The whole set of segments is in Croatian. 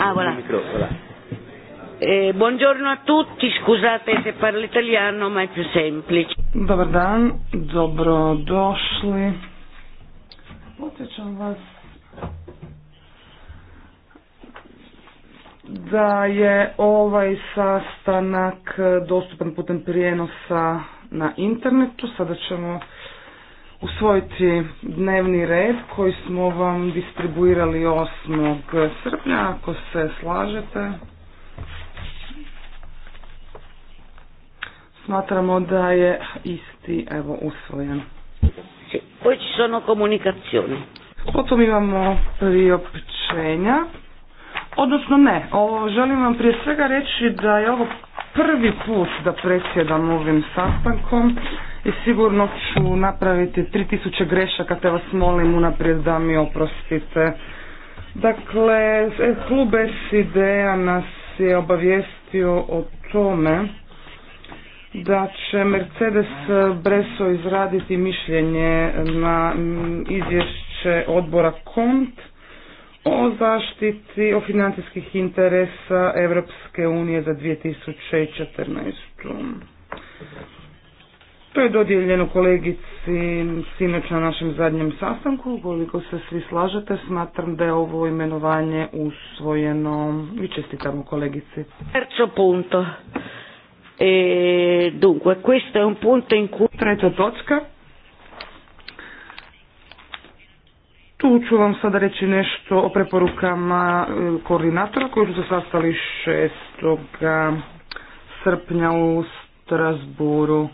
Ah, voilà. Micro, voilà. Eh, buongiorno a tutti, scusate se parlo italiano, ma è più semplice. Dobar dan, došli Potećam vas da je ovaj sastanak dostupan putem prijenosa na internetu. Sada ćemo usvojiti dnevni red koji smo vam distribuirali 8. srpnja, ako se slažete. Smatramo da je isti evo, usvojen. Poi ci sono comunicazioni. Potom imamo priopćenja. Odnosno ne, želim vam prije svega reći da je ovo prvi put da predsjedam ovim sastankom i sigurno ću napraviti 3000 grešaka te vas molim unaprijed da mi oprostite. Dakle, klub sid nas je obavijestio o tome da će Mercedes Breso izraditi mišljenje na izvješće odbora KONT o zaštiti o financijskih interesa Europske unije za 2014. To je dodijeljeno kolegici sinoć na našem zadnjem sastanku. koliko se svi slažete, smatram da je ovo imenovanje usvojeno Vi čestitamo kolegici. Terzo punto. E, dunque, questo è un punto in cui... Treća točka. Tu ću vam sada reći nešto o preporukama e, koordinatora koji su se sastali 6. srpnja u Strasburu.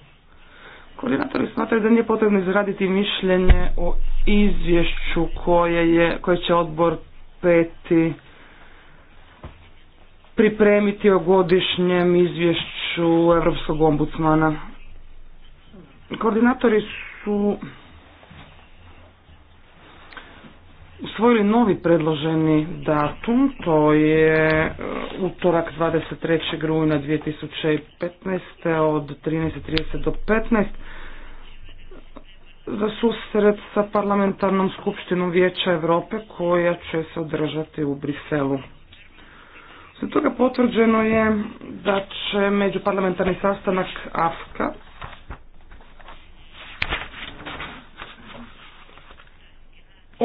Koordinatori smatraju da nije potrebno izraditi mišljenje o izvješću koje, je, koje će odbor peti pripremiti o godišnjem izvješću Europskog ombudsmana. Koordinatori su usvojili novi predloženi datum, to je e, utorak 23. rujna 2015. od 13.30 do 15. za susret sa parlamentarnom skupštinom Vijeća Europe koja će se održati u Briselu. Sve toga potvrđeno je da će međuparlamentarni sastanak AFKA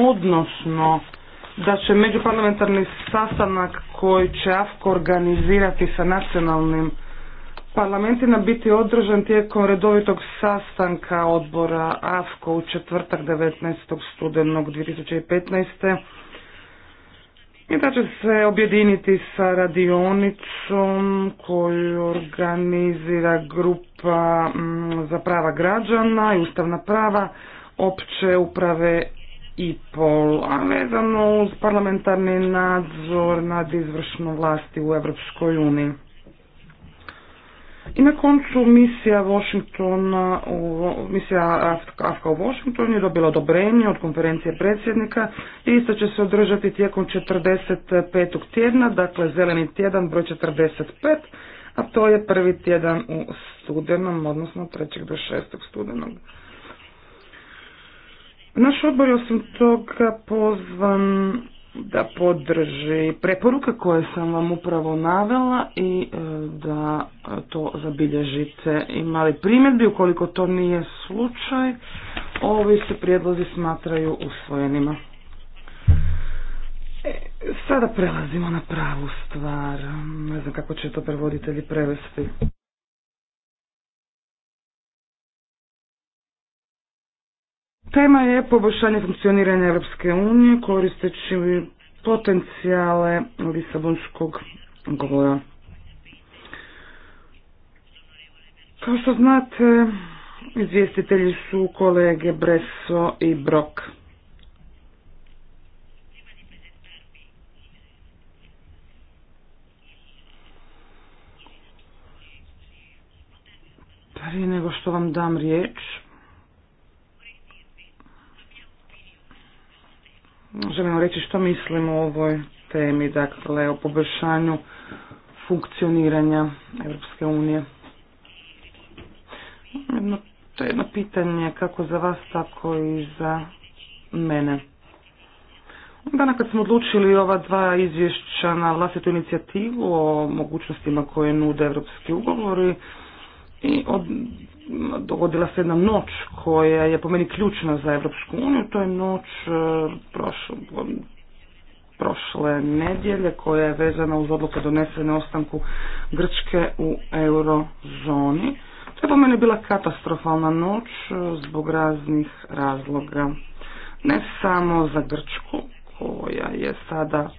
odnosno da će međuparlamentarni sastanak koji će AFKO organizirati sa nacionalnim parlamentima biti održan tijekom redovitog sastanka odbora AFKO u četvrtak 19. studenog 2015. I da će se objediniti sa radionicom koju organizira grupa mm, za prava građana i ustavna prava opće uprave i pol, a vezano uz parlamentarni nadzor nad izvršnom vlasti u Europskoj uniji. I na koncu misija Washingtona, misija Afka u Washingtonu je dobila odobrenje od konferencije predsjednika i isto će se održati tijekom 45. tjedna, dakle zeleni tjedan broj 45, a to je prvi tjedan u studenom, odnosno 3. do 6. studenog. Naš odbor je osim toga pozvan da podrži preporuke koje sam vam upravo navela i e, da e, to zabilježite. Imali primjedbi, ukoliko to nije slučaj, ovi se prijedlozi smatraju usvojenima. E, sada prelazimo na pravu stvar. Ne znam kako će to prevoditelji prevesti. Tema je poboljšanje funkcioniranja Europske unije koristeći potencijale Lisabonskog govora. Kao što znate, izvjestitelji su kolege Breso i Brok. Prije nego što vam dam riječ, želim reći što mislim o ovoj temi, dakle o poboljšanju funkcioniranja Europske unije. to je jedno pitanje kako za vas, tako i za mene. Dana kad smo odlučili ova dva izvješća na vlastitu inicijativu o mogućnostima koje nude europski ugovori i od, dogodila se jedna noć koja je po meni ključna za Evropsku uniju, to je noć e, prošle, nedjelje koja je vezana uz odluke donesene ostanku Grčke u eurozoni. To je po meni bila katastrofalna noć e, zbog raznih razloga. Ne samo za Grčku koja je sada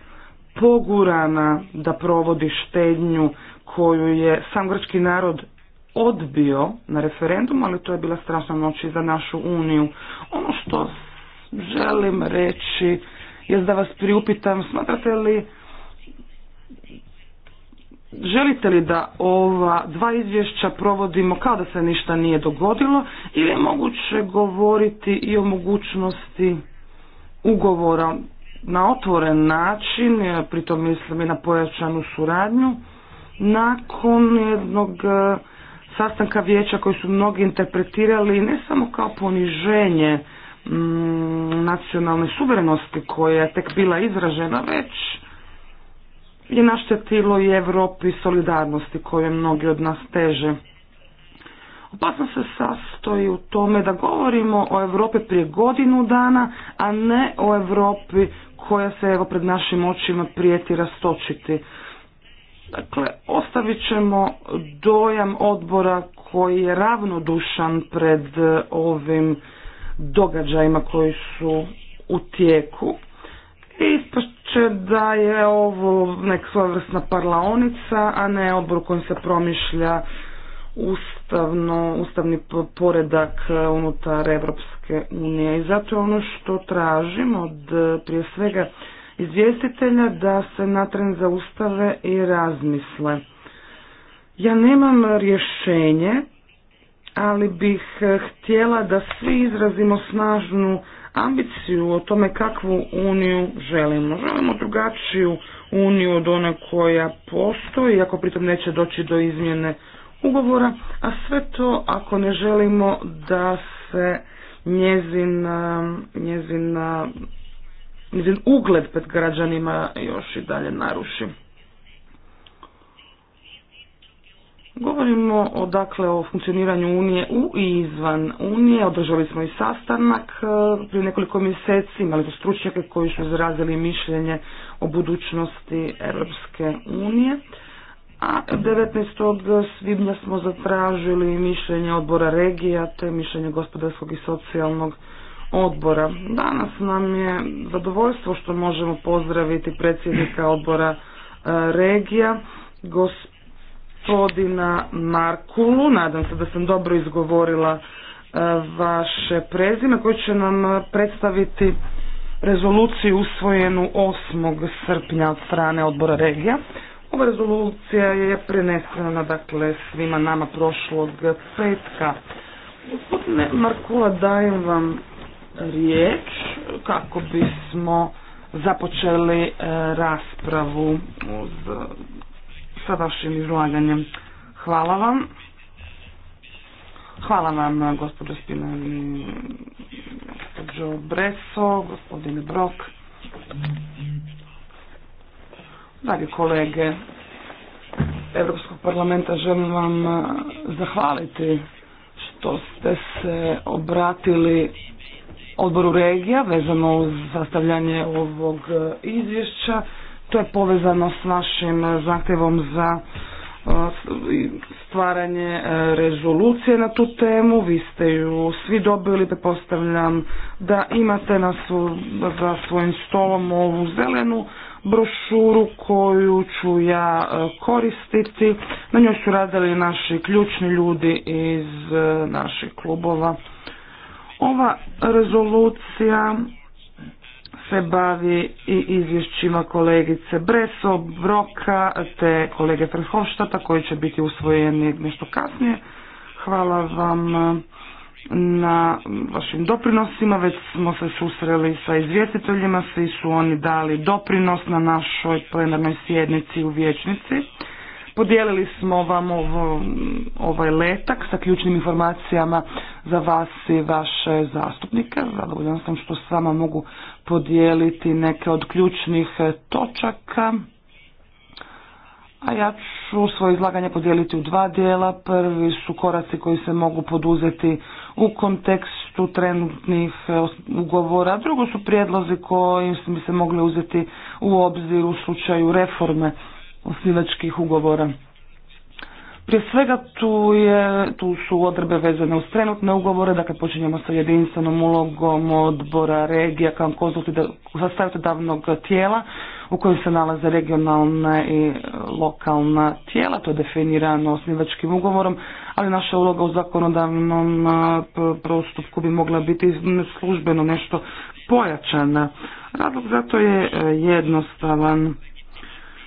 pogurana da provodi štednju koju je sam grčki narod odbio na referendum, ali to je bila strašna noć i za našu uniju. Ono što želim reći je da vas priupitam, smatrate li Želite li da ova dva izvješća provodimo kao da se ništa nije dogodilo ili je moguće govoriti i o mogućnosti ugovora na otvoren način, pritom mislim i na pojačanu suradnju, nakon jednog sastanka vijeća koji su mnogi interpretirali ne samo kao poniženje mm, nacionalne suverenosti koja je tek bila izražena, već je naštetilo i Europi solidarnosti koje mnogi od nas teže. Opasno se sastoji u tome da govorimo o Europi prije godinu dana, a ne o Europi koja se evo pred našim očima prijeti rastočiti. Dakle, ostavit ćemo dojam odbora koji je ravnodušan pred e, ovim događajima koji su u tijeku. će da je ovo neka svojevrsna parlaonica, a ne odbor kojem se promišlja ustavno, ustavni poredak e, unutar Evropske unije. I zato ono što tražim od e, prije svega izvjestitelja da se natren zaustave i razmisle. Ja nemam rješenje, ali bih eh, htjela da svi izrazimo snažnu ambiciju o tome kakvu uniju želimo. Želimo drugačiju uniju od one koja postoji, ako pritom neće doći do izmjene ugovora, a sve to ako ne želimo da se njezina, eh, njezina eh, njezin ugled pred građanima još i dalje naruši. Govorimo o, dakle, o funkcioniranju Unije u i izvan Unije. Održali smo i sastanak e, prije nekoliko mjeseci. Imali su stručnjake koji su izrazili mišljenje o budućnosti Europske unije. A 19. svibnja smo zatražili mišljenje odbora regija te mišljenje gospodarskog i socijalnog odbora. Danas nam je zadovoljstvo što možemo pozdraviti predsjednika odbora e, regija, gospodina Markulu. Nadam se da sam dobro izgovorila e, vaše prezime koji će nam predstaviti rezoluciju usvojenu 8. srpnja od strane odbora regija. Ova rezolucija je prenesena dakle svima nama prošlog petka. Gospodine Markula, dajem vam riječ kako bismo započeli e, raspravu uz, sa vašim izlaganjem. Hvala vam. Hvala vam, gospođo Breso, gospodine Brok. Dragi kolege Europskog parlamenta, želim vam e, zahvaliti što ste se obratili odboru regija vezano uz sastavljanje ovog e, izvješća. To je povezano s našim zahtjevom za e, stvaranje e, rezolucije na tu temu. Vi ste ju svi dobili, postavljam da imate na za svojim stolom ovu zelenu brošuru koju ću ja koristiti. Na njoj su radili naši ključni ljudi iz naših klubova. Ova rezolucija se bavi i izvješćima kolegice Breso, Broka te kolege Frhovštata koji će biti usvojeni nešto kasnije. Hvala vam eh, na vašim doprinosima, već smo se susreli sa izvjestiteljima, svi su oni dali doprinos na našoj plenarnoj sjednici u vječnici. Podijelili smo vam ovaj letak sa ključnim informacijama za vas i vaše zastupnike. Zadovoljan sam što s vama mogu podijeliti neke od ključnih e, točaka. A ja ću svoje izlaganje podijeliti u dva dijela. Prvi su koraci koji se mogu poduzeti u kontekstu trenutnih e, ugovora. Drugo su prijedlozi koji bi se mogli uzeti u obzir u slučaju reforme osnivačkih ugovora. Prije svega tu, je, tu su odrebe vezane uz trenutne ugovore, dakle počinjemo sa jedinstvenom ulogom odbora regija kao davnog tijela u kojem se nalaze regionalna i lokalna tijela, to je definirano osnivačkim ugovorom, ali naša uloga u zakonodavnom prostupku bi mogla biti službeno nešto pojačana. Razlog zato je e, jednostavan.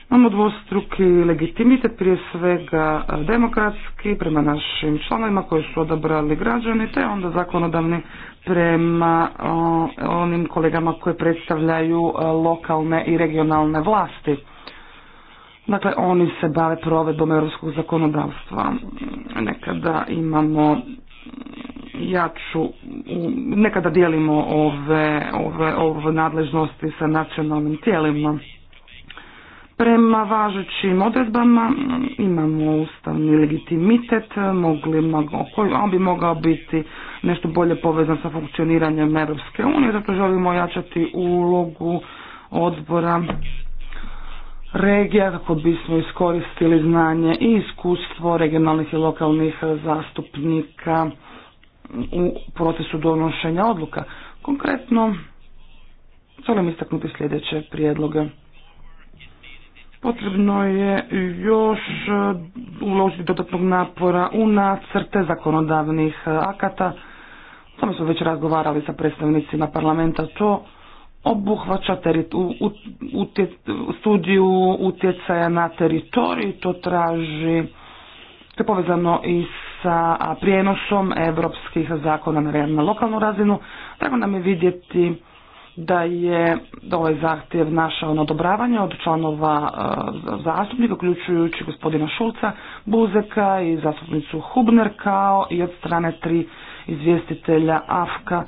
Imamo dvostruki legitimitet, prije svega e, demokratski prema našim članovima koji su odabrali građani, te onda zakonodavni prema onim kolegama koje predstavljaju e, lokalne i regionalne vlasti. Dakle, oni se bave provedbom europskog zakonodavstva. Nekada imamo jaču, nekada dijelimo ove, ove, ove nadležnosti sa nacionalnim tijelima. Prema važećim odredbama imamo ustavni legitimitet, mogli, on bi mogao biti nešto bolje povezan sa funkcioniranjem Europske unije, zato želimo jačati ulogu odbora regija kako bismo iskoristili znanje i iskustvo regionalnih i lokalnih zastupnika u procesu donošenja odluka. Konkretno želim istaknuti sljedeće prijedloge. Potrebno je još e, uložiti dodatnog napora u nacrte zakonodavnih e, akata. O tome smo već razgovarali sa predstavnicima parlamenta. To obuhvaća studiju utjecaja na teritorij. To traži, to povezano i sa prijenosom evropskih zakona na lokalnu razinu. Treba nam je vidjeti da je ovaj zahtjev našao na odobravanje od članova e, zastupnika, uključujući gospodina Šulca, Buzeka i zastupnicu Hubner, kao i od strane tri izvjestitelja AFKA.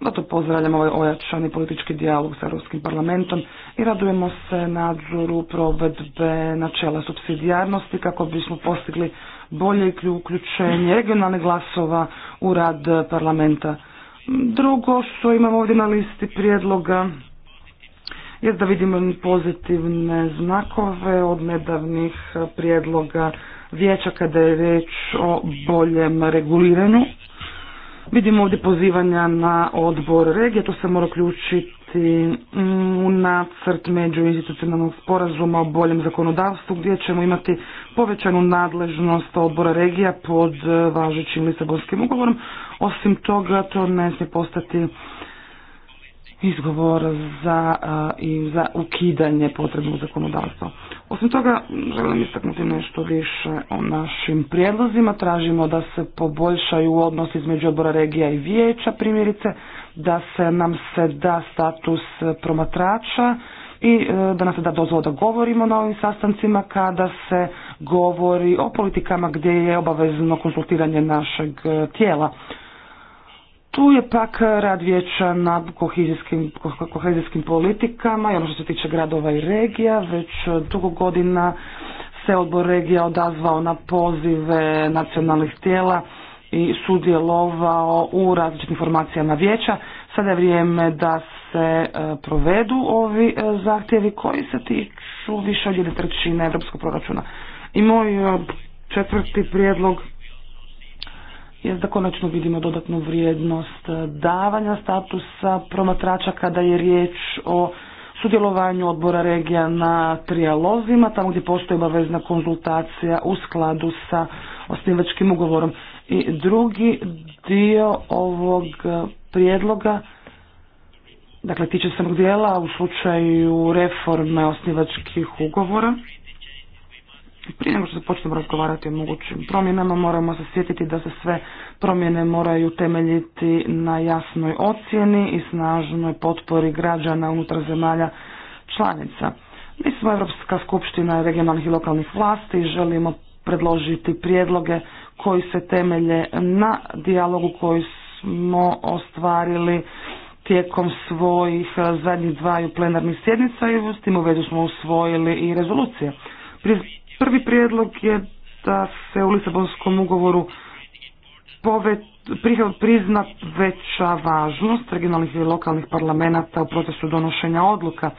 Zato pozdravljam ovaj ojačani politički dijalog sa Europskim parlamentom i radujemo se nadzoru provedbe načela subsidijarnosti kako bismo postigli bolje uključenje regionalnih glasova u rad parlamenta. Drugo što imamo ovdje na listi prijedloga je da vidimo pozitivne znakove od nedavnih prijedloga vijeća kada je riječ o boljem reguliranju. Vidimo ovdje pozivanja na odbor regije, to se mora uključiti biti u nacrt institucionalnog sporazuma o boljem zakonodavstvu gdje ćemo imati povećanu nadležnost odbora regija pod važećim Lisabonskim ugovorom. Osim toga, to ne smije postati izgovor za, e, i za ukidanje potrebnog zakonodavstva. Osim toga, želim istaknuti nešto više o našim prijedlozima. Tražimo da se poboljšaju odnos između odbora regija i vijeća, primjerice, da se nam se da status promatrača i e, da nam se da dozvola da govorimo na ovim sastancima kada se govori o politikama gdje je obavezno konsultiranje našeg e, tijela. Tu je pak rad vijeća na kohezijskim, kohezijskim politikama i ono što se tiče gradova i regija. Već dugo godina se odbor regija odazvao na pozive nacionalnih tijela i sudjelovao u različitim formacijama vijeća. Sada je vrijeme da se e, provedu ovi e, zahtjevi koji se tiču više od jedne trećine evropskog proračuna. I moj e, četvrti prijedlog je da konačno vidimo dodatnu vrijednost davanja statusa promatrača kada je riječ o sudjelovanju odbora regija na trijalozima, tamo gdje postoji obavezna konzultacija u skladu sa osnivačkim ugovorom. I drugi dio ovog prijedloga, dakle tiče samog dijela u slučaju reforme osnivačkih ugovora, prije nego što se počnemo razgovarati o mogućim promjenama, moramo se sjetiti da se sve promjene moraju temeljiti na jasnoj ocjeni i snažnoj potpori građana unutar zemalja članica. Mi smo Europska skupština regionalnih i lokalnih vlasti i želimo predložiti prijedloge koji se temelje na dijalogu koji smo ostvarili tijekom svojih zadnjih dvaju plenarnih sjednica i s tim u smo usvojili i rezolucije. Prvi prijedlog je da se u Lisabonskom ugovoru prizna veća važnost regionalnih i lokalnih parlamenta u procesu donošenja odluka.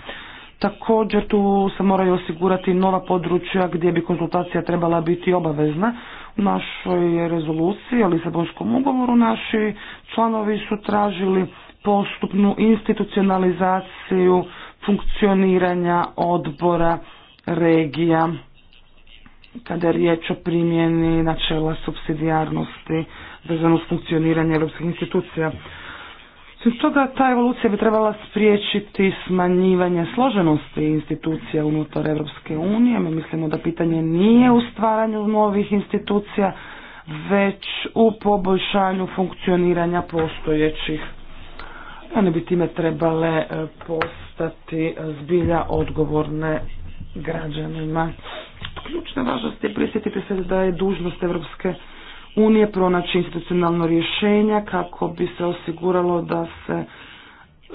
Također tu se moraju osigurati nova područja gdje bi konzultacija trebala biti obavezna našoj rezoluciji o Lisabonskom ugovoru naši članovi su tražili postupnu institucionalizaciju funkcioniranja odbora regija kada je riječ o primjeni načela subsidijarnosti vezano uz funkcioniranje europskih institucija. Sim ta evolucija bi trebala spriječiti smanjivanje složenosti institucija unutar Europske unije. Mi mislimo da pitanje nije u stvaranju novih institucija, već u poboljšanju funkcioniranja postojećih. One bi time trebale e, postati zbilja odgovorne građanima. Ključna važnost je prisjetiti se da je dužnost Europske unije pronaći institucionalno rješenja kako bi se osiguralo da se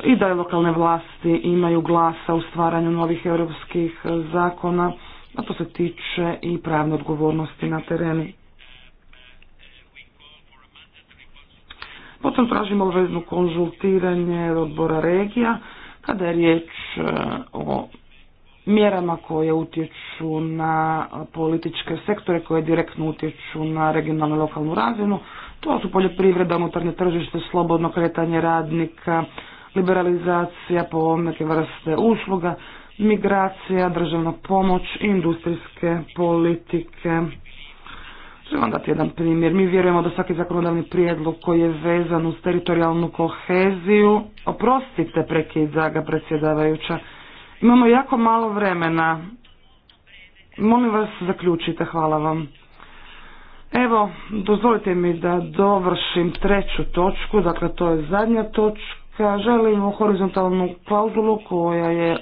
i da je lokalne vlasti imaju glasa u stvaranju novih europskih zakona, a to se tiče i pravne odgovornosti na terenu. Potom tražimo obvezno konzultiranje odbora regija kada je riječ e, o mjerama koje utječu na političke sektore, koje direktno utječu na regionalnu i lokalnu razinu. To su poljoprivreda, unutarnje tržište, slobodno kretanje radnika, liberalizacija po neke vrste usluga, migracija, državna pomoć, industrijske politike. Želim vam dati jedan primjer. Mi vjerujemo da svaki zakonodavni prijedlog koji je vezan uz teritorijalnu koheziju, oprostite prekid ga predsjedavajuća, Imamo jako malo vremena. Molim vas zaključite, hvala vam. Evo, dozvolite mi da dovršim treću točku, dakle to je zadnja točka. Želimo horizontalnu klauzulu koja je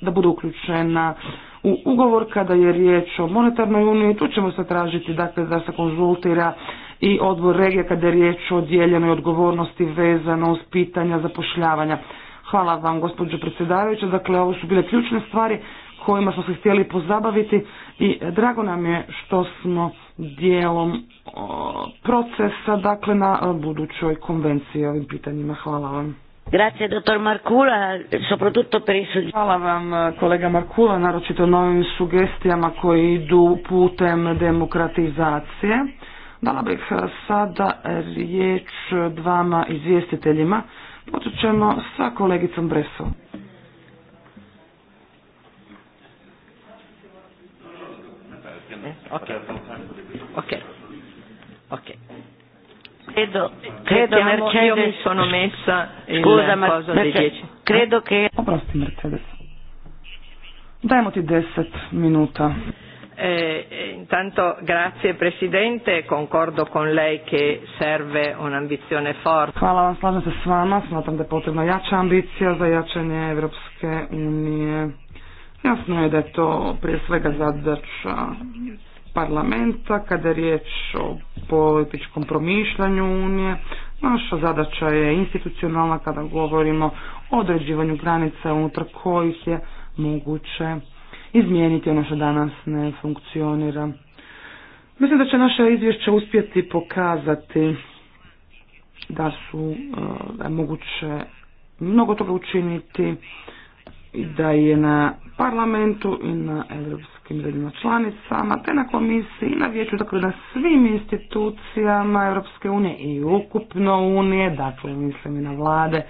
da bude uključena u ugovor kada je riječ o monetarnoj uniji. Tu ćemo se tražiti dakle, da se konzultira i odbor regije kada je riječ o dijeljenoj odgovornosti vezano uz pitanja zapošljavanja. Hvala vam gospođo predsjedavajuća. Dakle, ovo su bile ključne stvari kojima smo se htjeli pozabaviti i drago nam je što smo dijelom procesa dakle na e, budućoj konvenciji ovim pitanjima. Hvala vam. Grazie dottor per Hvala vam e, kolega Markula, naročito novim sugestijama koji idu putem demokratizacije. Dala bih e, sada riječ dvama izvjestiteljima. Počet ćemo sa kolegicom Bresom. Ok. Ok. Credo, credo Mercedes, io mi sono messa scusa, ma di dieci. credo che... Oprosti Mercedes. Dajmo ti deset minuta. Eh, intanto grazie Presidente, concordo con lei che serve un'ambizione forte. Hvala vam, slažem se s vama, smatram da je potrebna jača ambicija za jačanje Evropske unije. Jasno je da je to prije svega zadaća parlamenta kada je riječ o političkom promišljanju Unije. Naša zadaća je institucionalna kada govorimo o određivanju granica unutar kojih je moguće izmijeniti ono što danas ne funkcionira. Mislim da će naše izvješće uspjeti pokazati da su e, da je moguće mnogo toga učiniti i da je na parlamentu i na europskim zemljama članicama, te na komisiji i na vijeću, dakle na svim institucijama Europske unije i ukupno unije, dakle mislim i na vlade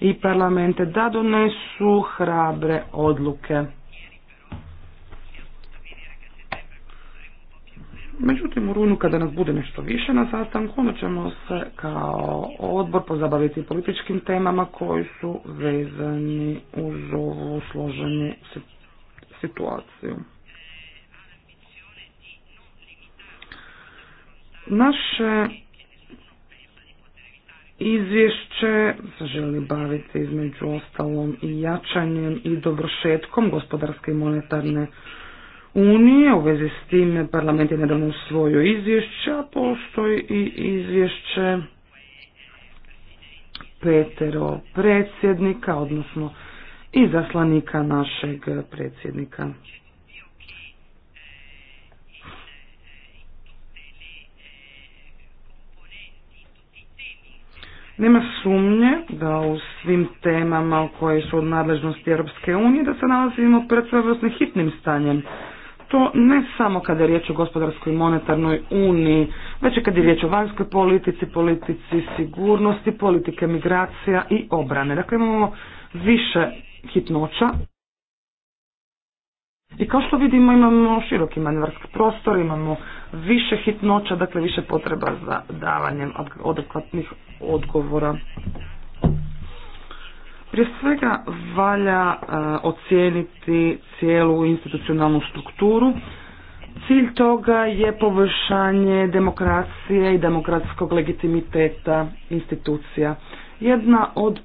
i parlamente, da donesu hrabre odluke. Međutim, u rujnu kada nas bude nešto više na sastanku, onda ćemo se kao odbor pozabaviti političkim temama koji su vezani uz ovu složenu situaciju. Naše izvješće se želi baviti između ostalom i jačanjem i dovršetkom gospodarske i monetarne unije. U vezi s tim parlament je nedavno usvojio izvješće, a postoji i izvješće petero predsjednika, odnosno i zaslanika našeg predsjednika. Nema sumnje da u svim temama koje su od nadležnosti Europske unije da se nalazimo pred svojevrsnim hitnim stanjem to ne samo kada je riječ o gospodarskoj i monetarnoj uniji, već i kada je riječ o vanjskoj politici, politici sigurnosti, politike migracija i obrane. Dakle, imamo više hitnoća. I kao što vidimo imamo široki manevarski prostor, imamo više hitnoća, dakle više potreba za davanjem adekvatnih odgovora. Prije svega valja e, ocijeniti cijelu institucionalnu strukturu. Cilj toga je površanje demokracije i demokratskog legitimiteta institucija. Jedna od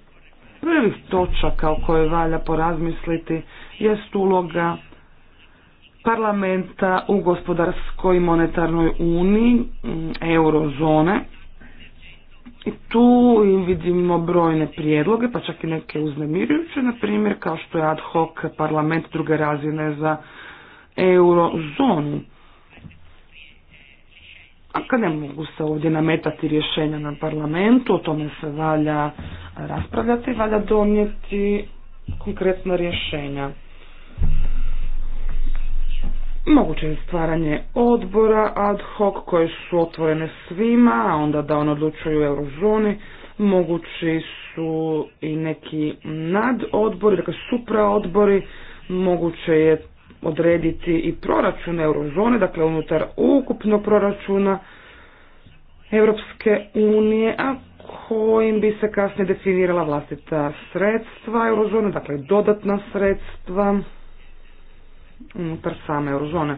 prvih točaka o kojoj valja porazmisliti jest uloga parlamenta u gospodarskoj monetarnoj uniji eurozone i tu vidimo brojne prijedloge, pa čak i neke uznemirujuće, na primjer kao što je ad hoc parlament druge razine za eurozonu. A kad ne mogu se ovdje nametati rješenja na parlamentu, o tome se valja raspravljati, valja donijeti konkretna rješenja. Moguće je stvaranje odbora ad hoc koje su otvorene svima, a onda da on odlučuje u eurozoni. Mogući su i neki nadodbori, dakle supraodbori. Moguće je odrediti i proračun eurozone, dakle unutar ukupnog proračuna Europske unije, a kojim bi se kasnije definirala vlastita sredstva eurozone, dakle dodatna sredstva unutar same eurozone.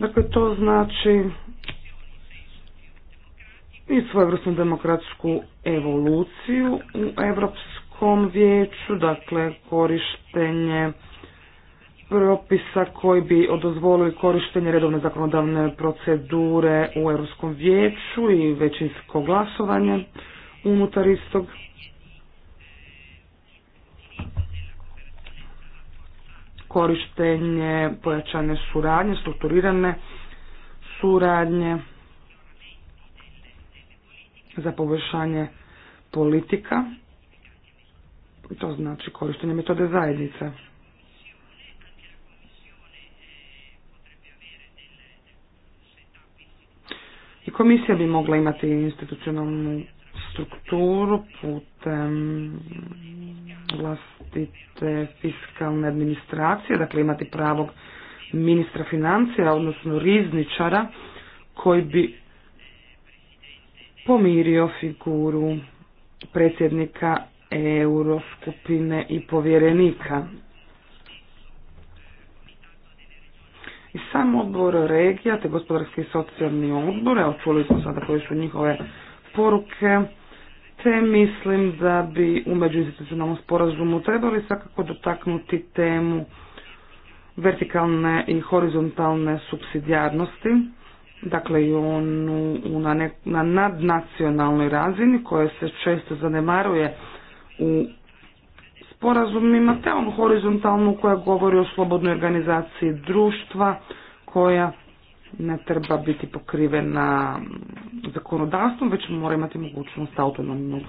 Dakle, to znači i svojevrsnu demokratsku evoluciju u Europskom vijeću, dakle korištenje propisa koji bi odozvolili korištenje redovne zakonodavne procedure u Europskom vijeću i većinsko glasovanje unutar istog. korištenje pojačane suradnje, strukturirane suradnje za poboljšanje politika. To znači korištenje metode zajednice. I komisija bi mogla imati institucionalnu strukturu putem vlastite fiskalne administracije, dakle imati pravog ministra financija, odnosno rizničara, koji bi pomirio figuru predsjednika Euroskupine i povjerenika. I sam odbor regija, te gospodarski i socijalni odbor, evo čuli smo sada koje su njihove poruke, te mislim da bi u međuinstitucionalnom sporazumu trebali svakako dotaknuti temu vertikalne i horizontalne subsidijarnosti, dakle i onu na, ne, nadnacionalnoj razini koja se često zanemaruje u sporazumima, te onu horizontalnu koja govori o slobodnoj organizaciji društva koja ne treba biti pokrivena zakonodavstvom, već mora imati mogućnost autonomnog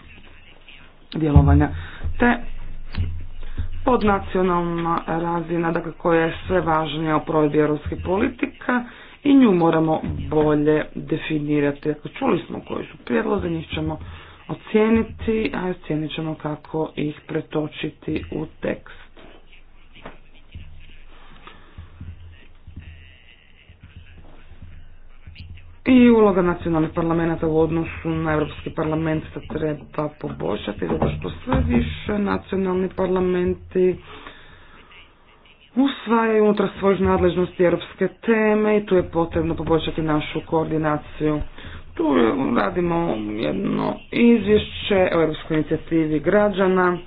djelovanja. Te podnacionalna razina, dakle koja je sve važnija u provedbi europskih politika i nju moramo bolje definirati. Dakle, čuli smo koji su prijedloze, njih ćemo ocijeniti, a ocijenit ćemo kako ih pretočiti u tekst. I uloga nacionalnih parlamenta u odnosu na Europski parlament se treba poboljšati, zato što sve više nacionalni parlamenti usvajaju unutar nadležnosti europske teme i tu je potrebno poboljšati našu koordinaciju. Tu radimo jedno izvješće o europskoj inicijativi građana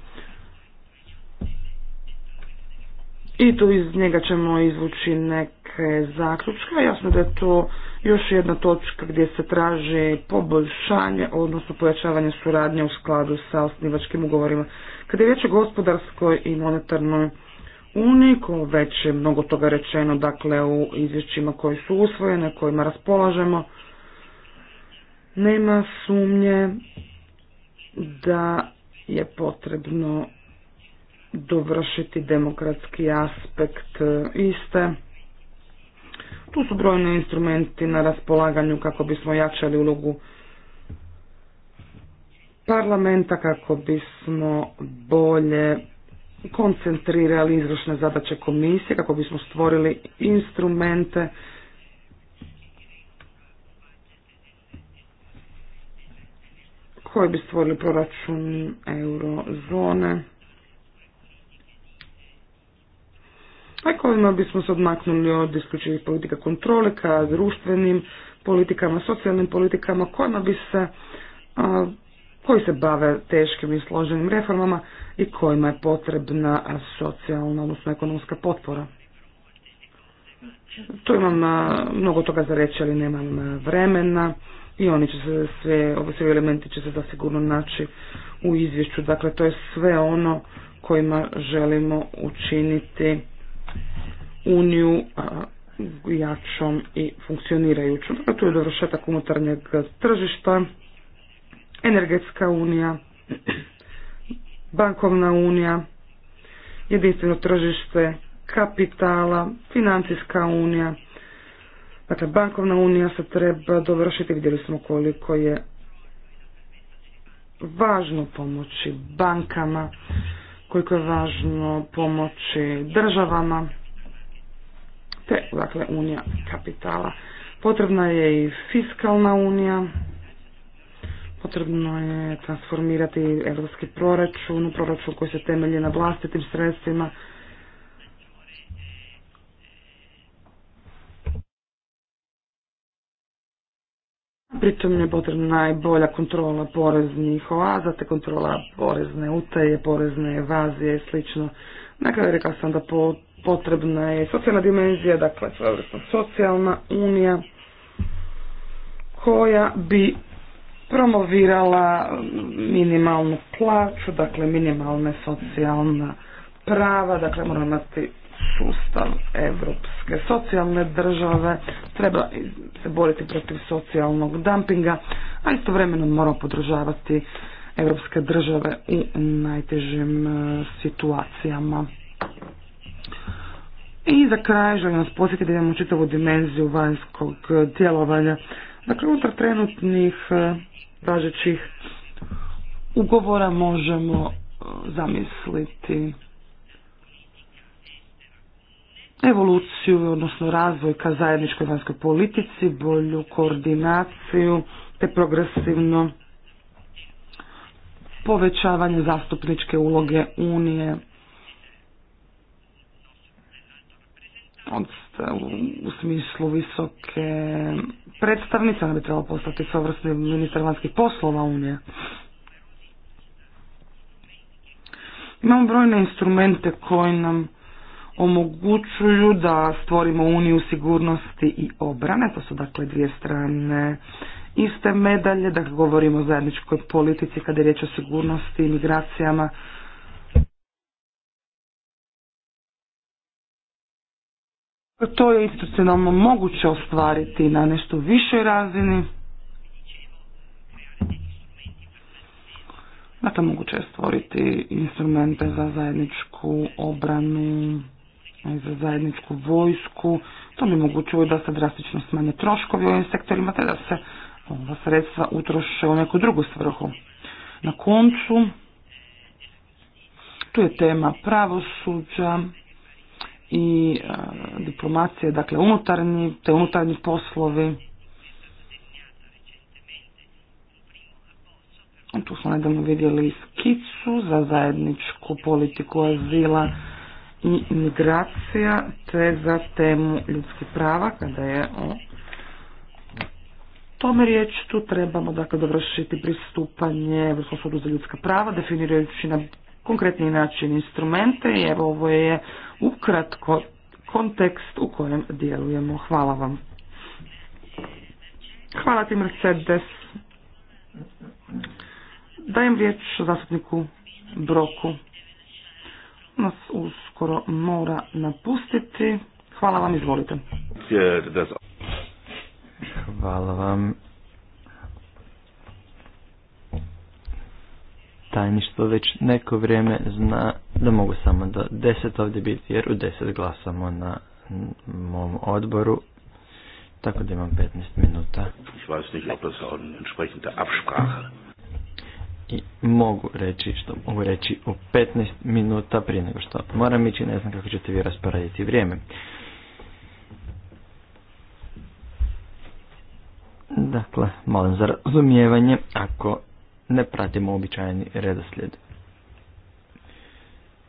i tu iz njega ćemo izvući neke zaključke. Jasno da je to još jedna točka gdje se traži poboljšanje, odnosno pojačavanje suradnje u skladu sa osnivačkim ugovorima. Kada je riječ o gospodarskoj i monetarnoj uniji, ko već je mnogo toga rečeno dakle, u izvješćima koji su usvojene, kojima raspolažemo, nema sumnje da je potrebno dovršiti demokratski aspekt e, iste tu su brojni instrumenti na raspolaganju kako bismo jačali ulogu parlamenta, kako bismo bolje koncentrirali izvršne zadaće komisije, kako bismo stvorili instrumente koji bi stvorili proračun eurozone. kojima bismo se odmaknuli od isključivih politika kontrole ka društvenim politikama, socijalnim politikama kojima bi se, koji se bave teškim i složenim reformama i kojima je potrebna socijalna, odnosno ekonomska potpora. Tu imam mnogo toga za reći, ali nemam vremena i oni će se sve, ovi svi elementi će se zasigurno naći u izvješću. Dakle, to je sve ono kojima želimo učiniti uniju jačom i funkcionirajućom. Dakle, tu je dovršetak unutarnjeg tržišta, energetska unija, bankovna unija, jedinstveno tržište kapitala, financijska unija. Dakle, bankovna unija se treba dovršiti. Vidjeli smo koliko je važno pomoći bankama, koliko je važno pomoći državama te dakle unija kapitala. Potrebna je i fiskalna unija, potrebno je transformirati evropski proračun, proračun koji se temelji na vlastitim sredstvima, Pritom je potrebna najbolja kontrola poreznih oaza, te kontrola porezne utaje, porezne evazije i slično. Dakle, rekao sam da po, potrebna je socijalna dimenzija, dakle socijalna unija koja bi promovirala minimalnu plaću, dakle minimalne socijalna prava, dakle moramo imati sustav evropske socijalne države, treba se boriti protiv socijalnog dumpinga, a istovremeno moramo podržavati evropske države u najtežim eh, situacijama. I za kraj želim vas posjetiti da imamo čitavu dimenziju vanjskog e, djelovanja. Dakle, unutar trenutnih e, važećih ugovora možemo e, zamisliti evoluciju, odnosno razvoj ka zajedničkoj vanjskoj politici, bolju koordinaciju te progresivno povećavanje zastupničke uloge Unije od, e, u, smislu visoke predstavnice, ona bi trebala postati sovrstni ministar vanjskih poslova Unije. Imamo brojne instrumente koji nam omogućuju da stvorimo uniju sigurnosti i obrane, to su dakle dvije strane iste medalje, da dakle, govorimo o zajedničkoj politici kada je riječ o sigurnosti i migracijama, To je institucionalno moguće ostvariti na nešto višoj razini. Dakle, moguće je stvoriti instrumente za zajedničku obranu, za zajedničku vojsku. To mi mogućuje da se drastično smanje troškovi u ovim sektorima, te da se ova sredstva utroše u neku drugu svrhu. Na koncu, tu je tema pravosuđa, i e, diplomacije, dakle unutarnji, te unutarnji poslovi. E, tu smo nedavno vidjeli skicu za zajedničku politiku azila i imigracija te za temu ljudskih prava, kada je o tome riječ, tu trebamo dakle, dovršiti pristupanje Evropskom sudu za ljudska prava, definirajući na konkretni način instrumente i evo ovo je ukratko kontekst u kojem djelujemo. Hvala vam. Hvala ti Mercedes. Dajem riječ zastupniku Broku. Nas uskoro mora napustiti. Hvala vam, izvolite. Hvala vam tajništvo već neko vrijeme zna da mogu samo do deset ovdje biti jer u deset glasamo na mom odboru tako da imam 15 minuta. I mogu reći što mogu reći u 15 minuta prije nego što moram ići, ne znam kako ćete vi rasporediti vrijeme. Dakle, molim za razumijevanje ako ne pratimo običajni redoslijed.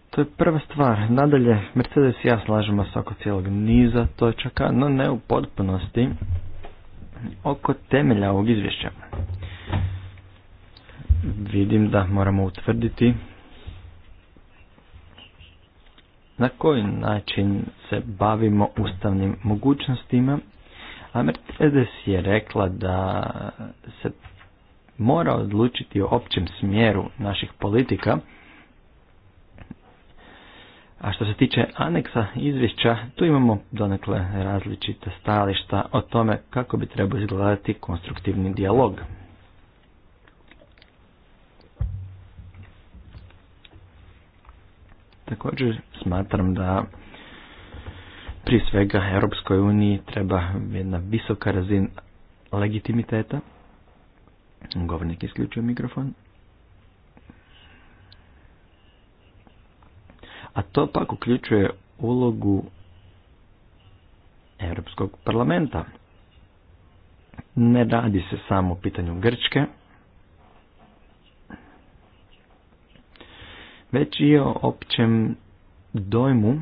To je prva stvar. Nadalje, Mercedes i ja slažemo se oko cijelog niza točaka, no ne u potpunosti oko temelja ovog izvješća. Vidim da moramo utvrditi na koji način se bavimo ustavnim mogućnostima, a Mercedes je rekla da se mora odlučiti o općem smjeru naših politika. A što se tiče aneksa izvješća, tu imamo donekle različite stajališta o tome kako bi trebao izgledati konstruktivni dijalog. Također smatram da prije svega Europskoj uniji treba jedna visoka razina legitimiteta Govornik isključio mikrofon. A to pak uključuje ulogu Europskog parlamenta. Ne radi se samo o pitanju Grčke, već i o općem dojmu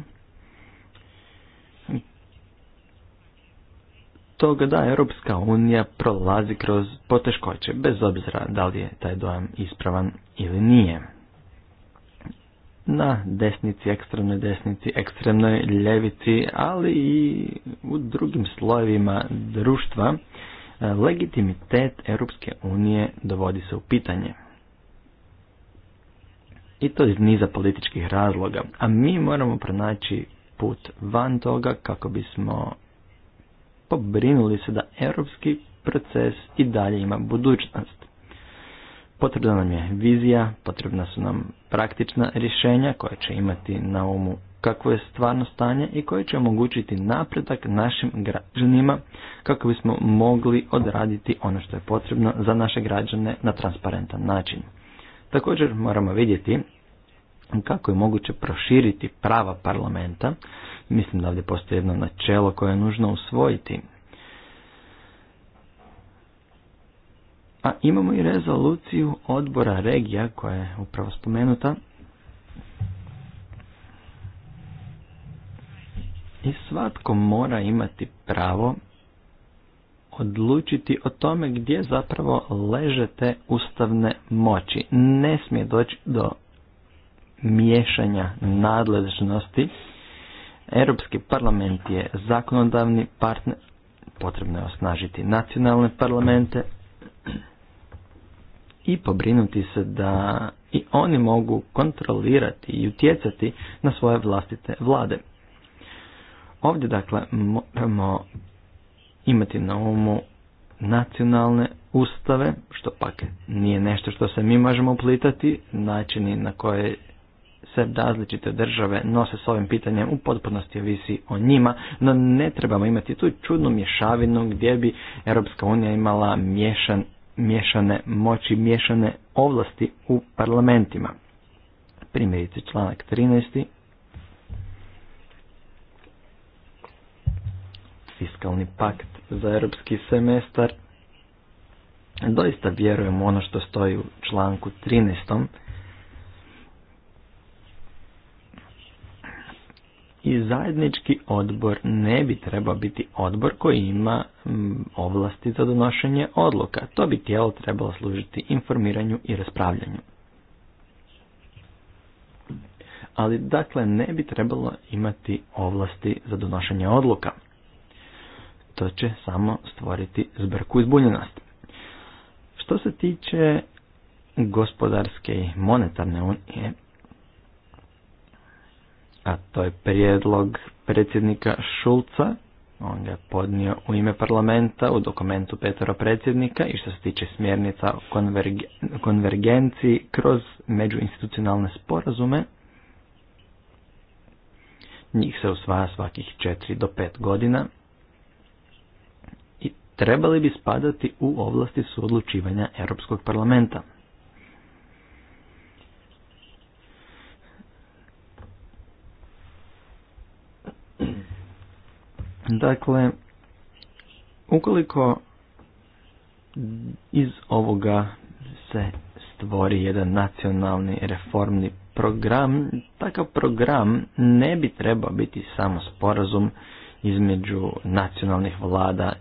toga da Europska unija prolazi kroz poteškoće, bez obzira da li je taj dojam ispravan ili nije. Na desnici, ekstremnoj desnici, ekstremnoj ljevici, ali i u drugim slojevima društva, e, legitimitet Europske unije dovodi se u pitanje. I to iz niza političkih razloga, a mi moramo pronaći put van toga kako bismo pobrinuli pa se da europski proces i dalje ima budućnost. Potrebna nam je vizija, potrebna su nam praktična rješenja koja će imati na umu kakvo je stvarno stanje i koje će omogućiti napredak našim građanima kako bismo mogli odraditi ono što je potrebno za naše građane na transparentan način. Također moramo vidjeti kako je moguće proširiti prava parlamenta. Mislim da ovdje postoji jedno načelo koje je nužno usvojiti. A imamo i rezoluciju odbora regija koja je upravo spomenuta. I svatko mora imati pravo odlučiti o tome gdje zapravo leže te ustavne moći. Ne smije doći do miješanja nadležnosti, Europski parlament je zakonodavni partner, potrebno je osnažiti nacionalne parlamente i pobrinuti se da i oni mogu kontrolirati i utjecati na svoje vlastite vlade. Ovdje dakle moramo imati na umu nacionalne ustave, što pak nije nešto što se mi možemo uplitati, načini na koje se različite države nose s ovim pitanjem u potpunosti ovisi o njima, no ne trebamo imati tu čudnu mješavinu gdje bi Europska unija imala mješane miješane moći, mješane ovlasti u parlamentima. Primjerice članak 13. Fiskalni pakt za europski semestar. Doista vjerujem u ono što stoji u članku 13 i zajednički odbor ne bi trebao biti odbor koji ima ovlasti za donošenje odluka. To bi tijelo trebalo služiti informiranju i raspravljanju. Ali dakle ne bi trebalo imati ovlasti za donošenje odluka. To će samo stvoriti zbrku zbunjenost Što se tiče gospodarske i monetarne unije, a to je prijedlog predsjednika Šulca. On ga je podnio u ime parlamenta u dokumentu Petra predsjednika i što se tiče smjernica o konvergenciji kroz međuinstitucionalne sporazume, njih se usvaja svakih 4 do 5 godina i trebali bi spadati u ovlasti suodlučivanja Europskog parlamenta. Dakle, ukoliko iz ovoga se stvori jedan nacionalni reformni program, takav program ne bi trebao biti samo sporazum između nacionalnih vlada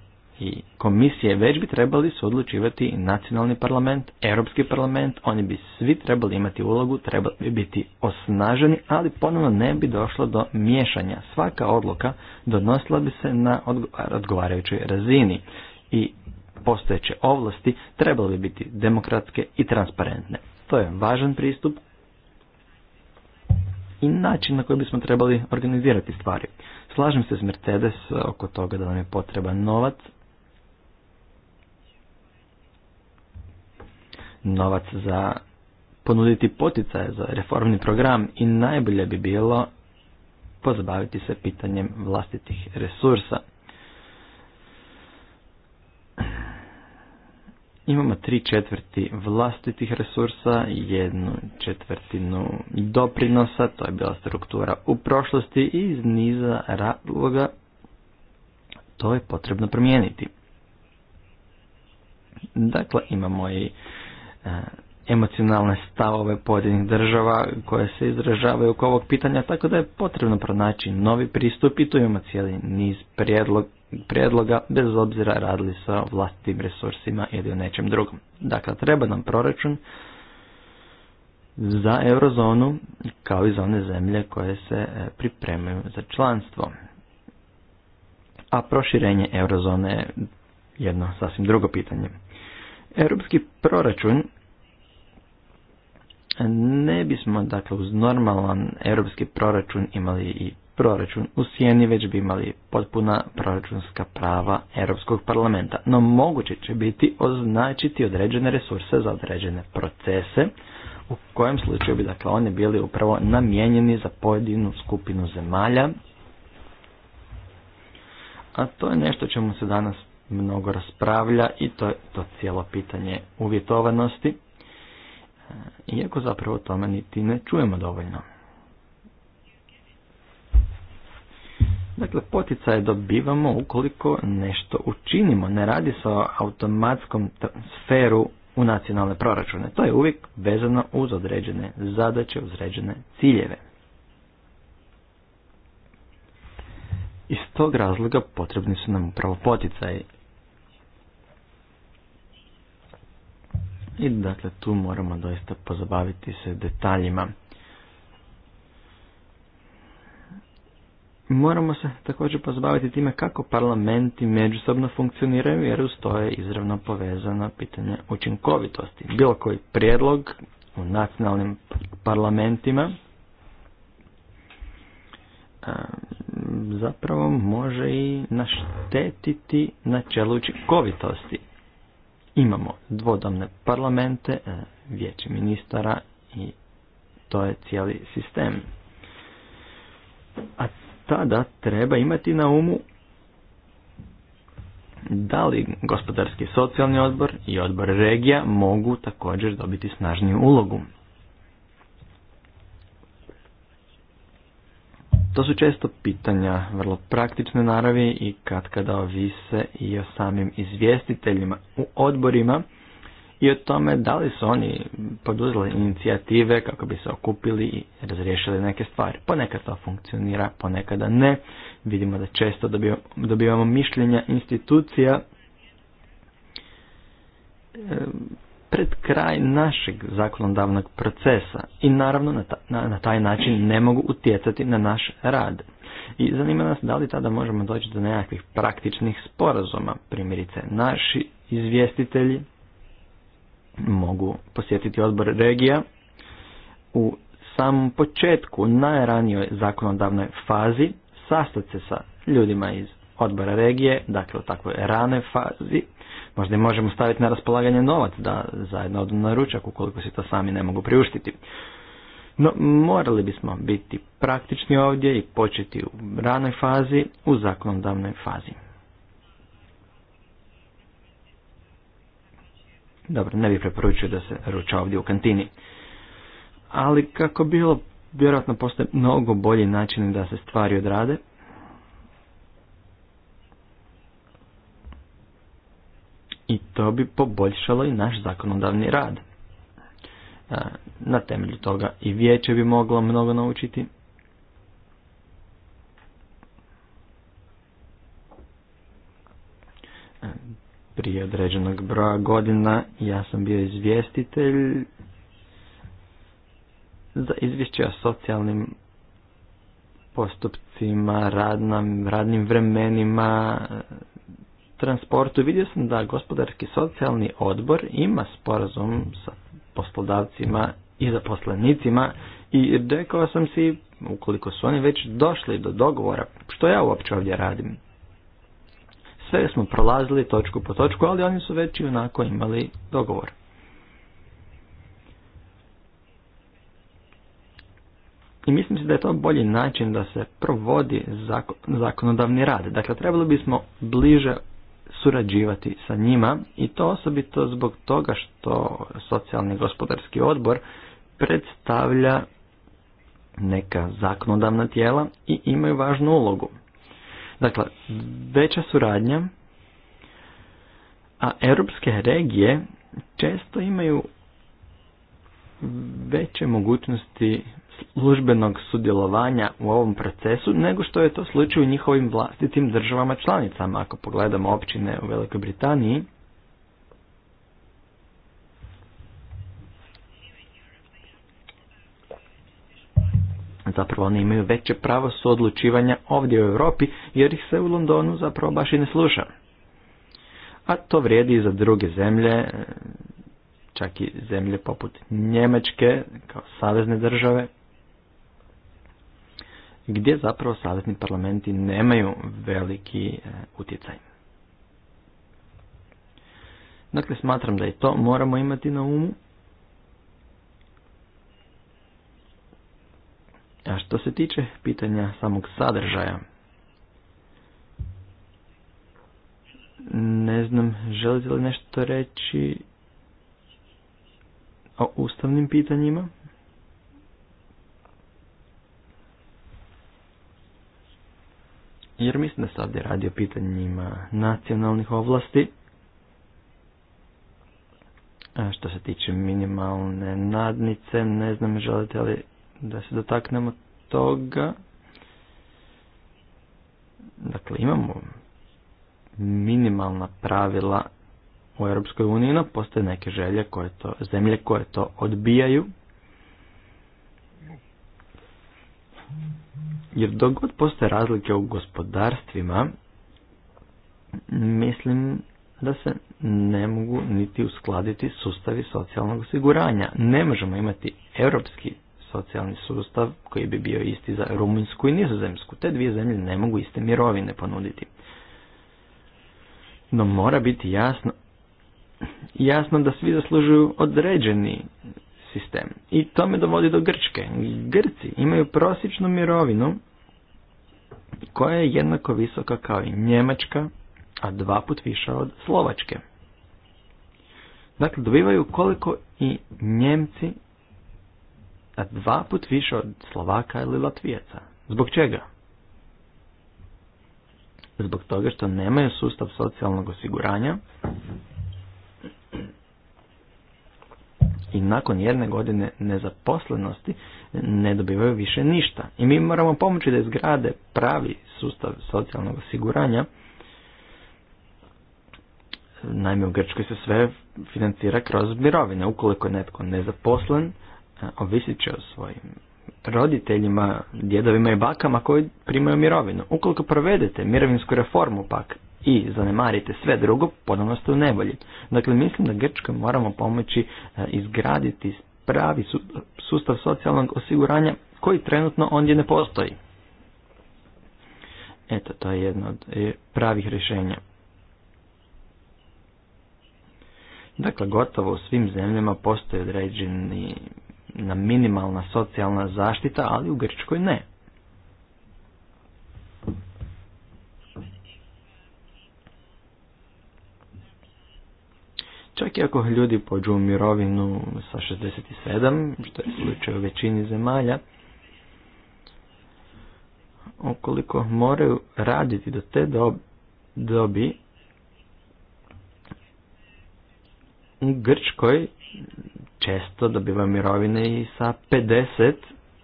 i komisije već bi trebali su odlučivati nacionalni parlament, europski parlament, oni bi svi trebali imati ulogu, trebali bi biti osnaženi, ali ponovno ne bi došlo do miješanja. Svaka odluka donosila bi se na odgovarajućoj razini i postojeće ovlasti trebale bi biti demokratske i transparentne. To je važan pristup i način na koji bismo trebali organizirati stvari. Slažem se s Mercedes oko toga da nam je potreban novac, novac za ponuditi poticaje za reformni program i najbolje bi bilo pozabaviti se pitanjem vlastitih resursa. Imamo tri četvrti vlastitih resursa, jednu četvrtinu doprinosa, to je bila struktura u prošlosti i iz niza razloga to je potrebno promijeniti. Dakle, imamo i E, emocionalne stavove pojedinih država koje se izražavaju oko ovog pitanja, tako da je potrebno pronaći novi pristup i tu imamo cijeli niz prijedlog, prijedloga bez obzira radili sa vlastitim resursima ili o nečem drugom. Dakle, treba nam proračun za eurozonu kao i za one zemlje koje se e, pripremaju za članstvo. A proširenje eurozone je jedno sasvim drugo pitanje. Europski proračun ne bismo dakle uz normalan europski proračun imali i proračun u sjeni već bi imali potpuna proračunska prava Europskog parlamenta. No moguće će biti označiti određene resurse za određene procese u kojem slučaju bi dakle oni bili upravo namijenjeni za pojedinu skupinu zemalja. A to je nešto čemu se danas mnogo raspravlja i to je to cijelo pitanje uvjetovanosti, e, iako zapravo tome niti ne čujemo dovoljno. Dakle, poticaje dobivamo ukoliko nešto učinimo. Ne radi se o automatskom transferu u nacionalne proračune. To je uvijek vezano uz određene zadaće, uz određene ciljeve. Iz tog razloga potrebni su nam upravo poticaji. I dakle tu moramo doista pozabaviti se detaljima. Moramo se također pozabaviti time kako parlamenti međusobno funkcioniraju jer uz to je izravno povezano pitanje učinkovitosti. Bilo koji prijedlog u nacionalnim parlamentima zapravo može i naštetiti načelu učinkovitosti imamo dvodomne parlamente, e, vijeće ministara i to je cijeli sistem. A tada treba imati na umu da li gospodarski socijalni odbor i odbor regija mogu također dobiti snažniju ulogu. To su često pitanja vrlo praktične naravi i kad kada ovise i o samim izvjestiteljima u odborima i o tome da li su oni poduzeli inicijative kako bi se okupili i razriješili neke stvari. Ponekad to funkcionira, ponekada ne. Vidimo da često dobivamo mišljenja institucija pred kraj našeg zakonodavnog procesa i naravno na, na, taj način ne mogu utjecati na naš rad. I zanima nas da li tada možemo doći do nekakvih praktičnih sporazuma. Primjerice, naši izvjestitelji mogu posjetiti odbor regija u samom početku, najranijoj zakonodavnoj fazi, sastat se sa ljudima iz odbora regije, dakle u takvoj ranoj fazi, Možda im možemo staviti na raspolaganje novac da zajedno odu na ručak ukoliko si to sami ne mogu priuštiti. No, morali bismo biti praktični ovdje i početi u ranoj fazi, u zakonodavnoj fazi. Dobro, ne bih preporučio da se ruča ovdje u kantini. Ali kako bilo, vjerojatno postoje mnogo bolji način da se stvari odrade, i to bi poboljšalo i naš zakonodavni rad. E, na temelju toga i vijeće bi moglo mnogo naučiti. E, prije određenog broja godina ja sam bio izvjestitelj za izvješće o socijalnim postupcima, radnim vremenima, transportu vidio sam da gospodarski socijalni odbor ima sporazum sa poslodavcima i zaposlenicima i rekao sam si ukoliko su oni već došli do dogovora što ja uopće ovdje radim. Sve smo prolazili točku po točku, ali oni su već i onako imali dogovor. I mislim se da je to bolji način da se provodi zakonodavni rad. Dakle, trebalo bismo bliže surađivati sa njima i to osobito zbog toga što socijalni gospodarski odbor predstavlja neka zakonodavna tijela i imaju važnu ulogu. Dakle, veća suradnja, a europske regije često imaju veće mogućnosti službenog sudjelovanja u ovom procesu nego što je to slučaj u njihovim vlastitim državama članicama. Ako pogledamo općine u Velikoj Britaniji, Zapravo oni imaju veće pravo suodlučivanja ovdje u Europi jer ih se u Londonu zapravo baš i ne sluša. A to vrijedi i za druge zemlje, čak i zemlje poput Njemačke kao savezne države gdje zapravo savjetni parlamenti nemaju veliki e, utjecaj. Dakle, smatram da i to moramo imati na umu. A što se tiče pitanja samog sadržaja, ne znam, želite li nešto reći o ustavnim pitanjima? jer mislim da se ovdje radi o pitanjima nacionalnih ovlasti. što se tiče minimalne nadnice, ne znam želite li da se dotaknemo toga. Dakle, imamo minimalna pravila u Europskoj uniji, no postoje neke želje koje to, zemlje koje to odbijaju. Jer dok god postoje razlike u gospodarstvima, mislim da se ne mogu niti uskladiti sustavi socijalnog osiguranja. Ne možemo imati europski socijalni sustav koji bi bio isti za Rumunjsku i Nizozemsku. Te dvije zemlje ne mogu iste mirovine ponuditi. No mora biti jasno, jasno da svi zaslužuju određeni sistem. I to me dovodi do Grčke. Grci imaju prosječnu mirovinu koja je jednako visoka kao i Njemačka, a dva put viša od Slovačke. Dakle, dobivaju koliko i Njemci, a dva put više od Slovaka ili Latvijaca. Zbog čega? Zbog toga što nemaju sustav socijalnog osiguranja i nakon jedne godine nezaposlenosti ne dobivaju više ništa. I mi moramo pomoći da izgrade pravi sustav socijalnog osiguranja. Naime, u Grčkoj se sve financira kroz mirovine. Ukoliko je netko nezaposlen, e, ovisit će o svojim roditeljima, djedovima i bakama koji primaju mirovinu. Ukoliko provedete mirovinsku reformu pak i zanemarite sve drugo, ponovno ste u nevolji. Dakle, mislim da Grčkoj moramo pomoći e, izgraditi pravi sustav socijalnog osiguranja koji trenutno ondje ne postoji. Eto, to je jedno od e, pravih rješenja. Dakle, gotovo u svim zemljama postoje određeni na minimalna socijalna zaštita, ali u Grčkoj ne. Čak i ako ljudi pođu u mirovinu sa 67, što je slučaj u većini zemalja, ukoliko moraju raditi do te dobi, u Grčkoj često dobiva mirovine i sa 50,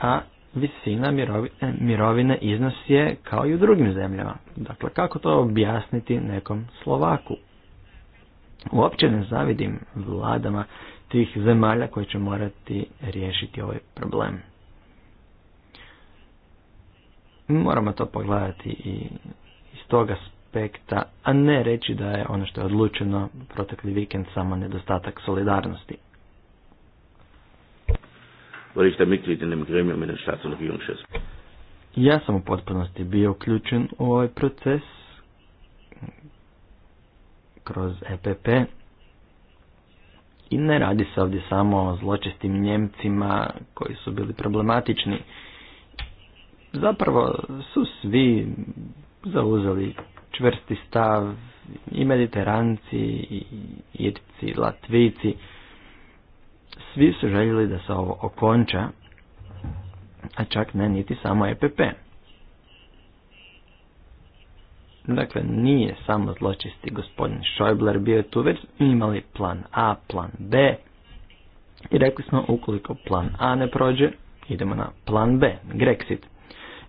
a visina mirovine, mirovine iznos je kao i u drugim zemljama. Dakle, kako to objasniti nekom Slovaku? Uopće ne zavidim vladama tih zemalja koje će morati riješiti ovaj problem. Moramo to pogledati i iz toga aspekta, a ne reći da je ono što je odlučeno protekli vikend samo nedostatak solidarnosti. Ja sam u potpunosti bio uključen u ovaj proces kroz EPP. I ne radi se ovdje samo o zločestim Njemcima koji su bili problematični. Zapravo su svi zauzeli čvrsti stav i mediteranci, i irci, i latvici. Svi su željeli da se ovo okonča, a čak ne niti samo EPP. Dakle, nije samo zločisti gospodin Šojbler bio tu, već imali plan A, plan B. I rekli smo, ukoliko plan A ne prođe, idemo na plan B, Grexit.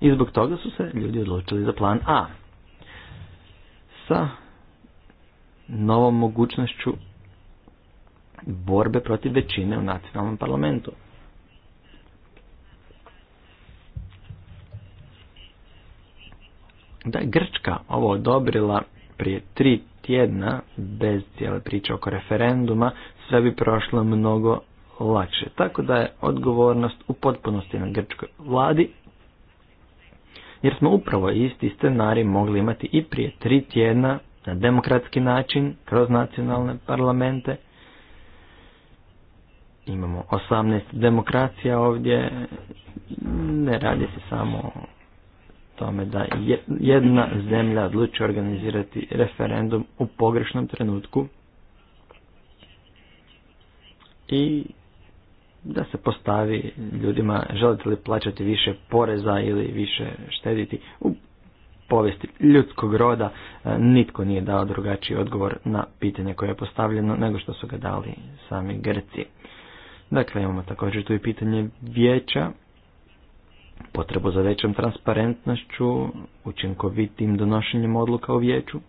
I zbog toga su se ljudi odlučili za plan A. Sa novom mogućnošću borbe protiv većine u nacionalnom parlamentu. da je Grčka ovo odobrila prije tri tjedna bez cijele priče oko referenduma, sve bi prošlo mnogo lakše. Tako da je odgovornost u potpunosti na grčkoj vladi, jer smo upravo isti scenarij mogli imati i prije tri tjedna na demokratski način, kroz nacionalne parlamente. Imamo 18 demokracija ovdje, ne radi se samo tome da jedna zemlja odluči organizirati referendum u pogrešnom trenutku i da se postavi ljudima želite li plaćati više poreza ili više štediti u povijesti ljudskog roda e, nitko nije dao drugačiji odgovor na pitanje koje je postavljeno nego što su ga dali sami Grci. Dakle, imamo također tu i pitanje vijeća potrebu za većom transparentnošću, učinkovitim donošenjem odluka u vijeću.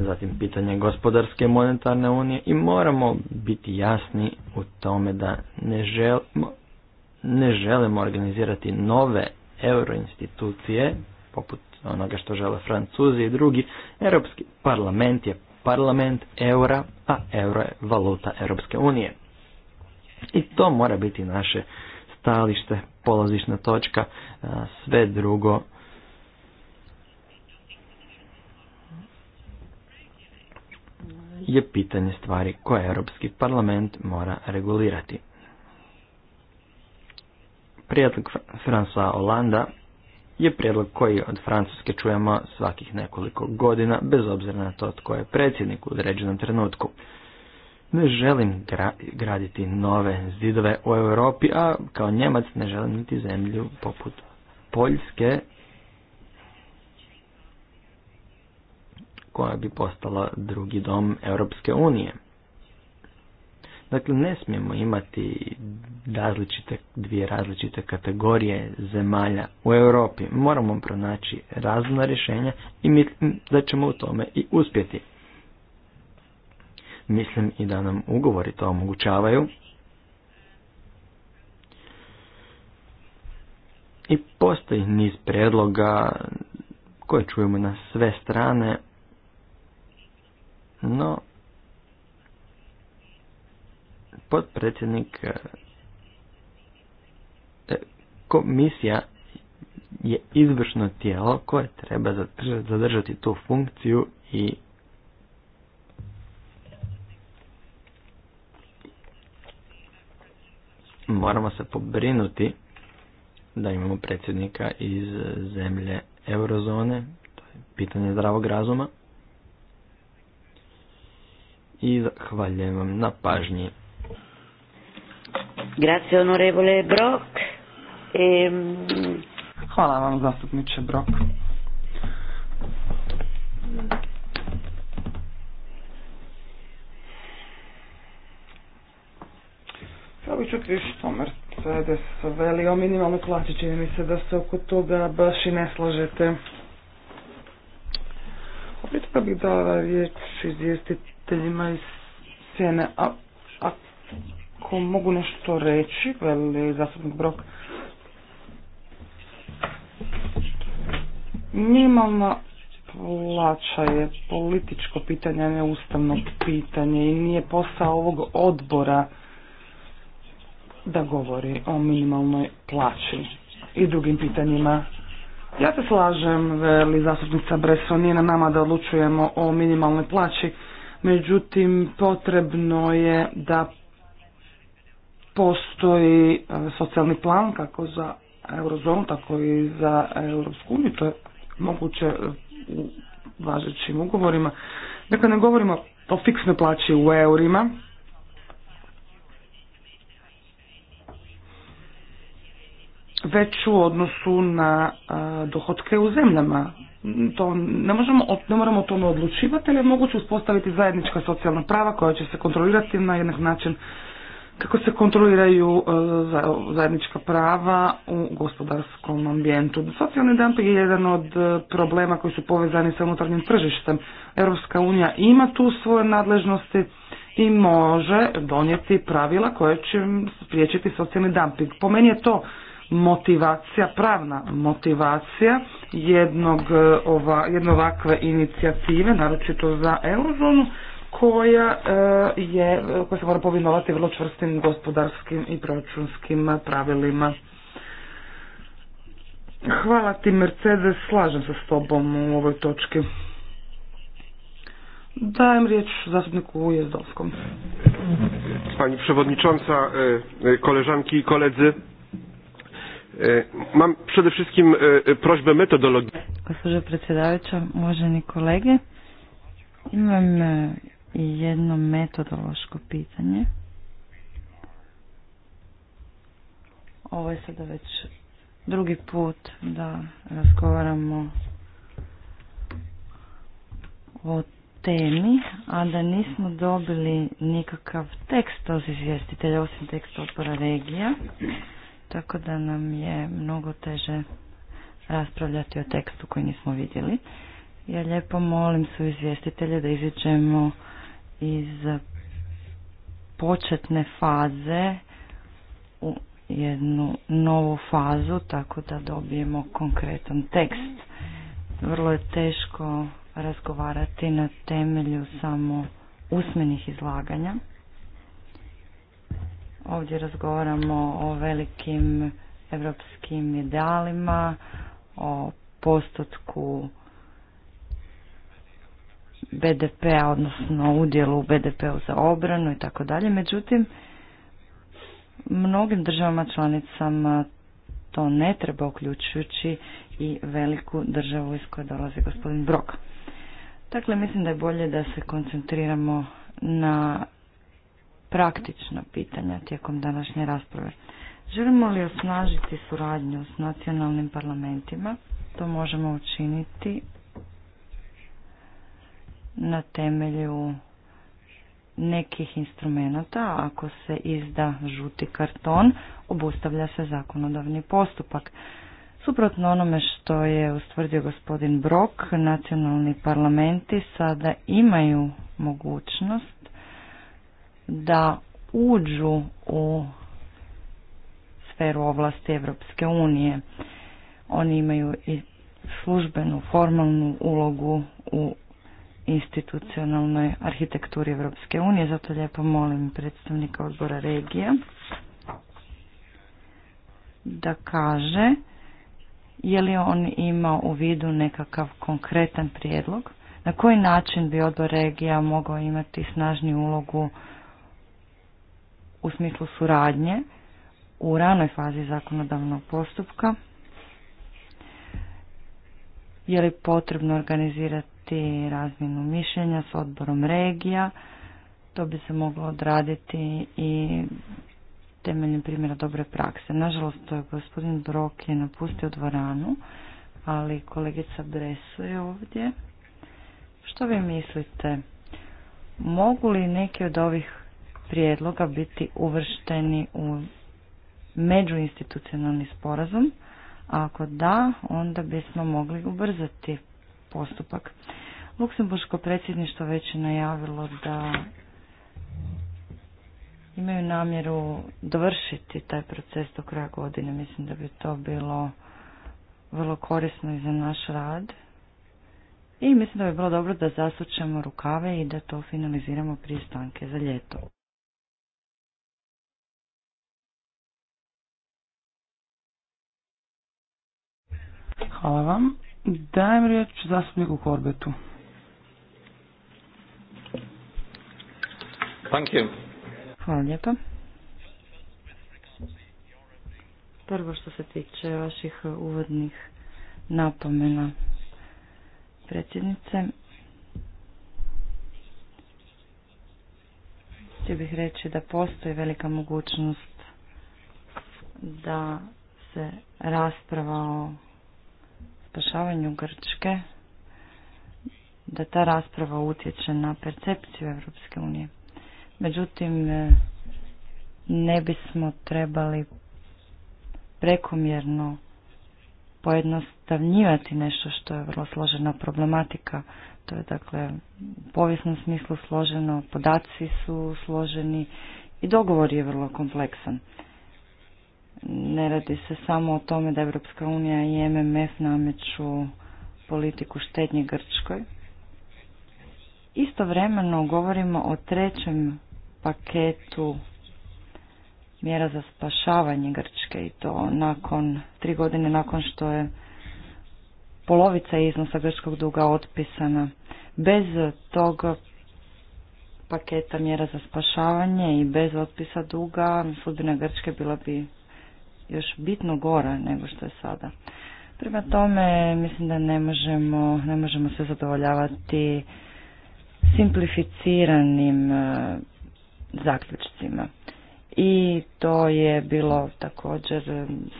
Zatim pitanje gospodarske monetarne unije i moramo biti jasni u tome da ne želimo, ne želimo organizirati nove euroinstitucije poput onoga što žele Francuzi i drugi. Europski parlament je parlament eura, a euro je valuta Europske unije. I to mora biti naše stalište, polazišna točka, sve drugo je pitanje stvari koje Europski parlament mora regulirati. Prijedlog Fransa Olanda je prijedlog koji od Francuske čujemo svakih nekoliko godina, bez obzira na to tko je predsjednik u određenom trenutku. Ne želim graditi nove zidove u Europi, a kao Njemac ne želim niti zemlju poput Poljske, koja bi postala drugi dom Europske unije. Dakle, ne smijemo imati različite, dvije različite kategorije zemalja u Europi. Moramo pronaći razna rješenja i mislim da ćemo u tome i uspjeti. Mislim i da nam ugovori to omogućavaju. I postoji niz predloga koje čujemo na sve strane, no podpredsjednik e, komisija je izvršno tijelo koje treba zadržati tu funkciju i moramo se pobrinuti da imamo predsjednika iz zemlje eurozone, to je pitanje zdravog razuma. I zahvaljujem vam na pažnji. Grazie onorevole Brock. Ehm... Hvala vam zastupniče Brock. Robit ću više da se veli o minimalnoj plaći, čini mi se da se oko toga baš i ne slažete. Opet pa bih dala riječ izvjestiteljima iz scene, a, ako mogu nešto reći, veli zastupnik Brok. Minimalna plaća je političko pitanje, a ne ustavno pitanje i nije posao ovog odbora da govori o minimalnoj plaći i drugim pitanjima. Ja se slažem, veli zastupnica Breso, nije na nama da odlučujemo o minimalnoj plaći, međutim potrebno je da postoji e, socijalni plan kako za eurozonu, tako i za Europsku uniju, to je moguće e, u važećim ugovorima. Dakle, ne govorimo o fiksnoj plaći u eurima, već u odnosu na dohotke u zemljama. To ne, možemo, ne moramo o tome odlučivati, ali je moguće uspostaviti zajednička socijalna prava koja će se kontrolirati na jednak način kako se kontroliraju zajednička prava u gospodarskom ambijentu. Socijalni dumping je jedan od e, problema koji su povezani sa unutarnjim tržištem. Europska unija ima tu svoje nadležnosti i može donijeti pravila koje će spriječiti socijalni dumping. Po meni je to motivacija, pravna motivacija jednog e, ova, jedne ovakve inicijative, naročito za eurozonu, koja e, je, koja se mora povinovati vrlo čvrstim gospodarskim i proračunskim pravilima. Hvala ti Mercedes, slažem se s tobom u ovoj točki. Dajem riječ zastupniku Jezdowskom. Pani przewodnicząca, e, koleżanki i koledzy. E, mam przede wszystkim e, e, prośbę metodologiczną. Gospođo predsjedavajuća, uvaženi kolege, imam jedno metodološko pitanje. Ovo je sada već drugi put da razgovaramo o temi, a da nismo dobili nikakav tekst od izvjestitelja, osim teksta odbora regija tako da nam je mnogo teže raspravljati o tekstu koji nismo vidjeli. Ja lijepo molim su izvjestitelje da iziđemo iz početne faze u jednu novu fazu tako da dobijemo konkretan tekst. Vrlo je teško razgovarati na temelju samo usmenih izlaganja. Ovdje razgovaramo o velikim evropskim idealima, o postotku BDP-a, odnosno udjelu BDP-u za obranu i tako dalje. Međutim, mnogim državama članicama to ne treba uključujući i veliku državu iz koje dolazi gospodin Brok. Dakle, mislim da je bolje da se koncentriramo na praktična pitanja tijekom današnje rasprave. Želimo li osnažiti suradnju s nacionalnim parlamentima? To možemo učiniti na temelju nekih instrumenata, ako se izda žuti karton, obustavlja se zakonodavni postupak. Suprotno onome što je ustvrdio gospodin Brok, nacionalni parlamenti sada imaju mogućnost da uđu u sferu ovlasti Europske unije. Oni imaju i službenu, formalnu ulogu u institucionalnoj arhitekturi Europske unije, zato lijepo molim predstavnika odbora regija da kaže je li on imao u vidu nekakav konkretan prijedlog, na koji način bi odbor regija mogao imati snažniju ulogu u smislu suradnje u ranoj fazi zakonodavnog postupka. Je li potrebno organizirati razmjenu mišljenja s odborom regija? To bi se moglo odraditi i temeljem primjera dobre prakse. Nažalost, to je gospodin Brok je napustio dvoranu, ali kolegica Bresu je ovdje. Što vi mislite? Mogu li neki od ovih prijedloga biti uvršteni u međuinstitucionalni sporazum? ako da, onda bismo mogli ubrzati postupak. Luksemburško predsjedništvo već je najavilo da imaju namjeru dovršiti taj proces do kraja godine. Mislim da bi to bilo vrlo korisno i za naš rad. I mislim da bi bilo dobro da zasučemo rukave i da to finaliziramo prije stanke za ljeto. Hvala vam. Dajem riječ zastupniku Korbetu. Thank you. Hvala lijepa. Prvo što se tiče vaših uvodnih napomena predsjednice. Htio bih reći da postoji velika mogućnost da se rasprava o spašavanju Grčke, da ta rasprava utječe na percepciju Evropske unije. Međutim, ne bismo trebali prekomjerno pojednostavnjivati nešto što je vrlo složena problematika. To je dakle u povijesnom smislu složeno, podaci su složeni i dogovor je vrlo kompleksan. Ne radi se samo o tome da Europska unija i MMF nameću politiku štednje Grčkoj. Istovremeno govorimo o trećem paketu mjera za spašavanje Grčke i to nakon tri godine nakon što je polovica iznosa grčkog duga otpisana. Bez tog paketa mjera za spašavanje i bez otpisa duga sudbina Grčke bila bi još bitno gora nego što je sada. Prema tome, mislim da ne možemo, ne možemo se zadovoljavati simplificiranim e, zaključcima. I to je bilo također,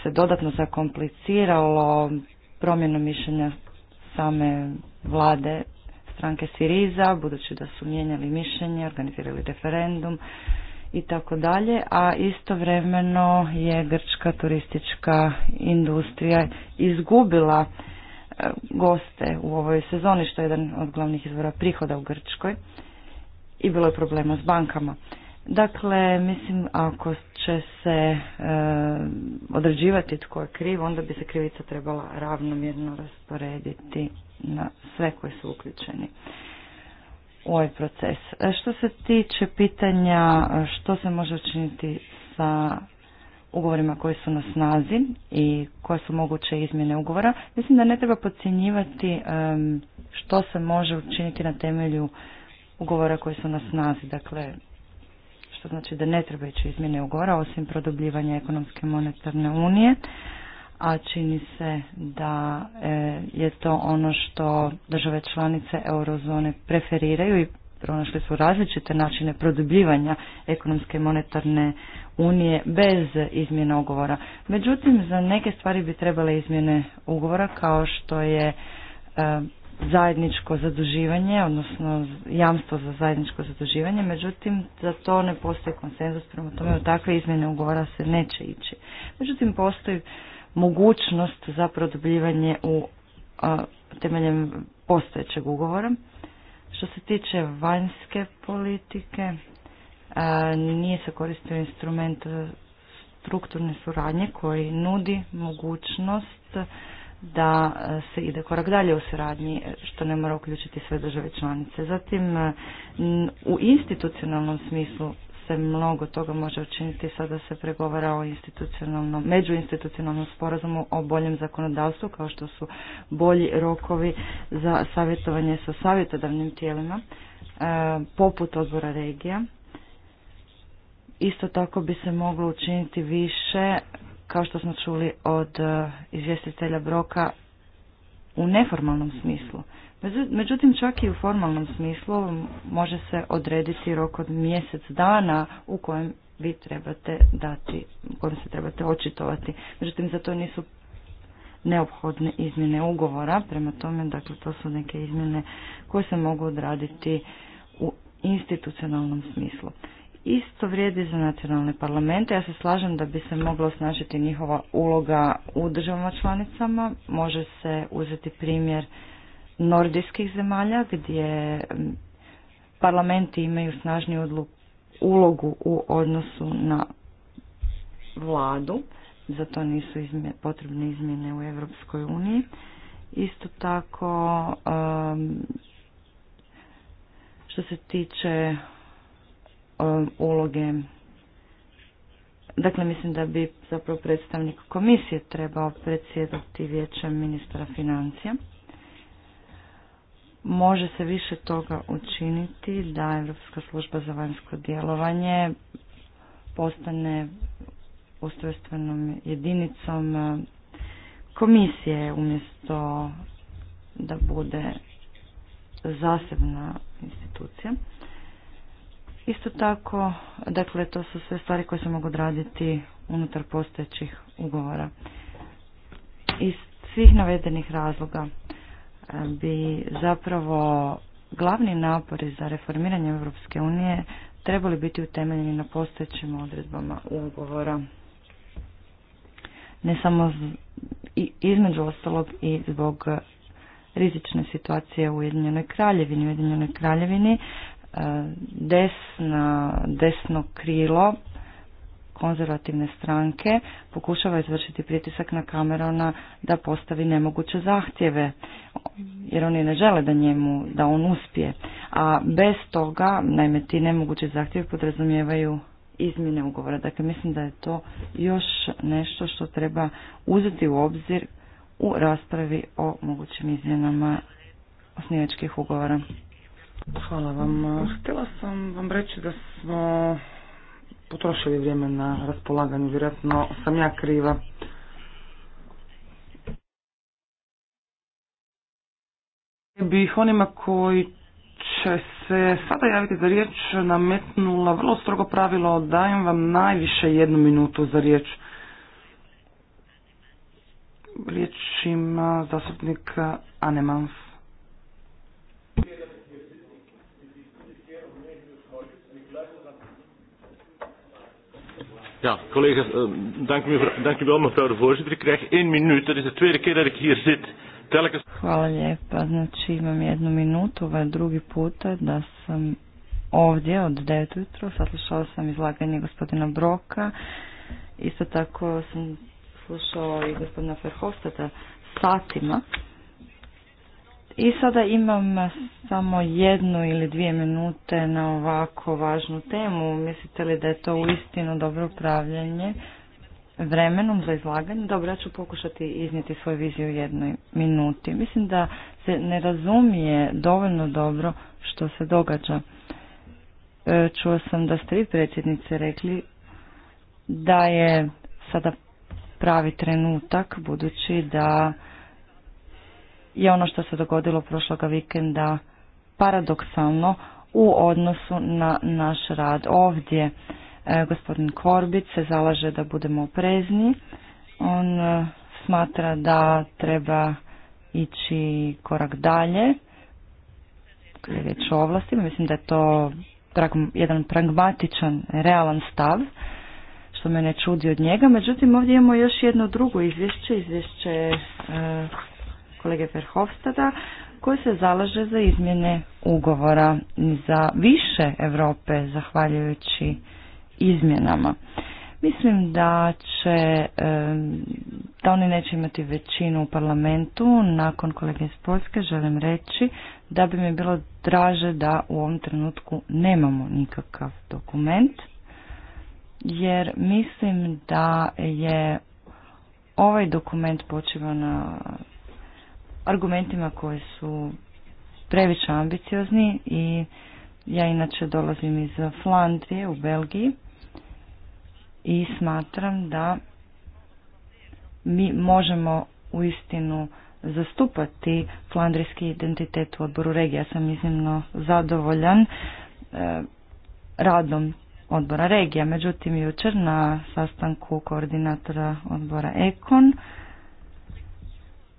se dodatno zakompliciralo promjenu mišljenja same vlade stranke Siriza, budući da su mijenjali mišljenje, organizirali referendum, i tako dalje, a istovremeno je grčka turistička industrija izgubila e, goste u ovoj sezoni, što je jedan od glavnih izvora prihoda u Grčkoj i bilo je problema s bankama. Dakle, mislim, ako će se e, određivati tko je kriv, onda bi se krivica trebala ravnomjerno rasporediti na sve koji su uključeni ovaj proces. E, što se tiče pitanja e, što se može učiniti sa ugovorima koji su na snazi i koje su moguće izmjene ugovora, mislim da ne treba podcjenjivati e, što se može učiniti na temelju ugovora koji su na snazi. Dakle, što znači da ne treba ići izmjene ugovora osim produbljivanja ekonomske monetarne unije a čini se da e, je to ono što države članice eurozone preferiraju i pronašli su različite načine produbljivanja ekonomske i monetarne unije bez izmjene ugovora. Međutim, za neke stvari bi trebale izmjene ugovora kao što je e, zajedničko zaduživanje, odnosno jamstvo za zajedničko zaduživanje, međutim za to ne postoji konsenzus, prema tome u takve izmjene ugovora se neće ići. Međutim, postoji mogućnost za produbljivanje u temeljem postojećeg ugovora. Što se tiče vanjske politike, nije se koristio instrument strukturne suradnje koji nudi mogućnost da se ide korak dalje u suradnji, što ne mora uključiti sve države članice. Zatim, u institucionalnom smislu se mnogo toga može učiniti sada se pregovara o institucionalnom, međuinstitucionalnom sporazumu o boljem zakonodavstvu kao što su bolji rokovi za savjetovanje sa savjetodavnim tijelima e, poput odbora regija. Isto tako bi se moglo učiniti više kao što smo čuli od e, izvjestitelja Broka u neformalnom smislu. Međutim, čak i u formalnom smislu može se odrediti rok od mjesec dana u kojem vi trebate dati, u kojem se trebate očitovati. Međutim, za to nisu neophodne izmjene ugovora, prema tome, dakle, to su neke izmjene koje se mogu odraditi u institucionalnom smislu. Isto vrijedi za nacionalne parlamente. Ja se slažem da bi se mogla osnažiti njihova uloga u državama članicama. Može se uzeti primjer nordijskih zemalja gdje parlamenti imaju snažniju ulogu u odnosu na vladu, zato nisu potrebne izmjene u Europskoj uniji. Isto tako što se tiče uloge Dakle, mislim da bi zapravo predstavnik komisije trebao predsjedati vijećem ministra financija može se više toga učiniti da Europska služba za vanjsko djelovanje postane ustrojstvenom jedinicom e, komisije umjesto da bude zasebna institucija. Isto tako, dakle, to su sve stvari koje se mogu odraditi unutar postojećih ugovora. Iz svih navedenih razloga bi zapravo glavni napori za reformiranje Europske unije trebali biti utemeljeni na postojećim odredbama ugovora. Ne samo između ostalog i zbog rizične situacije u Ujedinjenoj kraljevini. U Ujedinjenoj kraljevini e, desna, desno krilo konzervativne stranke pokušava izvršiti pritisak na Kamerona da postavi nemoguće zahtjeve jer oni ne žele da njemu da on uspije a bez toga naime ti nemogući zahtjevi podrazumijevaju izmjene ugovora dakle mislim da je to još nešto što treba uzeti u obzir u raspravi o mogućim izmjenama osnivačkih ugovora Hvala vam. Htjela sam vam reći da smo potrošili vrijeme na raspolaganju. Vjerojatno sam ja kriva. Bih onima koji će se sada javiti za riječ nametnula vrlo strogo pravilo dajem vam najviše jednu minutu za riječ. Riječ ima zastupnik Anemans. Ja, collega's, eh, dank u, dank u wel mevrouw de voorzitter. Ik krijg één minuut. Dat is de tweede keer dat ik hier zit. Telkens... Hvala lijepa. Znači imam jednu minutu. Ovo je drugi puta da sam ovdje od 9 ujutro, saslušala sam izlaganje gospodina Broka. Isto tako sam slušao i gospodina Ferhostata satima. I sada imam samo jednu ili dvije minute na ovako važnu temu. Mislite li da je to uistinu dobro upravljanje vremenom za izlaganje? Dobro, ja ću pokušati iznijeti svoju viziju u jednoj minuti. Mislim da se ne razumije dovoljno dobro što se događa. E, čuo sam da ste vi predsjednice rekli da je sada pravi trenutak budući da je ono što se dogodilo prošloga vikenda paradoksalno u odnosu na naš rad ovdje. E, gospodin Korbit se zalaže da budemo oprezni. On e, smatra da treba ići korak dalje kada je već o ovlastima. Mislim da je to jedan pragmatičan, realan stav što me ne čudi od njega. Međutim, ovdje imamo još jedno drugo izvješće, izvješće e, kolege Verhofstada koji se zalaže za izmjene ugovora za više Europe zahvaljujući izmjenama. Mislim da će, da oni neće imati većinu u parlamentu, nakon kolege iz Poljske želim reći da bi mi bilo draže da u ovom trenutku nemamo nikakav dokument, jer mislim da je ovaj dokument počiva na argumentima koji su previše ambiciozni i ja inače dolazim iz Flandrije u Belgiji i smatram da mi možemo uistinu zastupati flandrijski identitet u odboru regija. sam iznimno zadovoljan e, radom odbora regija. Međutim, jučer na sastanku koordinatora odbora Ekon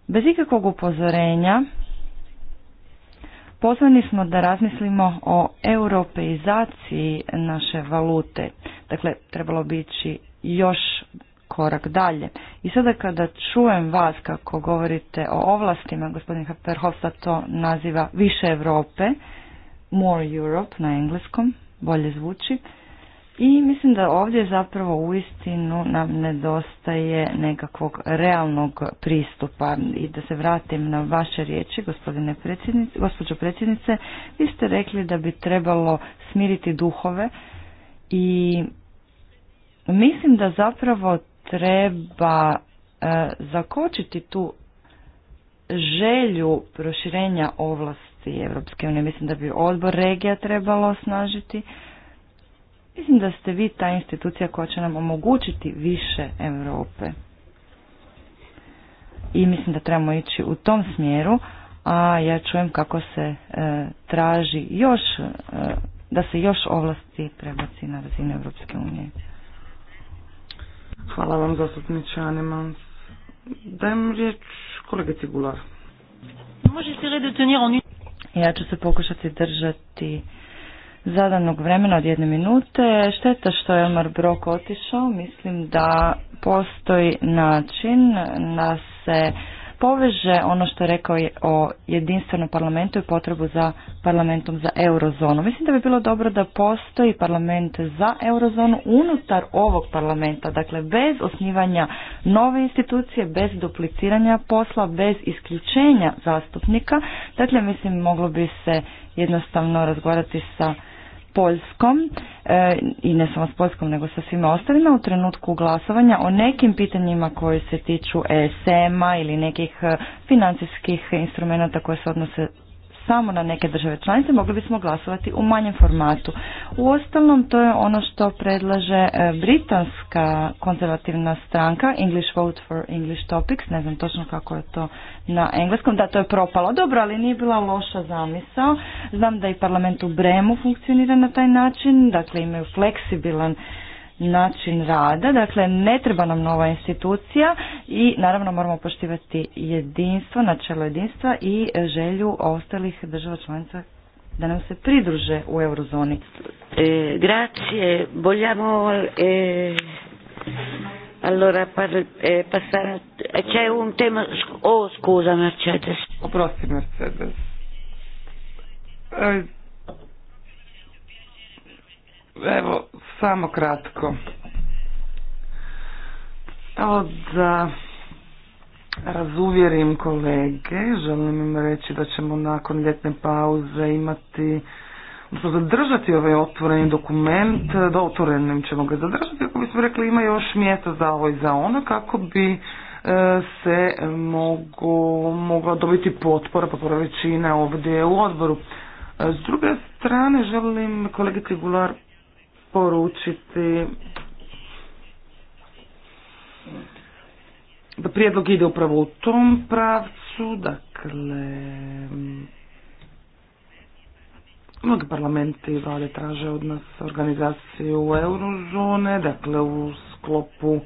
Bez ikakvog upozorenja pozvani smo da razmislimo o europeizaciji naše valute. Dakle, trebalo bi ići još korak dalje. I sada kada čujem vas kako govorite o ovlastima, gospodin Verhofstadt to naziva više Europe, more Europe na engleskom, bolje zvuči, i mislim da ovdje zapravo u istinu nam nedostaje nekakvog realnog pristupa i da se vratim na vaše riječi, gospodine predsjednice, gospođo predsjednice, vi ste rekli da bi trebalo smiriti duhove i mislim da zapravo treba e, zakočiti tu želju proširenja ovlasti Europske unije. Mislim da bi odbor regija trebalo osnažiti Mislim da ste vi ta institucija koja će nam omogućiti više Europe. I mislim da trebamo ići u tom smjeru, a ja čujem kako se e, traži još, e, da se još ovlasti prebaci na razine Europske unije. Hvala vam zastupniče Anemans. Dajem riječ kolegici Gular. Ja ću se pokušati držati zadanog vremena od jedne minute. Šteta što je Omar Brok otišao. Mislim da postoji način da se poveže ono što je rekao o jedinstvenom parlamentu i potrebu za parlamentom za eurozonu. Mislim da bi bilo dobro da postoji parlament za eurozonu unutar ovog parlamenta, dakle bez osnivanja nove institucije, bez dupliciranja posla, bez isključenja zastupnika. Dakle, mislim, moglo bi se jednostavno razgovarati sa Poljskom e, i ne samo s Poljskom nego sa svima ostalima u trenutku glasovanja o nekim pitanjima koji se tiču ESM-a ili nekih e, financijskih instrumenta koje se odnose samo na neke države članice, mogli bismo glasovati u manjem formatu. U ostalom, to je ono što predlaže e, britanska konzervativna stranka, English Vote for English Topics, ne znam točno kako je to na engleskom, da to je propalo dobro, ali nije bila loša zamisao. Znam da i parlament u Bremu funkcionira na taj način, dakle imaju fleksibilan način rada. Dakle, ne treba nam nova institucija i naravno moramo poštivati jedinstvo, načelo jedinstva i želju ostalih država članica da nam se pridruže u eurozoni. Eh, grazie, vogliamo eh, allora eh, passare c'è un tema oh scusa Mercedes. Evo, samo kratko. da razuvjerim kolege, želim im reći da ćemo nakon ljetne pauze imati zadržati ovaj otvoreni dokument, e, da otvorenim ćemo ga zadržati, ako bismo rekli ima još mjesta za ovo i za ono, kako bi e, se mogu, mogla dobiti potpora, potpora većina ovdje u odboru. E, s druge strane želim kolegi Gular poručiti da prijedlog ide upravo u tom pravcu, dakle mnogi parlamenti i traže od nas organizaciju eurozone, dakle u sklopu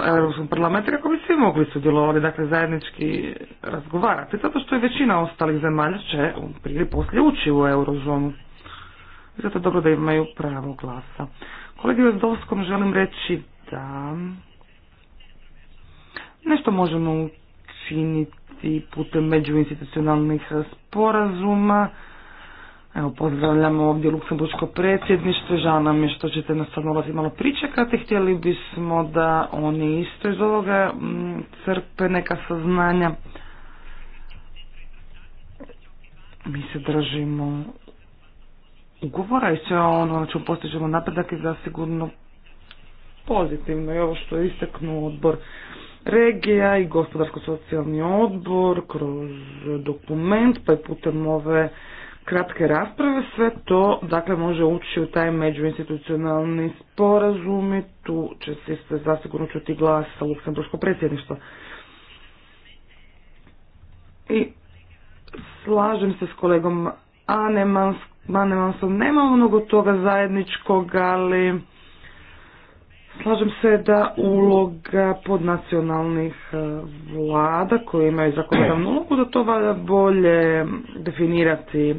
Europskom parlamenta kako bi svi mogli sudjelovati, dakle zajednički razgovarati, zato što je većina ostalih zemalja će prije ili poslije ući u eurozonu zato dobro da imaju pravo glasa. Kolegi Vezdovskom želim reći da nešto možemo učiniti putem međuinstitucionalnih sporazuma. Evo, pozdravljamo ovdje Luksemburško predsjedništvo, žao nam je što ćete nas sad morati malo pričekati, htjeli bismo da oni isto iz ovoga mm, crpe neka saznanja. Mi se držimo ugovora i sve ono na čemu postižemo napredak je zasigurno pozitivno i ovo što je istaknuo odbor regija i gospodarsko-socijalni odbor kroz dokument pa i putem ove kratke rasprave, sve to dakle može ući u taj međuinstitucionalni sporazum i tu će se zasigurno čuti glas sa predsjedništva I slažem se s kolegom Anemans Banemansom nema mnogo toga zajedničkog, ali slažem se da uloga podnacionalnih e, vlada koje imaju zakonodavnu ulogu, da to valja bolje definirati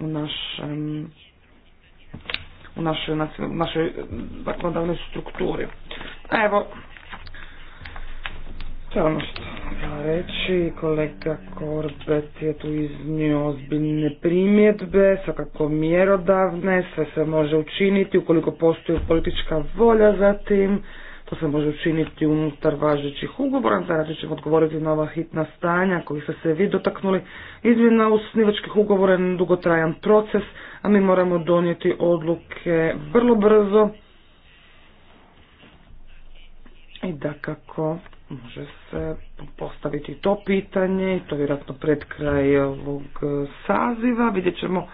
u u našoj, našoj zakonodavnoj strukturi. Evo, to ono što reći. Kolega Korbet je tu iznio ozbiljne primjedbe, svakako mjerodavne, sve se može učiniti ukoliko postoji politička volja za tim. To se može učiniti unutar važećih ugovora, Zaradi ćemo odgovoriti na ova hitna stanja koji ste se vi dotaknuli. Izmjena usnivačkih ugovora je dugotrajan proces, a mi moramo donijeti odluke vrlo brzo. I da kako Može se postaviti to pitanje i to vjerojatno pred kraj ovog e, saziva. Vidjet ćemo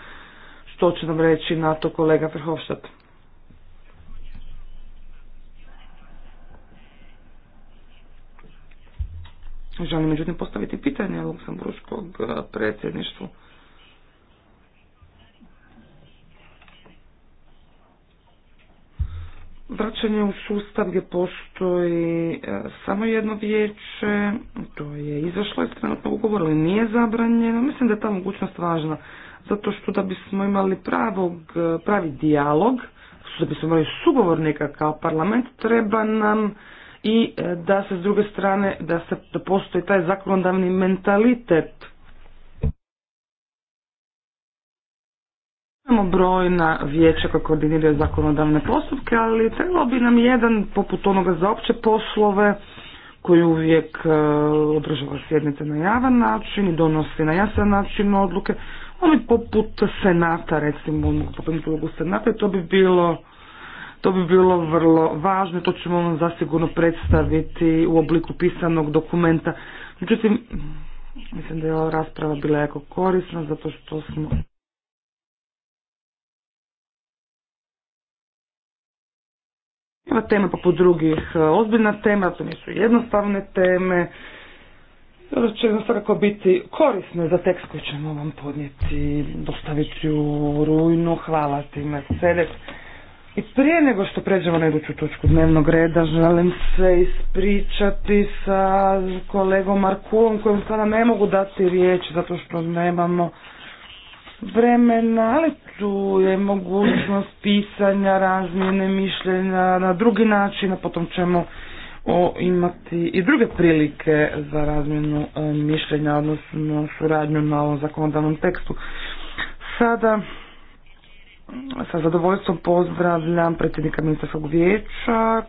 što će nam reći na to kolega Verhofstadt. Želim međutim postaviti pitanje Luksemburškog e, predsjedništvu. vraćanje u sustav gdje postoji e, samo jedno vijeće, to je izašlo iz trenutnog ugovora, ali nije zabranjeno. Mislim da je ta mogućnost važna, zato što da bismo imali pravog, e, pravi dijalog, da bismo imali sugovornika kao parlament, treba nam i e, da se s druge strane, da, se, da postoji taj zakonodavni mentalitet Imamo brojna vijeća koja koordiniraju zakonodavne postupke, ali trebalo bi nam jedan poput onoga za opće poslove koji uvijek e, održava sjednice na javan način i donosi na jasan način odluke. Oni poput senata, recimo, ono, poput ulogu senata i to bi bilo to bi bilo vrlo važno i to ćemo vam zasigurno predstaviti u obliku pisanog dokumenta. Međutim, mislim da je ova rasprava bila jako korisna zato što smo Ima tema poput drugih e, ozbiljna tema, to nisu jednostavne teme. Ovo će jednostavno svakako biti korisne za tekst koji ćemo vam podnijeti, dostaviti u rujnu. Hvala ti Mercedes. I prije nego što pređemo na iduću točku dnevnog reda, želim se ispričati sa kolegom Markulom kojem sada ne mogu dati riječ zato što nemamo vremena, ali tu je mogućnost pisanja, razmjene mišljenja na drugi način, a potom ćemo o, imati i druge prilike za razmjenu e, mišljenja, odnosno suradnju na ovom zakonodavnom tekstu. Sada sa zadovoljstvom pozdravljam predsjednika ministarskog vijeća,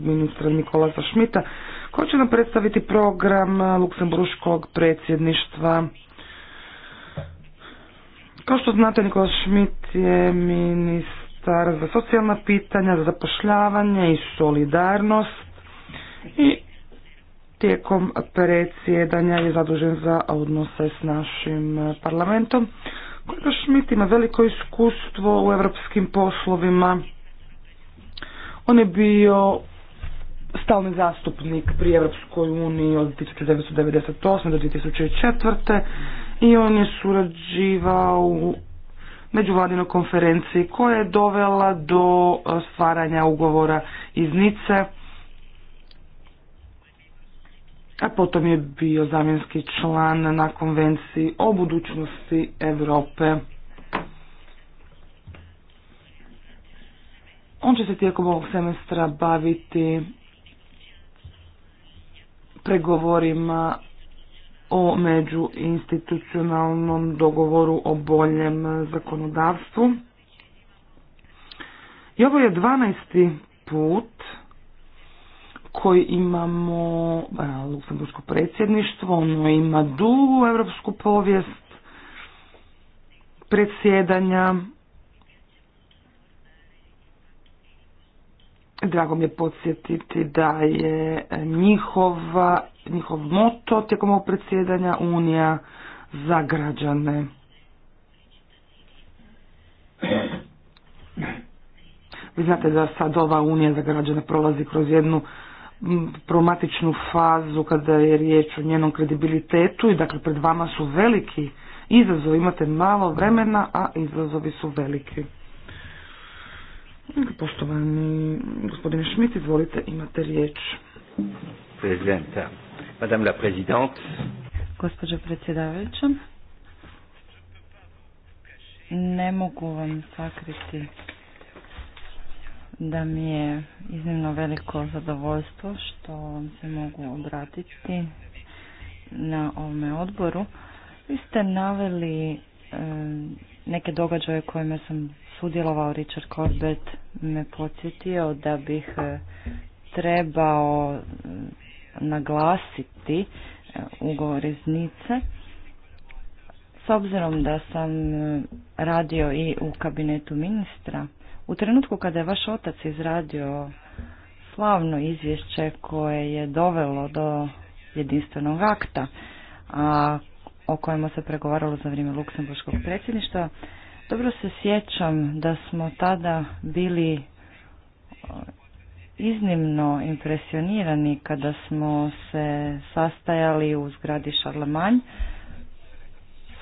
ministra Nikolasa Šmita, koji će nam predstaviti program Luksemburškog predsjedništva kao što znate, Nikola Šmit je ministar za socijalna pitanja, za zapošljavanje i solidarnost i tijekom predsjedanja je zadužen za odnose s našim parlamentom. Kolega Šmit ima veliko iskustvo u europskim poslovima. On je bio stalni zastupnik pri Europskoj uniji od 1998. do 2004 i on je surađivao u međuvladinoj konferenciji koja je dovela do e, stvaranja ugovora iz Nice, a potom je bio zamjenski član na konvenciji o budućnosti Europe. On će se tijekom ovog semestra baviti pregovorima o međuinstitucionalnom dogovoru o boljem zakonodavstvu. I ovo je 12. put koji imamo e, Luksemburgsko predsjedništvo, ono ima dugu evropsku povijest predsjedanja. Drago mi je podsjetiti da je njihova njihov moto tijekom ovog predsjedanja Unija za građane. Vi znate da sad ova Unija za građane prolazi kroz jednu problematičnu fazu kada je riječ o njenom kredibilitetu i dakle pred vama su veliki izazovi, imate malo vremena, a izazovi su veliki. Poštovani gospodine Šmit, izvolite, imate riječ prezidenta. Madame la Présidente. Gospođo predsjedavajuća, ne mogu vam sakriti da mi je iznimno veliko zadovoljstvo što vam se mogu obratiti na ovome odboru. Vi ste naveli eh, neke događaje kojima sam sudjelovao Richard Corbett me podsjetio da bih eh, trebao naglasiti e, ugovor iz Nice. S obzirom da sam e, radio i u kabinetu ministra, u trenutku kada je vaš otac izradio slavno izvješće koje je dovelo do jedinstvenog akta, a o kojemu se pregovaralo za vrijeme Luksemburškog predsjedništva, dobro se sjećam da smo tada bili e, iznimno impresionirani kada smo se sastajali u zgradi Šarlemanj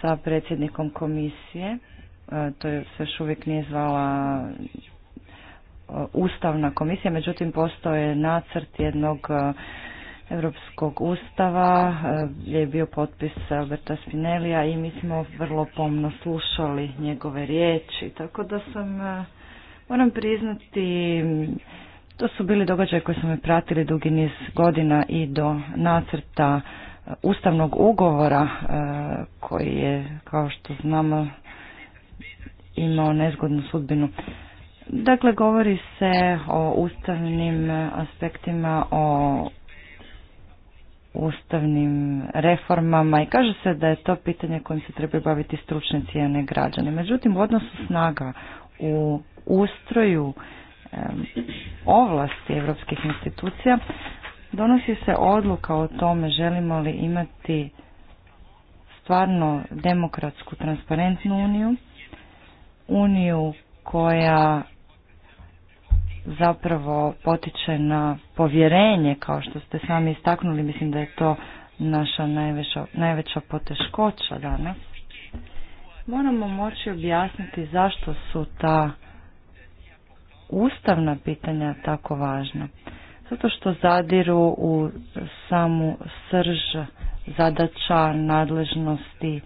sa predsjednikom komisije. E, to je se još uvijek nije zvala e, ustavna komisija, međutim je nacrt jednog Europskog ustava e, gdje je bio potpis Alberta Spinelija i mi smo vrlo pomno slušali njegove riječi, tako da sam, moram priznati, to su bili događaje koji su me pratili dugi niz godina i do nacrta e, ustavnog ugovora e, koji je, kao što znamo, imao nezgodnu sudbinu. Dakle, govori se o ustavnim aspektima, o ustavnim reformama i kaže se da je to pitanje kojim se treba baviti a ne građani. Međutim, u odnosu snaga u ustroju ovlasti europskih institucija, donosi se odluka o tome želimo li imati stvarno demokratsku, transparentnu uniju, uniju koja zapravo potiče na povjerenje, kao što ste sami istaknuli, mislim da je to naša najveća, najveća poteškoća danas. Moramo moći objasniti zašto su ta ustavna pitanja tako važna? Zato što zadiru u samu srž zadaća, nadležnosti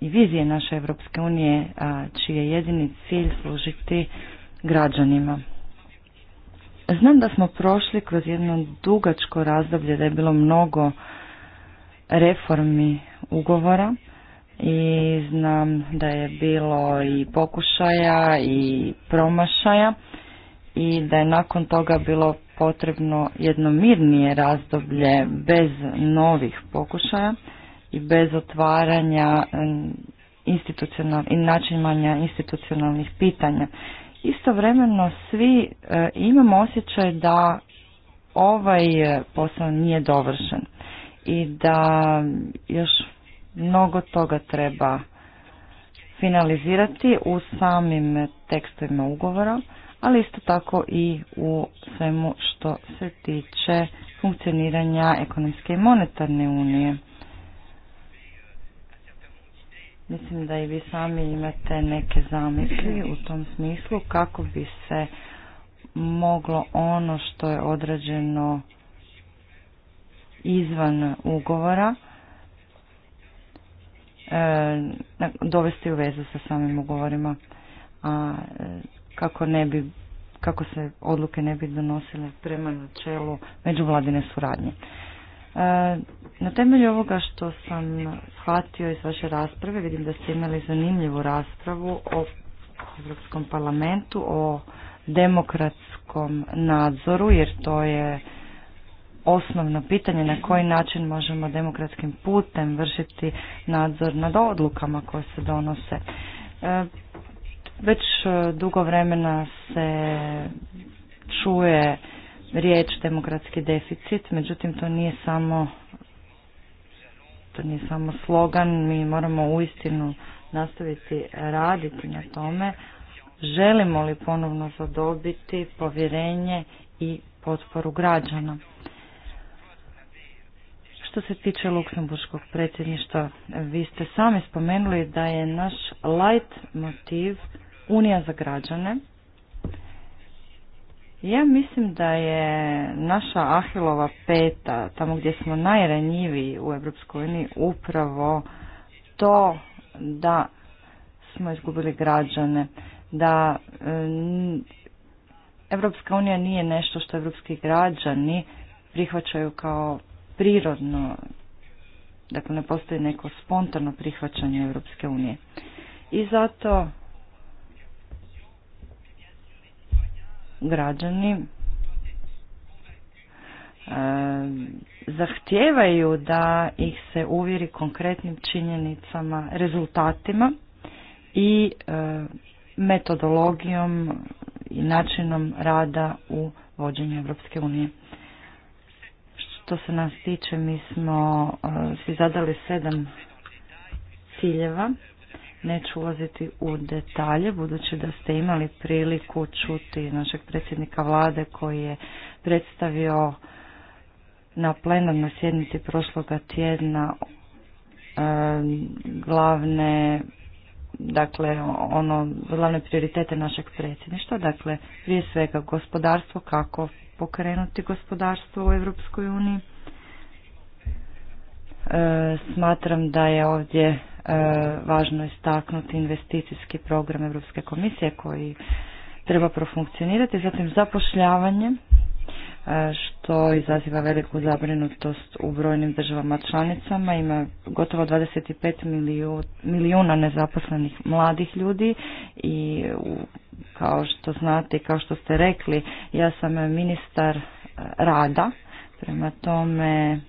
i vizije naše Evropske unije, čiji je jedini cilj služiti građanima. Znam da smo prošli kroz jedno dugačko razdoblje da je bilo mnogo reformi ugovora, i znam da je bilo i pokušaja i promašaja i da je nakon toga bilo potrebno jedno mirnije razdoblje bez novih pokušaja i bez otvaranja institucional, i institucionalnih pitanja. Istovremeno svi e, imamo osjećaj da ovaj e, posao nije dovršen i da još Mnogo toga treba finalizirati u samim tekstovima ugovora, ali isto tako i u svemu što se tiče funkcioniranja ekonomske i monetarne unije. Mislim da i vi sami imate neke zamisli u tom smislu kako bi se moglo ono što je odrađeno izvan ugovora E, dovesti u vezu sa samim ugovorima, a e, kako ne bi kako se odluke ne bi donosile prema načelu međuvladine suradnje. E, na temelju ovoga što sam shvatio iz vaše rasprave, vidim da ste imali zanimljivu raspravu o Europskom parlamentu, o demokratskom nadzoru, jer to je osnovno pitanje na koji način možemo demokratskim putem vršiti nadzor nad odlukama koje se donose. E, već e, dugo vremena se čuje riječ demokratski deficit, međutim to nije samo to nije samo slogan, mi moramo uistinu nastaviti raditi na tome. Želimo li ponovno zadobiti povjerenje i potporu građana? Što se tiče luksemburškog predsjedništva, vi ste sami spomenuli da je naš light motiv Unija za građane. Ja mislim da je naša Ahilova peta, tamo gdje smo najranjiviji u Europskoj uniji, upravo to da smo izgubili građane, da mm, Europska unija nije nešto što evropski građani prihvaćaju kao prirodno, dakle ne postoji neko spontano prihvaćanje Europske unije. I zato građani e, zahtijevaju da ih se uvjeri konkretnim činjenicama, rezultatima i e, metodologijom i načinom rada u vođenju Europske unije što se nas tiče, mi smo e, si zadali sedam ciljeva. Neću ulaziti u detalje, budući da ste imali priliku čuti našeg predsjednika vlade koji je predstavio na plenarnoj sjednici prošloga tjedna e, glavne dakle ono glavne prioritete našeg predsjedništva, dakle prije svega gospodarstvo kako pokrenuti gospodarstvo u Europskoj uniji. E, smatram da je ovdje e, važno istaknuti investicijski program Europske komisije koji treba profunkcionirati, zatim zapošljavanje što izaziva veliku zabrinutost u brojnim državama članicama. Ima gotovo 25 milijuna nezaposlenih mladih ljudi i kao što znate i kao što ste rekli, ja sam ministar rada, prema tome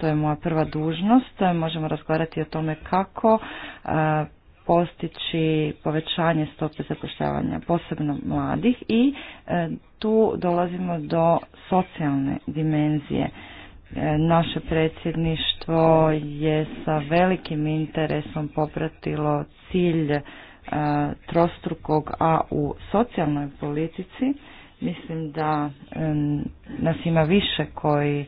to je moja prva dužnost. Možemo razgovarati o tome kako postići povećanje stope zapošljavanja, posebno mladih i e, tu dolazimo do socijalne dimenzije. E, naše predsjedništvo je sa velikim interesom popratilo cilj e, trostrukog A u socijalnoj politici. Mislim da nas ima više koji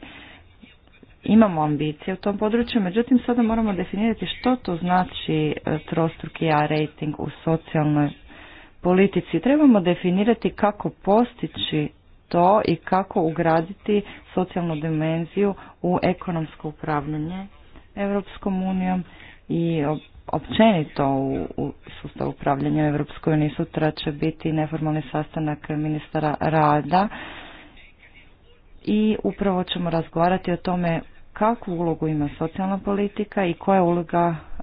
imamo ambicije u tom području, međutim sada moramo definirati što to znači e, trostruki A rating u socijalnoj politici. Trebamo definirati kako postići to i kako ugraditi socijalnu dimenziju u ekonomsko upravljanje Europskom unijom i općenito u, u sustavu upravljanja u Europskoj uniji. Sutra će biti neformalni sastanak ministara rada i upravo ćemo razgovarati o tome kakvu ulogu ima socijalna politika i koja je uloga e,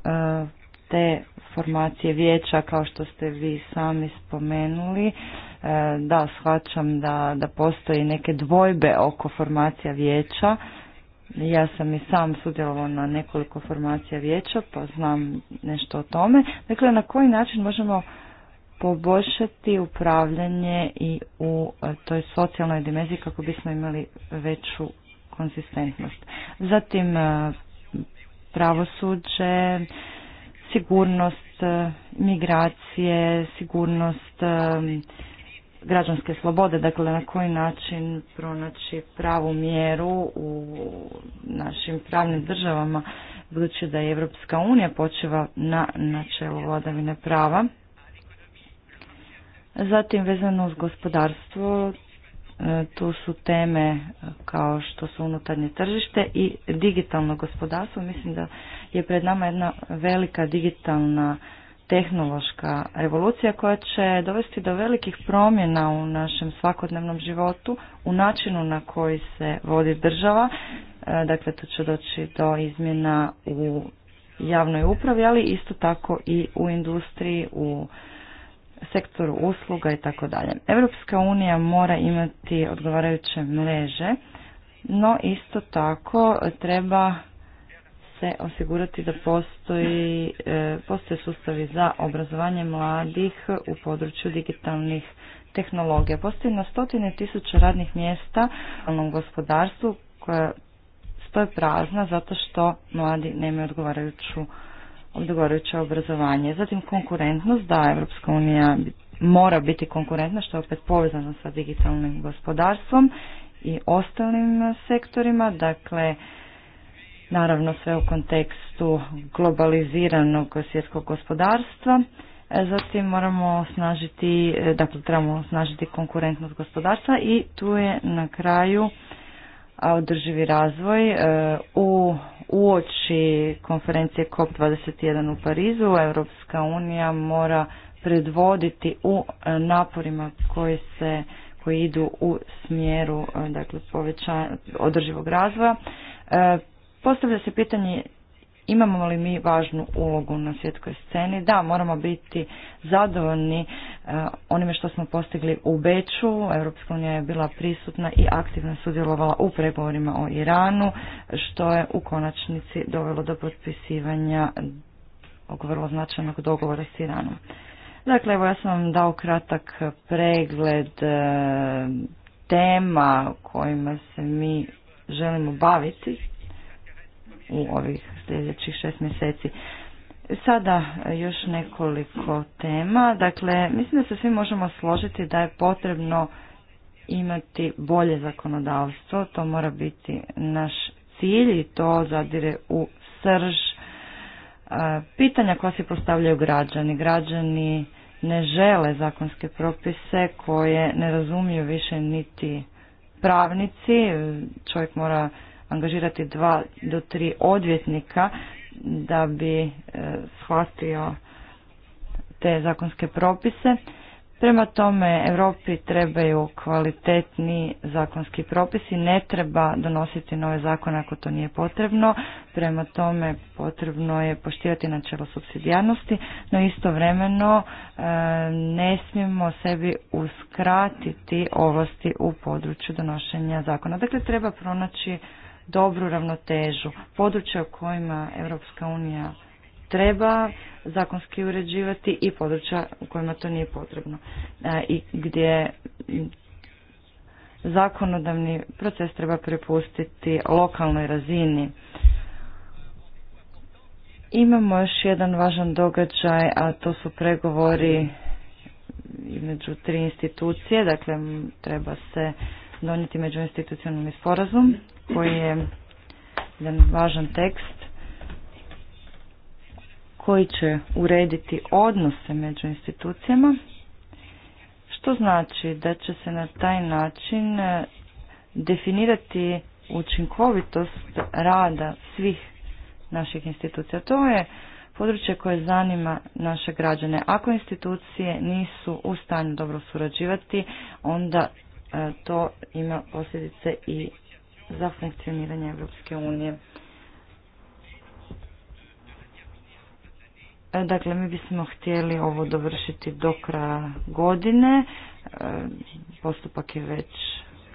te formacije vijeća kao što ste vi sami spomenuli. E, da, shvaćam da, da postoji neke dvojbe oko formacija vijeća. Ja sam i sam sudjelovao na nekoliko formacija vijeća pa znam nešto o tome. Dakle, na koji način možemo poboljšati upravljanje i u e, toj socijalnoj dimenziji kako bismo imali veću konzistentnost. Zatim e, pravosuđe, sigurnost e, migracije, sigurnost građanske slobode, dakle na koji način pronaći pravu mjeru u našim pravnim državama, budući da je Evropska unija počeva na načelu vladavine prava. Zatim vezano uz gospodarstvo, e, tu su teme kao što su unutarnje tržište i digitalno gospodarstvo. Mislim da je pred nama jedna velika digitalna tehnološka revolucija koja će dovesti do velikih promjena u našem svakodnevnom životu, u načinu na koji se vodi država. E, dakle, tu će doći do izmjena u javnoj upravi, ali isto tako i u industriji, u sektoru usluga i tako dalje. Europska unija mora imati odgovarajuće mreže, no isto tako treba se osigurati da postoji, e, postoje sustavi za obrazovanje mladih u području digitalnih tehnologija. Postoji na stotine tisuća radnih mjesta u gospodarstvu koja stoje prazna zato što mladi nemaju odgovarajuću odgovarajuće obrazovanje. Zatim konkurentnost, da, Evropska unija mora biti konkurentna, što je opet povezano sa digitalnim gospodarstvom i ostalim sektorima, dakle, naravno sve u kontekstu globaliziranog svjetskog gospodarstva. E, zatim moramo snažiti, e, dakle trebamo snažiti konkurentnost gospodarstva i tu je na kraju a održivi razvoj e, u uoči konferencije COP21 u Parizu Europska unija mora predvoditi u e, naporima koji se koji idu u smjeru e, dakle povećanja održivog razvoja. Postavlja se pitanje imamo li mi važnu ulogu na svjetskoj sceni? Da, moramo biti zadovoljni E, onime što smo postigli u Beču. Europska unija je bila prisutna i aktivno sudjelovala u pregovorima o Iranu, što je u konačnici dovelo do potpisivanja ovog vrlo značajnog dogovora s Iranom. Dakle, evo ja sam vam dao kratak pregled e, tema kojima se mi želimo baviti u ovih sljedećih šest mjeseci. Sada još nekoliko tema. Dakle, mislim da se svi možemo složiti da je potrebno imati bolje zakonodavstvo. To mora biti naš cilj i to zadire u srž e, pitanja koja se postavljaju građani. Građani ne žele zakonske propise koje ne razumiju više niti pravnici. Čovjek mora angažirati dva do tri odvjetnika da bi e, shvatio te zakonske propise. Prema tome, Europi trebaju kvalitetni zakonski propisi, ne treba donositi nove zakone ako to nije potrebno. Prema tome, potrebno je poštivati načelo subsidijarnosti, no istovremeno e, ne smijemo sebi uskratiti ovlasti u području donošenja zakona. Dakle, treba pronaći dobru ravnotežu. Područja u kojima Europska unija treba zakonski uređivati i područja u kojima to nije potrebno e, i gdje zakonodavni proces treba prepustiti lokalnoj razini. Imamo još jedan važan događaj, a to su pregovori između tri institucije, dakle treba se donijeti međuinstitucionalni sporazum koji je jedan važan tekst koji će urediti odnose među institucijama, što znači da će se na taj način e, definirati učinkovitost rada svih naših institucija. To je područje koje zanima naše građane. Ako institucije nisu u stanju dobro surađivati, onda e, to ima posljedice i za funkcioniranje Europske unije. E, dakle, mi bismo htjeli ovo dovršiti do kraja godine. E, postupak je već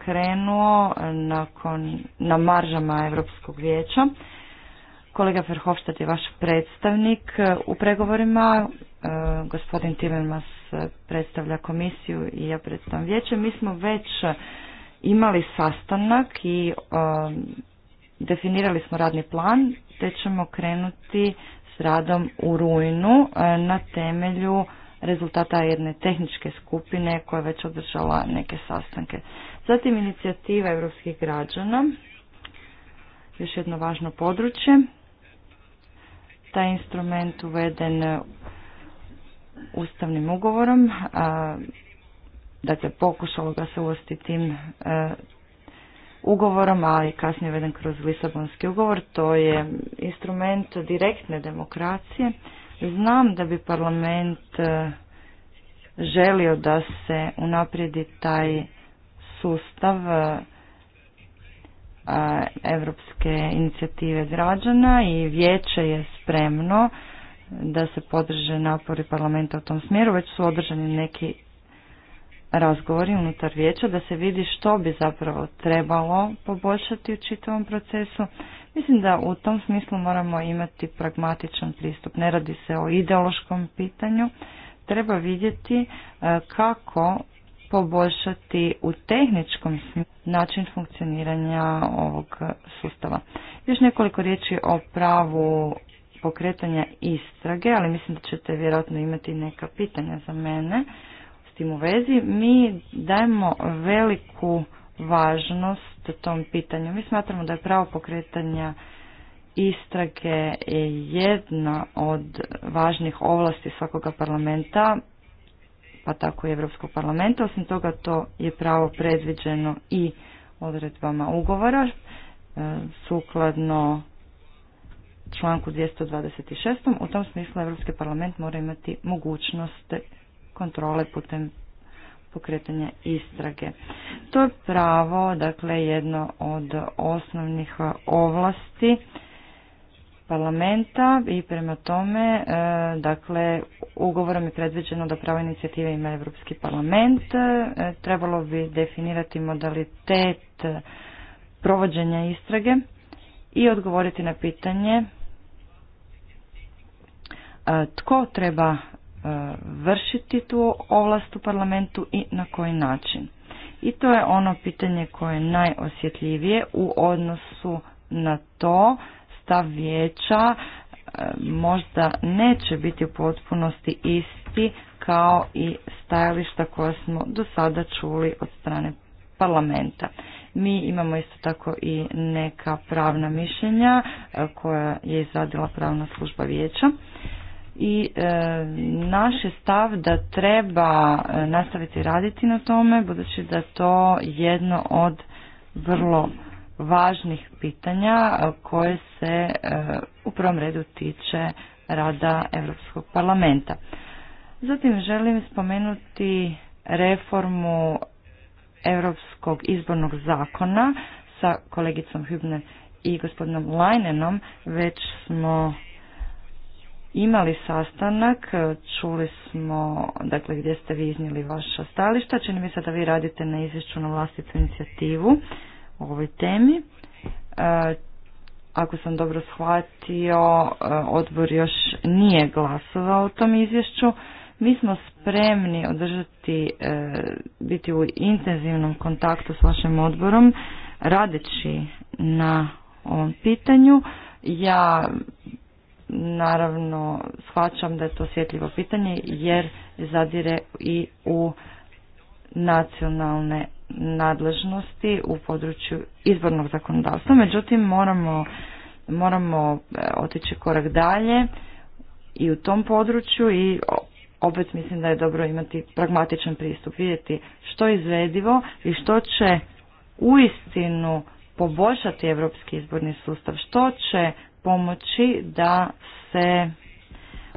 krenuo e, nakon, na maržama Europskog vijeća. Kolega Ferhofstadt je vaš predstavnik u pregovorima. Gospodin Timmermans predstavlja komisiju i ja predstavljam vijeće. Mi smo već imali sastanak i um, definirali smo radni plan te ćemo krenuti s radom u rujnu uh, na temelju rezultata jedne tehničke skupine koja je već održala neke sastanke. Zatim inicijativa europskih građana, još jedno važno područje. Taj instrument uveden uh, ustavnim ugovorom, uh, dakle pokušalo ga se uvesti tim e, ugovorom, a kasnije veden kroz Lisabonski ugovor, to je instrument direktne demokracije. Znam da bi parlament e, želio da se unaprijedi taj sustav e, evropske inicijative građana i vijeće je spremno da se podrže napori parlamenta u tom smjeru, već su održani neki razgovori unutar vijeća da se vidi što bi zapravo trebalo poboljšati u čitavom procesu. Mislim da u tom smislu moramo imati pragmatičan pristup. Ne radi se o ideološkom pitanju. Treba vidjeti e, kako poboljšati u tehničkom način funkcioniranja ovog sustava. Još nekoliko riječi o pravu pokretanja istrage, ali mislim da ćete vjerojatno imati neka pitanja za mene tim u vezi. Mi dajemo veliku važnost tom pitanju. Mi smatramo da je pravo pokretanja istrage jedna od važnih ovlasti svakoga parlamenta, pa tako i Europskog parlamenta. Osim toga to je pravo predviđeno i odredbama ugovora e, sukladno članku 226. U tom smislu Europski parlament mora imati mogućnost kontrole putem pokretanja istrage. To je pravo, dakle, jedno od osnovnih ovlasti parlamenta i prema tome, e, dakle, ugovorom je predviđeno da pravo inicijative ima Europski parlament. E, trebalo bi definirati modalitet provođenja istrage i odgovoriti na pitanje e, tko treba E, vršiti tu ovlast u parlamentu i na koji način. I to je ono pitanje koje je najosjetljivije u odnosu na to stav vijeća e, možda neće biti u potpunosti isti kao i stajališta koja smo do sada čuli od strane parlamenta. Mi imamo isto tako i neka pravna mišljenja e, koja je izradila pravna služba vijeća i e, naš je stav da treba e, nastaviti raditi na tome budući da to jedno od vrlo važnih pitanja e, koje se e, u prvom redu tiče rada Europskog parlamenta. Zatim želim spomenuti reformu Europskog izbornog zakona sa kolegicom Hübner i gospodinom Lajnenom već smo imali sastanak, čuli smo dakle, gdje ste vi iznijeli vaša stališta. Čini mi se da vi radite na izvješću na vlastitu inicijativu o ovoj temi. E, ako sam dobro shvatio, e, odbor još nije glasovao o tom izvješću. Mi smo spremni održati, e, biti u intenzivnom kontaktu s vašim odborom, radeći na ovom pitanju. Ja naravno shvaćam da je to osjetljivo pitanje jer zadire i u nacionalne nadležnosti u području izbornog zakonodavstva. Međutim, moramo, moramo e, otići korak dalje i u tom području i opet mislim da je dobro imati pragmatičan pristup, vidjeti što je izvedivo i što će uistinu poboljšati europski izborni sustav, što će pomoći da se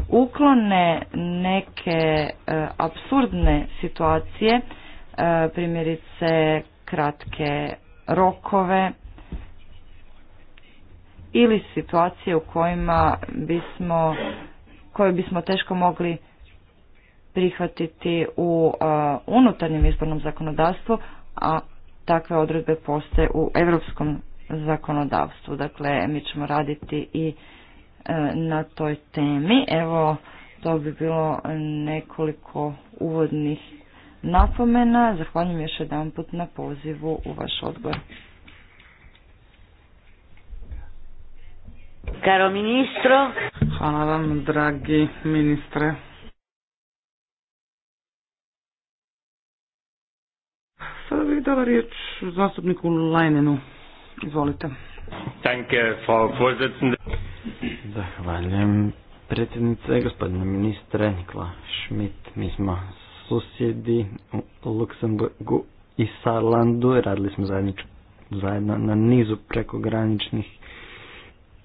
uklone neke e, apsurdne situacije, e, primjerice kratke rokove ili situacije u kojima bismo, koje bismo teško mogli prihvatiti u e, unutarnjem izbornom zakonodavstvu, a takve odredbe postoje u europskom zakonodavstvu. Dakle, mi ćemo raditi i e, na toj temi. Evo, to bi bilo nekoliko uvodnih napomena. Zahvaljujem još jedan put na pozivu u vaš odbor. karo ministro. Hvala vam, dragi ministre. Sada bih dala riječ zastupniku Lajnenu. Izvolite. Danke, Frau Zahvaljujem predsjednice, gospodine ministre Nikola Schmidt. Mi smo susjedi u Luksemburgu i Sarlandu. Radili smo zajedno na nizu prekograničnih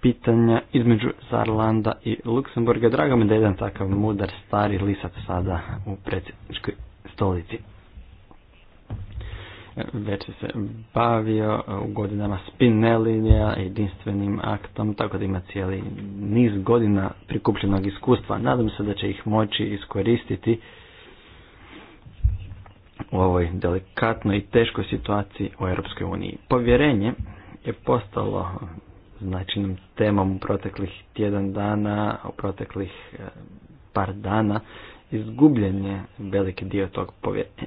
pitanja između Sarlanda i Luksemburga. Drago mi da je jedan takav mudar stari lisac sada u predsjedničkoj stolici već se bavio e, u godinama spinelinija jedinstvenim aktom, tako da ima cijeli niz godina prikupljenog iskustva. Nadam se da će ih moći iskoristiti u ovoj delikatnoj i teškoj situaciji u Europskoj uniji. Povjerenje je postalo značajnom temom u proteklih tjedan dana, u proteklih e, par dana izgubljen je veliki dio tog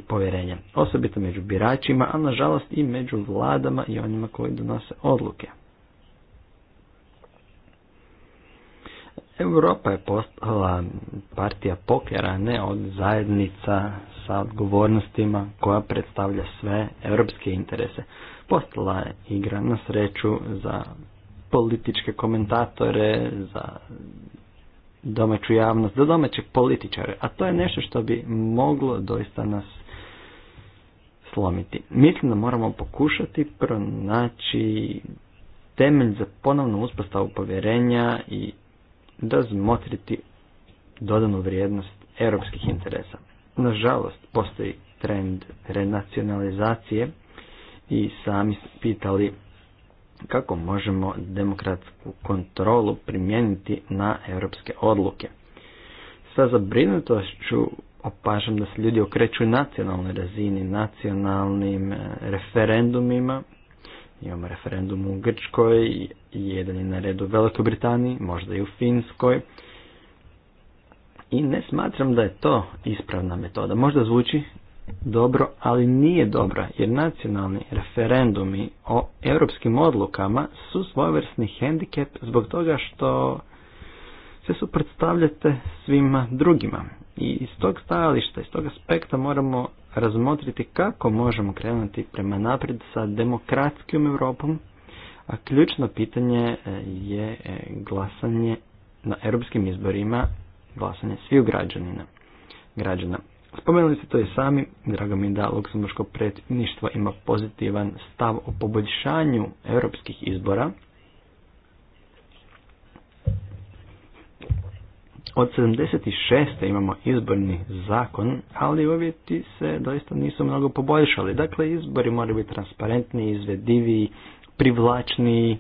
povjerenja, osobito među biračima, a nažalost i među vladama i onima koji donose odluke. Europa je postala partija pokera, ne od zajednica sa odgovornostima koja predstavlja sve europske interese. Postala je igra na sreću za političke komentatore, za domaću javnost, do domaće političare, a to je nešto što bi moglo doista nas slomiti. Mislim da moramo pokušati pronaći temelj za ponovnu uspostavu povjerenja i da zmotriti dodanu vrijednost europskih interesa. Nažalost, postoji trend renacionalizacije i sami pitali kako možemo demokratsku kontrolu primijeniti na europske odluke. Sa zabrinutošću opažam da se ljudi okreću nacionalnoj razini, nacionalnim e, referendumima. Imamo referendum u Grčkoj, jedan je na redu u Velikoj Britaniji, možda i u Finskoj. I ne smatram da je to ispravna metoda. Možda zvuči dobro, ali nije dobra jer nacionalni referendumi o europskim odlukama su svojevrsni hendikep zbog toga što se suprotstavljate svima drugima. I iz tog stajališta, iz tog aspekta moramo razmotriti kako možemo krenuti prema naprijed sa demokratskim Europom, a ključno pitanje e, je e, glasanje na europskim izborima, glasanje sviju građanina, građana. Spomenuli ste to i sami, drago mi je da Luksemburško predsjedništvo ima pozitivan stav o poboljšanju europskih izbora. Od 76. imamo izborni zakon, ali uvjeti se doista nisu mnogo poboljšali. Dakle, izbori moraju biti transparentni, izvedivi, privlačniji.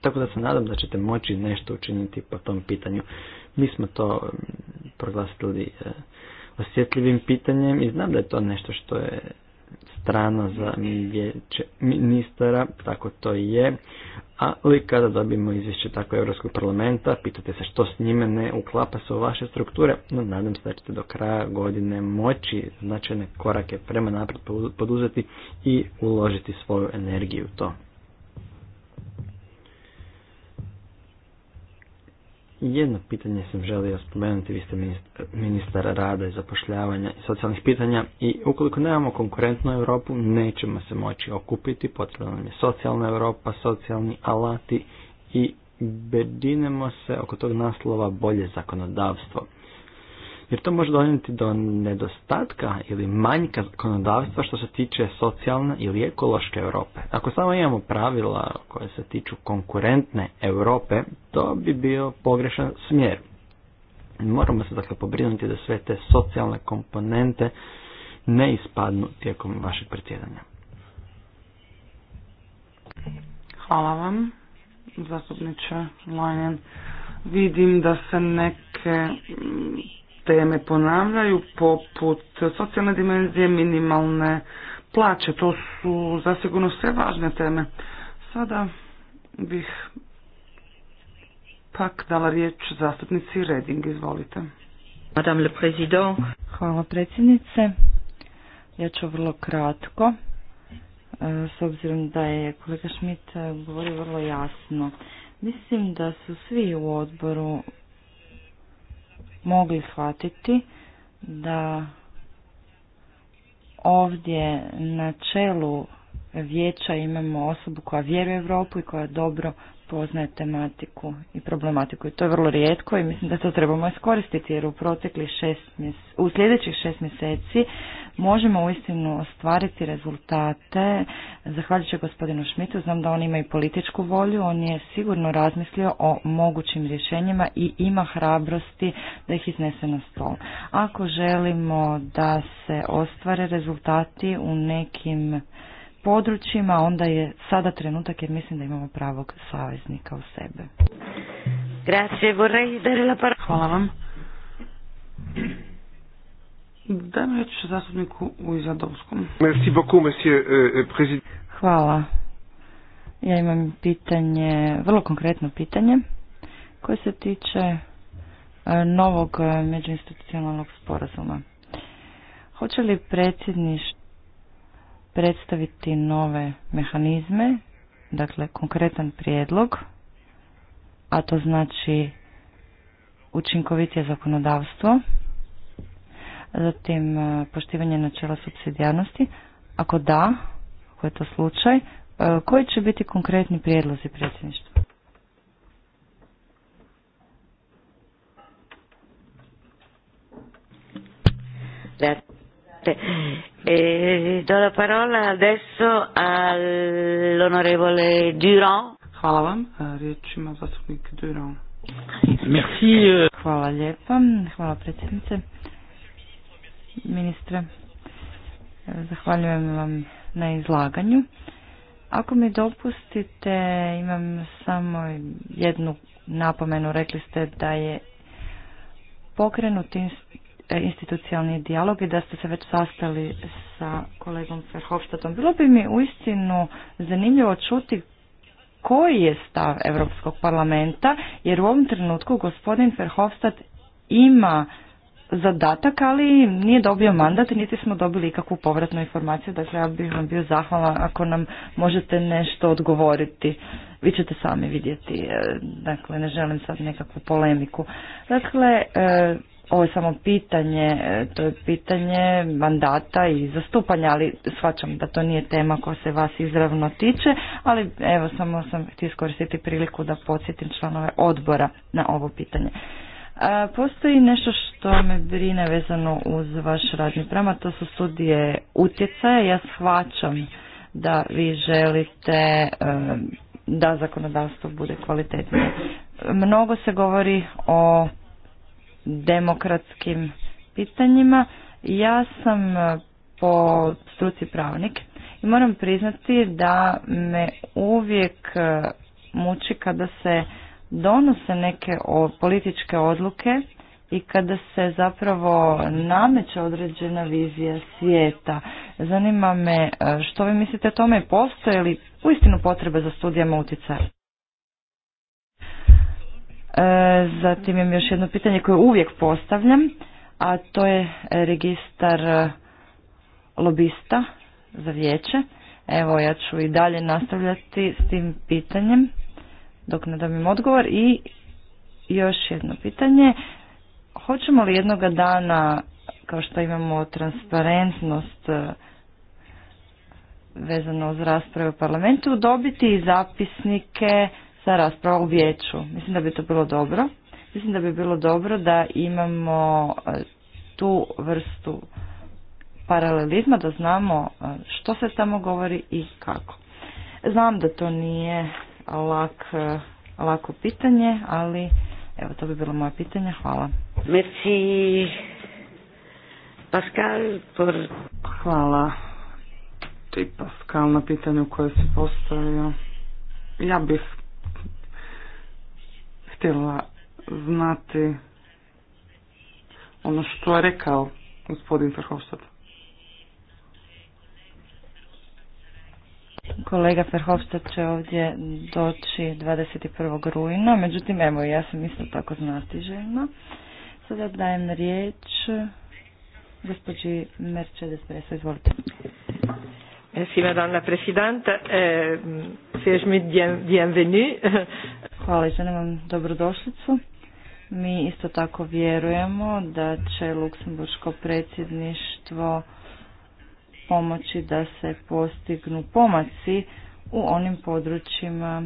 Tako da se nadam da ćete moći nešto učiniti po tom pitanju. Mi smo to proglasili e, osjetljivim pitanjem i znam da je to nešto što je strano za ministara, tako to i je, ali kada dobimo izvješće tako Europskog parlamenta, pitate se što s njime ne uklapa se u vaše strukture, no nadam se da ćete do kraja godine moći značajne korake prema naprijed poduzeti i uložiti svoju energiju u to. Jedno pitanje sam želio spomenuti, vi ste ministar, rada i zapošljavanja i socijalnih pitanja i ukoliko nemamo konkurentnu Europu nećemo se moći okupiti, potrebna nam je socijalna Europa, socijalni alati i bedinemo se oko tog naslova bolje zakonodavstvo jer to može donijeti do nedostatka ili manjka zakonodavstva što se tiče socijalne ili ekološke Europe. Ako samo imamo pravila koje se tiču konkurentne Europe, to bi bio pogrešan smjer. Moramo se dakle pobrinuti da sve te socijalne komponente ne ispadnu tijekom vašeg predsjedanja. Hvala vam, zastupniče Lajnen. Vidim da se neke teme ponavljaju poput socijalne dimenzije, minimalne plaće. To su zasigurno sve važne teme. Sada bih pak dala riječ zastupnici Reding. Izvolite. Madame le Président. Hvala predsjednice. Ja ću vrlo kratko, e, s obzirom da je kolega Šmit govorio vrlo jasno. Mislim da su svi u odboru mogli shvatiti da ovdje na čelu vijeća imamo osobu koja vjeruje u Europu i koja dobro poznaje tematiku i problematiku i to je vrlo rijetko i mislim da to trebamo iskoristiti jer u proteklih šest mjese, u sljedećih šest mjeseci možemo uistinu ostvariti rezultate zahvaljujući gospodinu Šmitu, znam da on ima i političku volju, on je sigurno razmislio o mogućim rješenjima i ima hrabrosti da ih iznese na stol. Ako želimo da se ostvare rezultati u nekim područjima, onda je sada trenutak jer mislim da imamo pravog saveznika u sebe. Hvala vam. reći zastupniku u Izadovskom. Euh, euh, Hvala. Ja imam pitanje, vrlo konkretno pitanje, koje se tiče e, novog e, međuinstitucionalnog sporazuma. Hoće li predsjedništvo predstaviti nove mehanizme, dakle konkretan prijedlog, a to znači učinkovitije zakonodavstvo, zatim e, poštivanje načela subsidijarnosti. Ako da, ako je to slučaj, e, koji će biti konkretni prijedlozi predsjedništva? Mm. E, do la parola adesso all'onorevole Durand. Hvala vam. Riječ ima zastupnik Durand. Merci. Hvala euh. lijepa. Hvala predsjednice. Ministre, zahvaljujem vam na izlaganju. Ako mi dopustite, imam samo jednu napomenu. Rekli ste da je pokrenut institucionalni dijalog i da ste se već sastali sa kolegom Verhofstadtom. Bilo bi mi uistinu zanimljivo čuti koji je stav Europskog parlamenta, jer u ovom trenutku gospodin Verhofstadt ima zadatak, ali nije dobio mandat i niti smo dobili ikakvu povratnu informaciju, dakle ja bih vam bio zahvala ako nam možete nešto odgovoriti. Vi ćete sami vidjeti, e, dakle ne želim sad nekakvu polemiku. Dakle, e, ovo je samo pitanje, e, to je pitanje mandata i zastupanja, ali shvaćam da to nije tema koja se vas izravno tiče, ali evo samo sam htio iskoristiti priliku da podsjetim članove odbora na ovo pitanje. E, postoji nešto što me brine vezano uz vaš radni prama, to su studije utjecaja. Ja shvaćam da vi želite e, da zakonodavstvo bude kvalitetnije. Mnogo se govori o demokratskim pitanjima. Ja sam e, po struci pravnik i moram priznati da me uvijek e, muči kada se donose neke političke odluke i kada se zapravo nameće određena vizija svijeta. Zanima me e, što vi mislite o tome postoje li uistinu potrebe za studijama utjecaja? E, zatim imam još jedno pitanje koje uvijek postavljam, a to je registar e, lobista za vijeće. Evo, ja ću i dalje nastavljati s tim pitanjem dok ne im odgovor. I još jedno pitanje. Hoćemo li jednoga dana, kao što imamo transparentnost e, vezano uz rasprave u parlamentu, dobiti i zapisnike ta rasprava u vijeću. Mislim da bi to bilo dobro. Mislim da bi bilo dobro da imamo e, tu vrstu paralelizma, da znamo e, što se tamo govori i kako. Znam da to nije lak, e, lako pitanje, ali evo to bi bilo moje pitanje. Hvala. Merci Pascal por... Hvala ti Pascal na pitanju koje si postavio. Ja bih htjela znati ono što je rekao gospodin Verhofstadt. Kolega Verhofstadt će ovdje doći 21. rujna, međutim evo ja sam isto tako znati željno. Sada dajem riječ gospođi Mercedes Presa, izvolite. Merci Madame la Présidente, eh, mm, bienvenue. Hvala i želim vam dobrodošlicu. Mi isto tako vjerujemo da će Luksemburško predsjedništvo pomoći da se postignu pomaci u onim područjima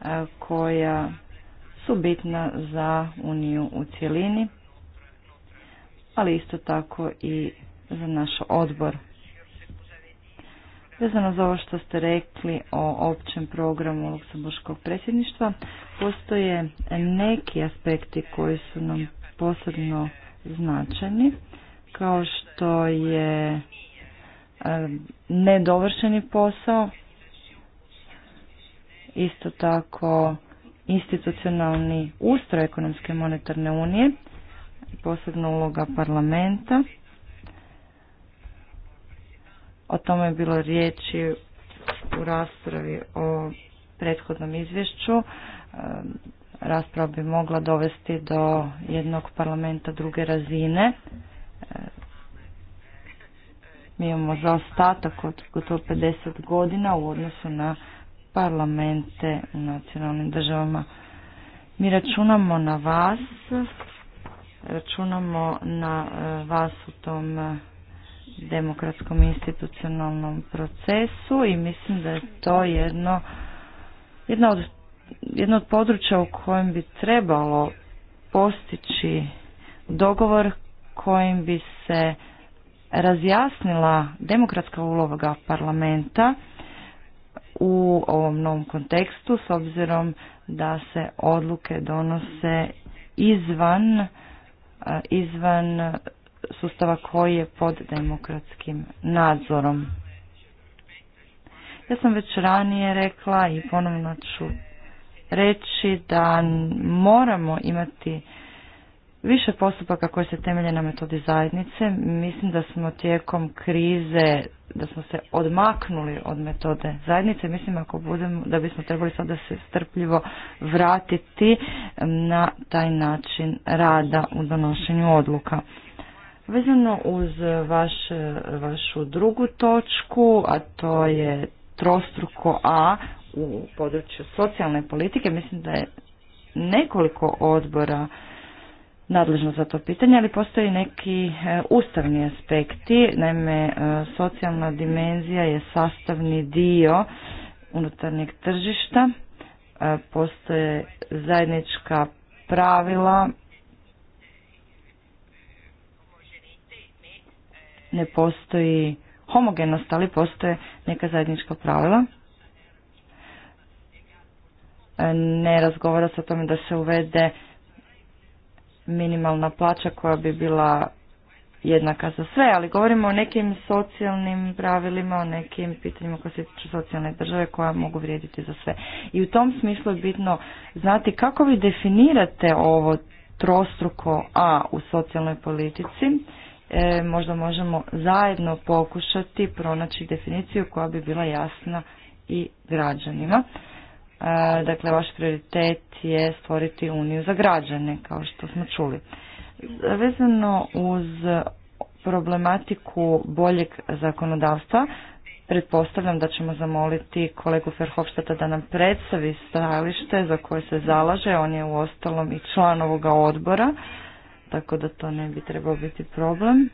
e, koja su bitna za Uniju u cjelini, ali isto tako i za naš odbor. Vezano za ovo što ste rekli o općem programu Luksemburškog predsjedništva, postoje neki aspekti koji su nam posebno značajni, kao što je nedovršeni posao, isto tako institucionalni ustroj ekonomske monetarne unije, posebno uloga parlamenta o tome je bilo riječi u raspravi o prethodnom izvješću. E, rasprava bi mogla dovesti do jednog parlamenta druge razine. E, mi imamo zaostatak od gotovo 50 godina u odnosu na parlamente u nacionalnim državama. Mi računamo na vas, računamo na e, vas u tom demokratskom institucionalnom procesu i mislim da je to jedno, jedno, od, jedno od područja u kojem bi trebalo postići dogovor kojim bi se razjasnila demokratska uloga parlamenta u ovom novom kontekstu s obzirom da se odluke donose izvan izvan sustava koji je pod demokratskim nadzorom. Ja sam već ranije rekla i ponovno ću reći da moramo imati više postupaka koji se temelje na metodi zajednice. Mislim da smo tijekom krize, da smo se odmaknuli od metode zajednice. Mislim ako budemo, da bismo trebali sada se strpljivo vratiti na taj način rada u donošenju odluka. Vezano uz vaš, vašu drugu točku, a to je trostruko A u području socijalne politike, mislim da je nekoliko odbora nadležno za to pitanje, ali postoji neki e, ustavni aspekti. Naime, e, socijalna dimenzija je sastavni dio unutarnjeg tržišta. E, postoje zajednička pravila ne postoji homogenost, ali postoje neka zajednička pravila. E, ne razgovara se o tome da se uvede minimalna plaća koja bi bila jednaka za sve, ali govorimo o nekim socijalnim pravilima, o nekim pitanjima koje se tiču socijalne države koja mogu vrijediti za sve. I u tom smislu je bitno znati kako vi definirate ovo trostruko A u socijalnoj politici e, možda možemo zajedno pokušati pronaći definiciju koja bi bila jasna i građanima. E, dakle, vaš prioritet je stvoriti uniju za građane, kao što smo čuli. Vezano uz problematiku boljeg zakonodavstva, pretpostavljam da ćemo zamoliti kolegu Ferhofštata da nam predstavi stajalište za koje se zalaže, on je uostalom i član ovoga odbora tako da to ne bi trebao biti problem.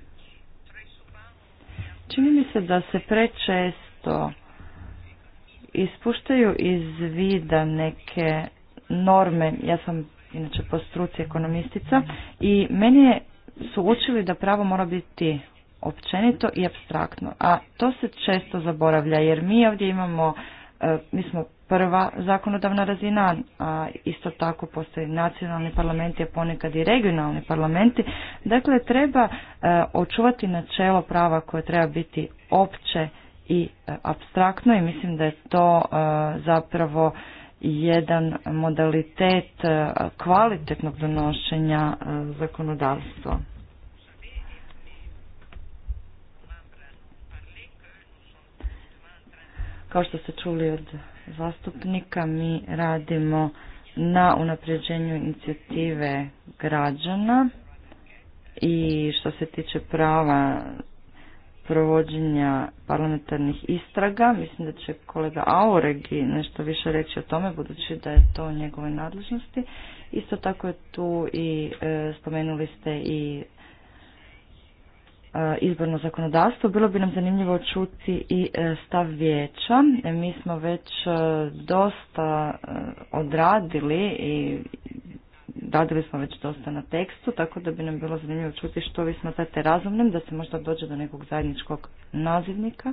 Čini mi se da se prečesto ispuštaju iz vida neke norme, ja sam inače po struci ekonomistica, i meni su učili da pravo mora biti općenito i abstraktno, a to se često zaboravlja jer mi ovdje imamo, e, mi smo prva zakonodavna razina, a isto tako postoji nacionalni parlamenti, a ponekad i regionalni parlamenti. Dakle, treba e, očuvati načelo prava koje treba biti opće i e, abstraktno i mislim da je to e, zapravo jedan modalitet kvalitetnog donošenja zakonodavstva. Kao što ste čuli od zastupnika mi radimo na unapređenju inicijative građana i što se tiče prava provođenja parlamentarnih istraga. Mislim da će kolega Auregi nešto više reći o tome, budući da je to njegove nadležnosti. Isto tako je tu i e, spomenuli ste i E, izborno zakonodavstvo. Bilo bi nam zanimljivo čuti i e, stav vijeća. E, mi smo već dosta odradili i radili smo već dosta na tekstu, tako da bi nam bilo zanimljivo čuti što vi smatrate razumnim, da se možda dođe do nekog zajedničkog nazivnika,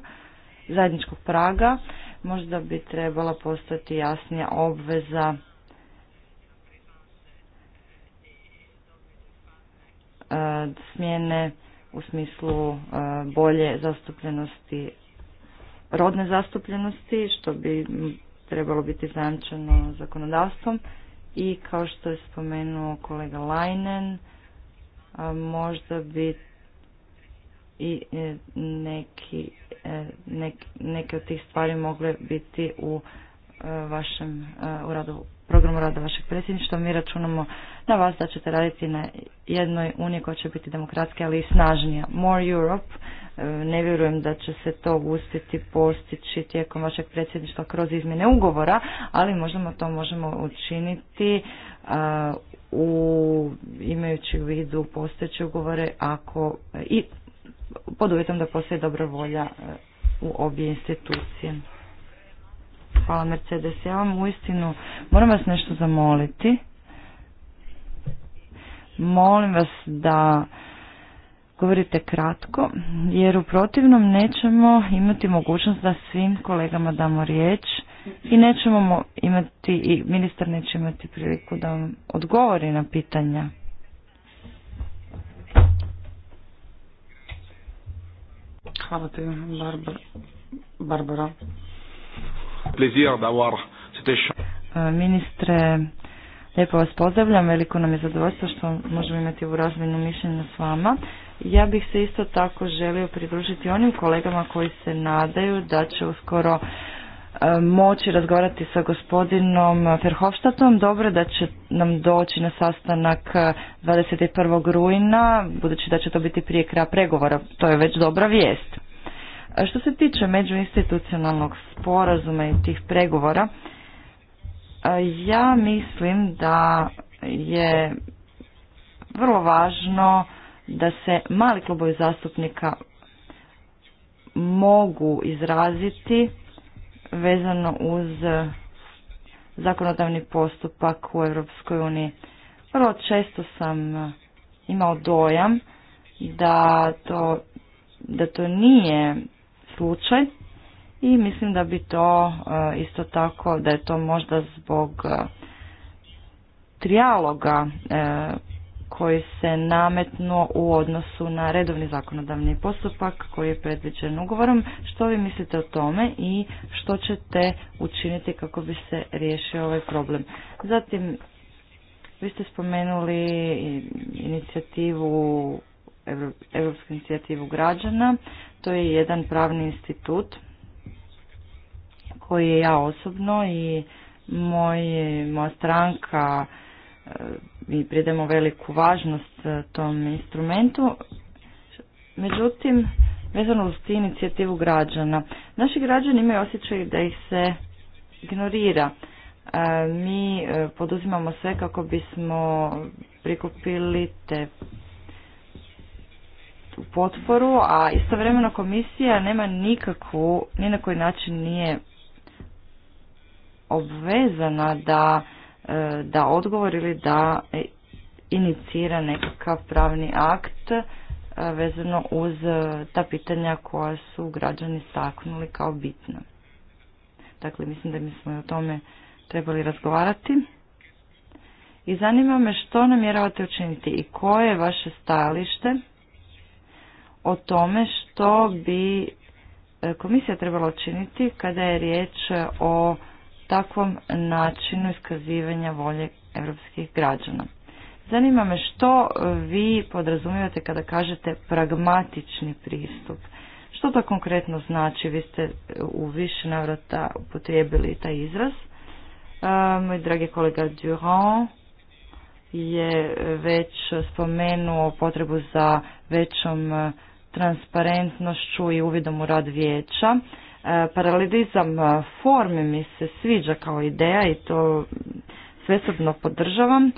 zajedničkog praga. Možda bi trebala postati jasnija obveza smjene u smislu e, bolje zastupljenosti, rodne zastupljenosti, što bi trebalo biti zajamčeno zakonodavstvom. I kao što je spomenuo kolega Lajnen, e, možda bi i e, neki, neke od tih stvari mogle biti u vašem u radu programu rada vašeg predsjedništva. Mi računamo na vas da ćete raditi na jednoj uniji koja će biti demokratska, ali i snažnija. More Europe, e, ne vjerujem da će se to uspjeti postići tijekom vašeg predsjedništva kroz izmjene ugovora, ali možemo to možemo učiniti e, u, imajući u vidu postojeće ugovore ako i pod uvjetom da postoji dobra volja e, u obje institucije. Hvala Mercedes. Ja vam uistinu moram vas nešto zamoliti. Molim vas da govorite kratko, jer u protivnom nećemo imati mogućnost da svim kolegama damo riječ i nećemo imati, i ministar neće imati priliku da vam odgovori na pitanja. Hvala ti, Barbara. E, ministre, lijepo vas pozdravljam, veliko nam je zadovoljstvo što možemo imati ovu razmjenu mišljenja s vama. Ja bih se isto tako želio pridružiti onim kolegama koji se nadaju da će uskoro e, moći razgovarati sa gospodinom Ferhofštatom. Dobro da će nam doći na sastanak 21. E, rujna, budući da će to biti prije kraja pregovora. To je već dobra vijest. Što se tiče međuinstitucionalnog sporazuma i tih pregovora, ja mislim da je vrlo važno da se mali klubovi zastupnika mogu izraziti vezano uz zakonodavni postupak u Europskoj uniji. Vrlo često sam imao dojam da to, da to nije slučaj i mislim da bi to e, isto tako, da je to možda zbog e, trijaloga e, koji se nametnuo u odnosu na redovni zakonodavni postupak koji je predviđen ugovorom. Što vi mislite o tome i što ćete učiniti kako bi se riješio ovaj problem? Zatim, vi ste spomenuli inicijativu, Evropsku inicijativu građana. To je jedan pravni institut koji je ja osobno i moja stranka mi e, pridemo veliku važnost e, tom instrumentu. Međutim, vezano uz inicijativu građana, naši građani imaju osjećaj da ih se ignorira. E, mi poduzimamo sve kako bismo prikupili te u potporu, a istovremeno komisija nema nikakvu, ni na koji način nije obvezana da e, da odgovor ili da inicira nekakav pravni akt e, vezano uz e, ta pitanja koja su građani staknuli kao bitna. Dakle, mislim da mi smo o tome trebali razgovarati. I zanima me što namjeravate učiniti i koje je vaše stajalište o tome što bi e, komisija trebala činiti kada je riječ o takvom načinu iskazivanja volje europskih građana. Zanima me što vi podrazumijevate kada kažete pragmatični pristup. Što to konkretno znači? Vi ste u više navrata upotrijebili taj izraz. E, moj dragi kolega Durand je već spomenuo potrebu za većom transparentnošću i uvidom u rad vijeća. E, Paralelizam e, forme mi se sviđa kao ideja i to svesobno podržavam.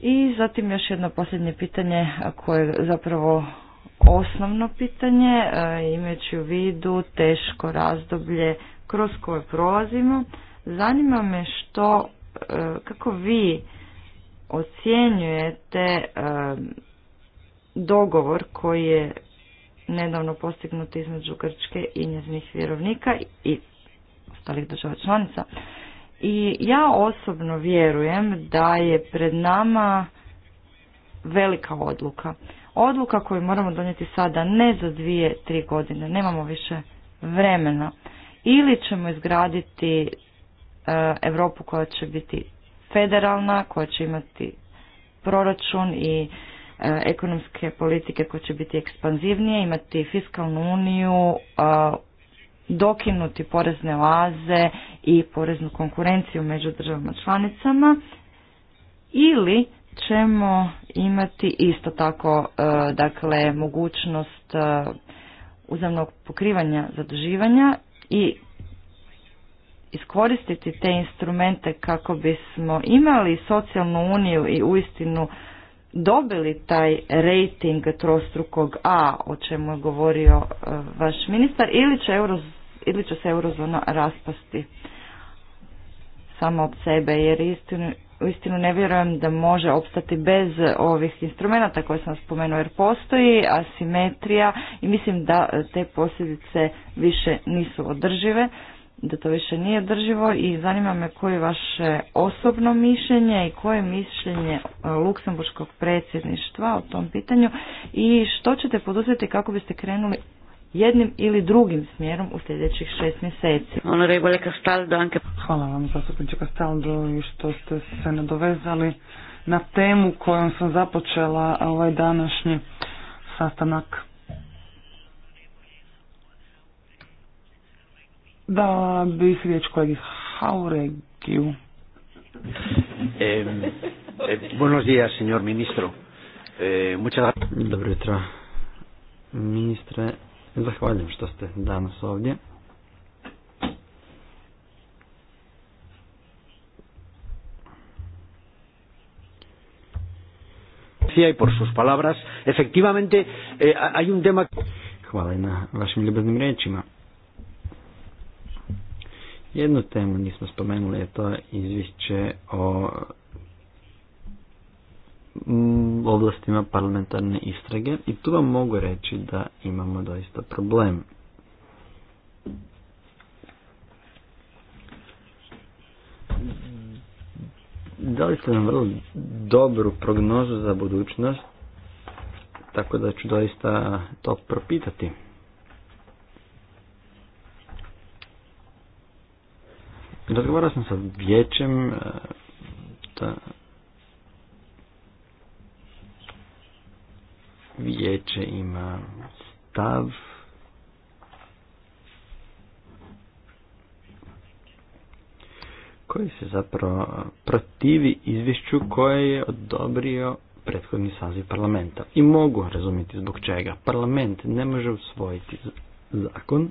I zatim još jedno posljednje pitanje koje je zapravo osnovno pitanje, e, imajući u vidu teško razdoblje kroz koje prolazimo. Zanima me što, kako vi ocjenjujete dogovor koji je nedavno postignut između Grčke i njezinih vjerovnika i ostalih država članica. I ja osobno vjerujem da je pred nama velika odluka. Odluka koju moramo donijeti sada, ne za dvije, tri godine, nemamo više vremena. Ili ćemo izgraditi e, Europu koja će biti federalna, koja će imati proračun i ekonomske politike koje će biti ekspanzivnije, imati fiskalnu uniju, dokinuti porezne oaze i poreznu konkurenciju među državama članicama ili ćemo imati isto tako dakle mogućnost uzemnog pokrivanja zaduživanja i iskoristiti te instrumente kako bismo imali socijalnu uniju i uistinu dobili taj rating trostrukog A o čemu je govorio e, vaš ministar ili će, euro, ili će se eurozona raspasti samo od sebe jer istinu, uistinu ne vjerujem da može opstati bez ovih instrumenata koje sam spomenuo jer postoji asimetrija i mislim da te posljedice više nisu održive da to više nije drživo i zanima me koje je vaše osobno mišljenje i koje je mišljenje e, Luksemburskog predsjedništva o tom pitanju i što ćete poduzeti kako biste krenuli jednim ili drugim smjerom u sljedećih šest mjeseci. Hvala vam, zastupniče Castaldo, i što ste se nadovezali na temu kojom sam započela ovaj današnji sastanak. Da bih riječ kolegi Hauregiju. E, e, buenos días, señor ministro. E, muchas... Dobro jutro, ministre. Zahvaljujem što ste danas ovdje. i por sus palabras. Efectivamente, eh, hay un tema... Hvala i na vašim ljubaznim riječima. Jednu temu nismo spomenuli, je to izvješće o mm, oblastima parlamentarne istrage i tu vam mogu reći da imamo doista problem. Dali ste nam vrlo dobru prognozu za budućnost, tako da ću doista to propitati. Razgovarao sam sa vijećem e, da vijeće ima stav koji se zapravo protivi izvješću koje je odobrio prethodni saziv parlamenta. I mogu razumjeti zbog čega. Parlament ne može usvojiti zakon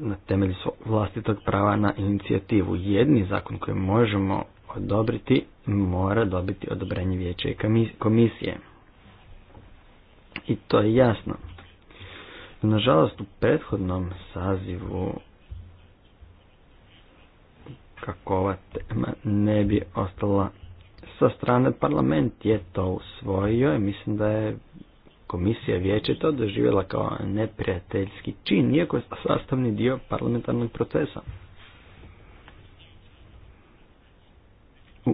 na temelju vlastitog prava na inicijativu. Jedni zakon koji možemo odobriti mora dobiti odobrenje vijeća i komisije. I to je jasno. Nažalost, u prethodnom sazivu kako ova tema ne bi ostala sa strane parlament je to usvojio i mislim da je komisija vijeće to doživjela kao neprijateljski čin, iako je sastavni dio parlamentarnog procesa. U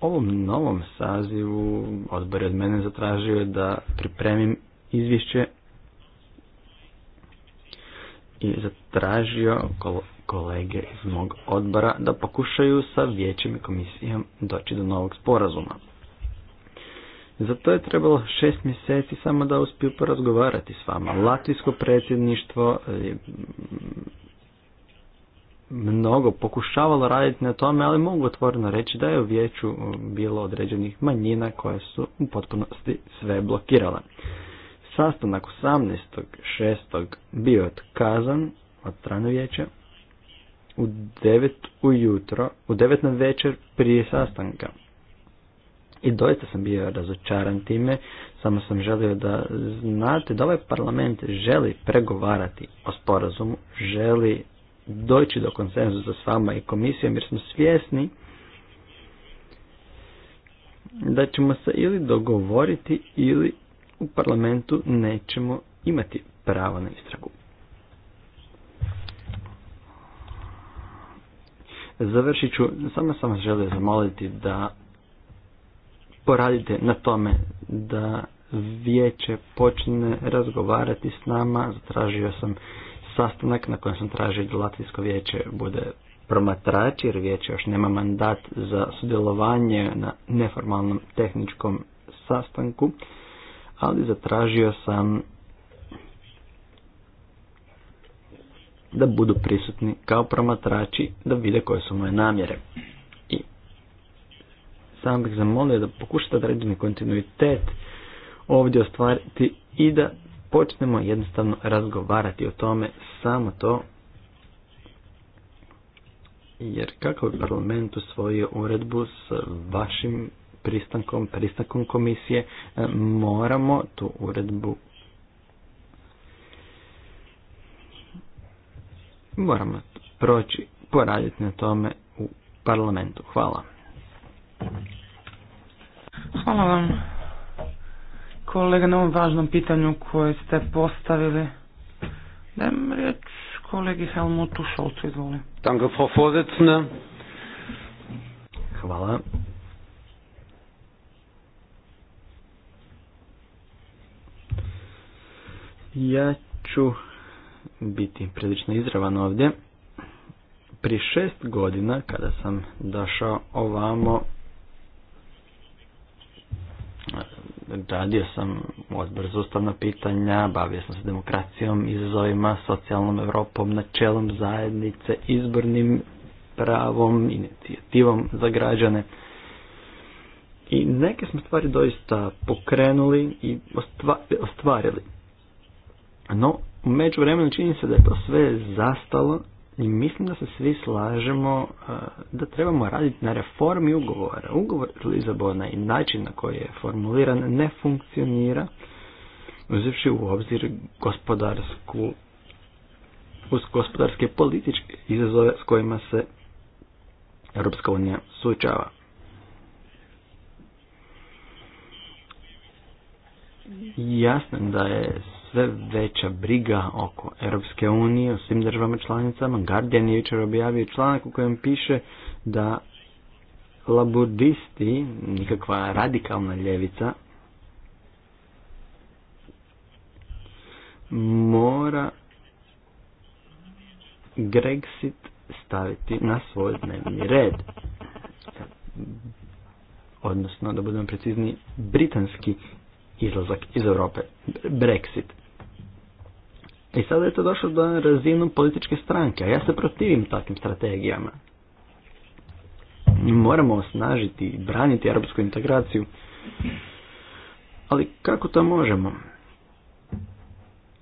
ovom novom sazivu odbor je od mene zatražio da pripremim izvješće i zatražio kolege iz mog odbora da pokušaju sa vijećem i komisijom doći do novog sporazuma. Za to je trebalo šest mjeseci samo da uspiju porazgovarati s vama. Latvijsko predsjedništvo je mnogo pokušavalo raditi na tome, ali mogu otvoreno reći da je u vijeću bilo određenih manjina koje su u potpunosti sve blokirale. Sastanak 18.6. bio je otkazan od strane vijeća u 9 ujutro, u 9 na večer prije sastanka. I doista sam bio razočaran time, samo sam želio da znate da ovaj parlament želi pregovarati o sporazumu, želi doći do konsenzusa s vama i komisijom jer smo svjesni da ćemo se ili dogovoriti ili u parlamentu nećemo imati pravo na istragu. Završit ću, samo sam želio zamoliti da poradite na tome da vijeće počne razgovarati s nama. Zatražio sam sastanak na kojem sam tražio da Latvijsko vijeće bude promatrač jer vijeće još nema mandat za sudjelovanje na neformalnom tehničkom sastanku, ali zatražio sam da budu prisutni kao promatrači da vide koje su moje namjere sam bih zamolio da pokušate određeni kontinuitet ovdje ostvariti i da počnemo jednostavno razgovarati o tome samo to jer kako je parlament usvojio uredbu s vašim pristankom, pristankom komisije, e, moramo tu uredbu moramo proći, poraditi na tome u parlamentu. Hvala. Hvala vam kolega na ovom važnom pitanju koje ste postavili. Dajem riječ kolegi Helmutu Šolcu, izvoli. Danke, Frau Vorsitzende. Hvala. Ja ću biti prilično izravan ovdje. Pri šest godina, kada sam došao ovamo, radio sam odbor za ustavna pitanja, bavio sam se demokracijom, izazovima, socijalnom Europom, načelom zajednice, izbornim pravom, inicijativom za građane. I neke smo stvari doista pokrenuli i ostvarili. No, u međuvremenu čini se da je to sve zastalo i mislim da se svi slažemo e, da trebamo raditi na reformi ugovora. Ugovor Lizabona i način na koji je formuliran ne funkcionira uzevši u obzir gospodarsku uz gospodarske političke izazove s kojima se Europska unija suočava. Jasno da je sve veća briga oko Europske unije u svim državama članicama. Guardian je jučer objavio članak u kojem piše da laburdisti, nikakva radikalna ljevica, mora Grexit staviti na svoj dnevni red. Odnosno, da budemo precizni, britanski izlazak iz Europe, Brexit. I sada je to došlo do razinu političke stranke, a ja se protivim takvim strategijama. Moramo osnažiti i braniti europsku integraciju, ali kako to možemo?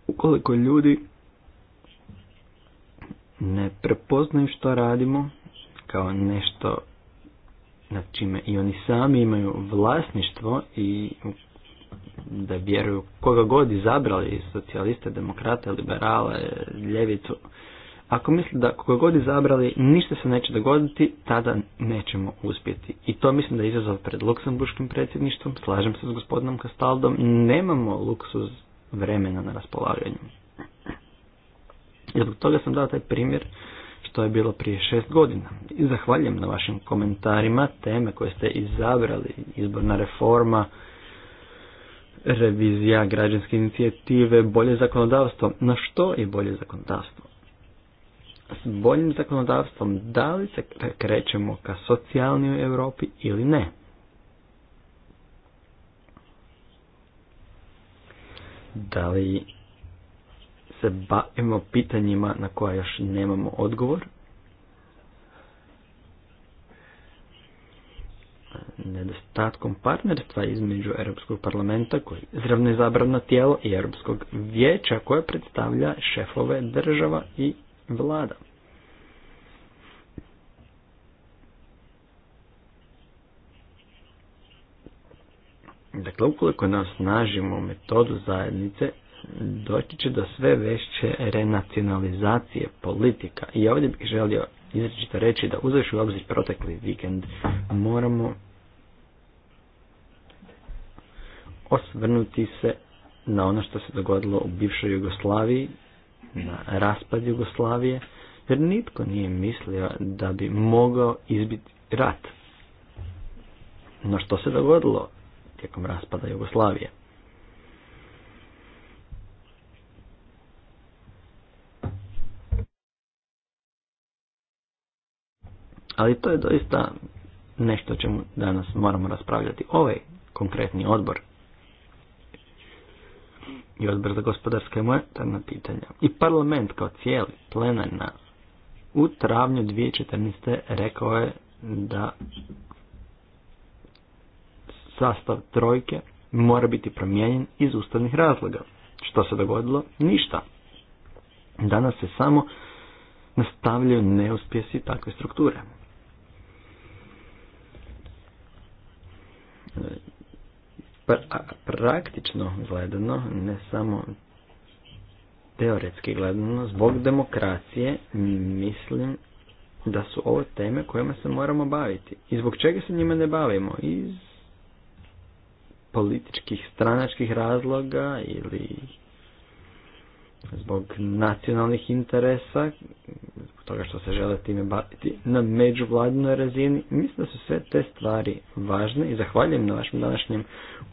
Ukoliko ljudi ne prepoznaju što radimo kao nešto nad čime i oni sami imaju vlasništvo i da vjeruju koga god izabrali, socijaliste, demokrate, liberale, ljevicu, ako misli da koga god izabrali ništa se neće dogoditi, tada nećemo uspjeti. I to mislim da je izazov pred luksemburškim predsjedništvom, slažem se s gospodinom Kastaldom, nemamo luksuz vremena na raspolaganju. I zbog toga sam dao taj primjer što je bilo prije šest godina. I zahvaljujem na vašim komentarima, teme koje ste izabrali, izborna reforma, revizija građanske inicijative, bolje zakonodavstvo. Na što je bolje zakonodavstvo? S boljim zakonodavstvom da li se krećemo ka socijalnijoj Europi ili ne? Da li se bavimo pitanjima na koja još nemamo odgovor? nedostatkom partnerstva između Europskog parlamenta koji je izravno izabrano tijelo i Europskog vijeća koje predstavlja šefove država i vlada. Dakle, ukoliko ne osnažimo metodu zajednice, doći će do sve veće renacionalizacije politika. I ovdje bih želio izrečito reći da uzavši u obzir protekli vikend moramo osvrnuti se na ono što se dogodilo u bivšoj Jugoslaviji, na raspad Jugoslavije, jer nitko nije mislio da bi mogao izbiti rat. No što se dogodilo tijekom raspada Jugoslavije? Ali to je doista nešto o čemu danas moramo raspravljati. Ovaj konkretni odbor i odbor za gospodarske i monetarna pitanja i parlament kao cijeli, plenarna, u travnju 2014. rekao je da sastav trojke mora biti promijenjen iz ustavnih razloga. Što se dogodilo? Ništa. Danas se samo nastavljaju neuspjesi takve strukture praktično gledano, ne samo teoretski gledano, zbog demokracije mislim da su ovo teme kojima se moramo baviti. I zbog čega se njima ne bavimo? Iz političkih, stranačkih razloga ili zbog nacionalnih interesa, zbog toga što se žele time baviti na međuvladinoj razini. Mislim da su sve te stvari važne i zahvaljujem na vašem današnjem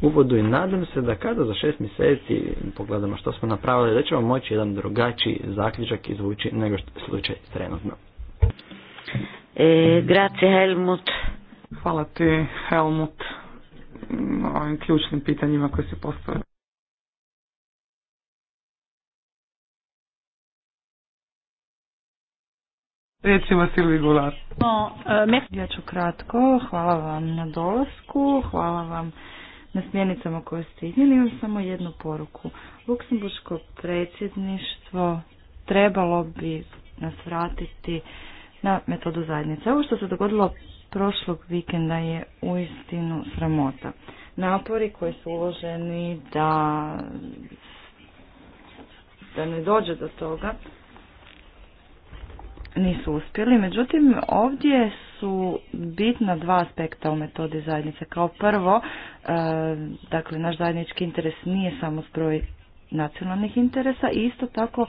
uvodu i nadam se da kada za šest mjeseci pogledamo što smo napravili, da ćemo moći jedan drugačiji zaključak izvući nego što je slučaj trenutno. E, grazie Helmut. Hvala ti Helmut na ovim ključnim pitanjima koje se postavljaju. recimo vas, Silvi Gular. No, eh, ja ću kratko. Hvala vam na dolasku. Hvala vam na smjenicama koje ste iznijeli. Imam samo jednu poruku. Luksemburško predsjedništvo trebalo bi nas vratiti na metodu zajednice. Ovo što se dogodilo prošlog vikenda je uistinu sramota. Napori koji su uloženi da da ne dođe do toga nisu uspjeli. Međutim, ovdje su bitna dva aspekta u metodi zajednice. Kao prvo, e, dakle, naš zajednički interes nije samo zbroj nacionalnih interesa i isto tako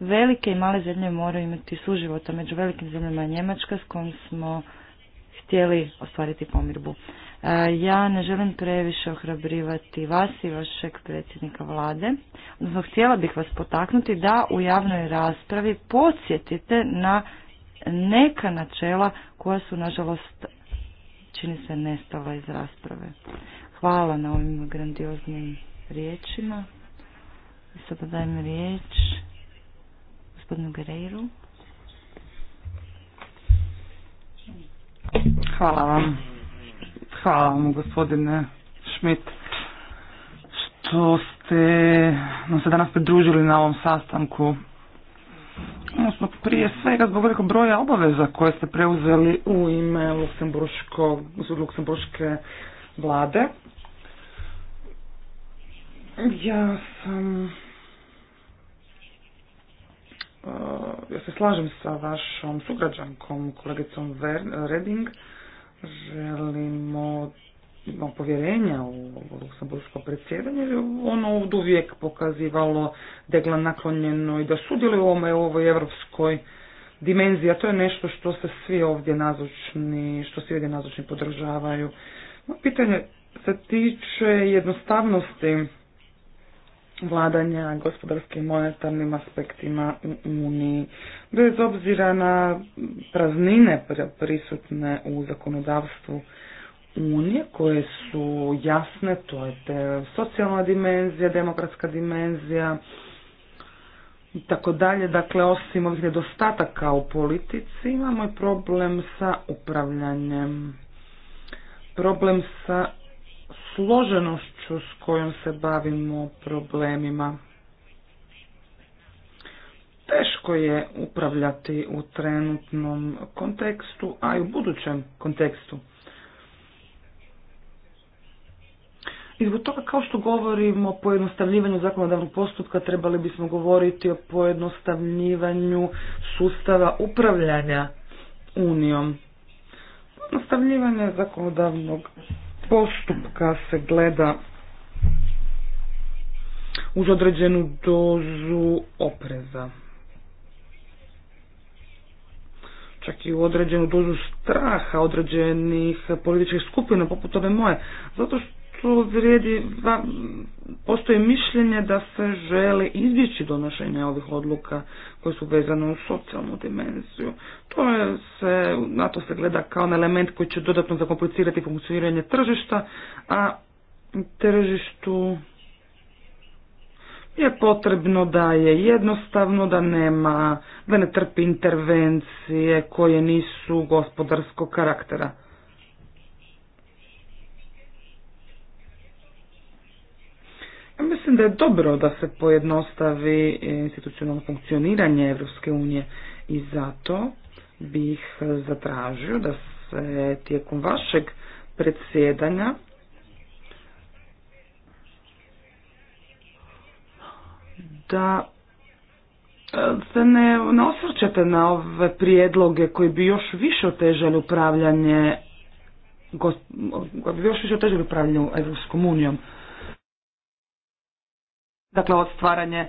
velike i male zemlje moraju imati suživota. Među velikim zemljama je Njemačka s kojom smo htjeli ostvariti pomirbu. E, ja ne želim previše ohrabrivati vas i vašeg predsjednika vlade. Odnosno, htjela bih vas potaknuti da u javnoj raspravi podsjetite na neka načela koja su, nažalost, čini se nestala iz rasprave. Hvala na ovim grandioznim riječima. I sada dajem riječ gospodinu Gerejru. Hvala vam. Hvala vam gospodine Schmidt što ste nam se danas pridružili na ovom sastanku. Odnosno prije svega zbog velikog broja obaveza koje ste preuzeli u ime Luksemburške vlade. Ja sam... E, ja se slažem sa vašom sugrađankom, kolegicom Reding, želimo imamo povjerenja u Luksemburgsko predsjedanje, jer ono uvijek pokazivalo da naklonjeno i da sudjeluje u u ovoj evropskoj dimenziji, a to je nešto što se svi ovdje nazočni, što svi ovdje nazočni podržavaju. Moje pitanje se tiče jednostavnosti vladanja gospodarskim monetarnim aspektima u Uniji. Bez obzira na praznine prisutne u zakonodavstvu Unije koje su jasne, to je te socijalna dimenzija, demokratska dimenzija i tako dalje. Dakle, osim ovih nedostataka u politici imamo i problem sa upravljanjem, problem sa složenošću s kojom se bavimo problemima. Teško je upravljati u trenutnom kontekstu, a i u budućem kontekstu. I zbog toga kao što govorimo o pojednostavljivanju zakonodavnog postupka trebali bismo govoriti o pojednostavljivanju sustava upravljanja unijom. Pojednostavljivanje zakonodavnog postupka se gleda uz određenu dozu opreza. Čak i u određenu dozu straha određenih političkih skupina poput ove moje. Zato što tu vrijedi, postoji mišljenje da se žele izbjeći donošenje ovih odluka koje su vezane u socijalnu dimenziju. To je se, na to se gleda kao na element koji će dodatno zakomplicirati funkcioniranje tržišta, a tržištu je potrebno da je jednostavno, da nema, da ne trpi intervencije koje nisu gospodarskog karaktera. da je dobro da se pojednostavi institucionalno funkcioniranje Europske unije i zato bih zatražio da se tijekom vašeg predsjedanja da se ne, ne osvrćete na ove prijedloge koji bi još više otežali upravljanje koji još više otežali upravljanje Europskom unijom. Dakle, od stvaranje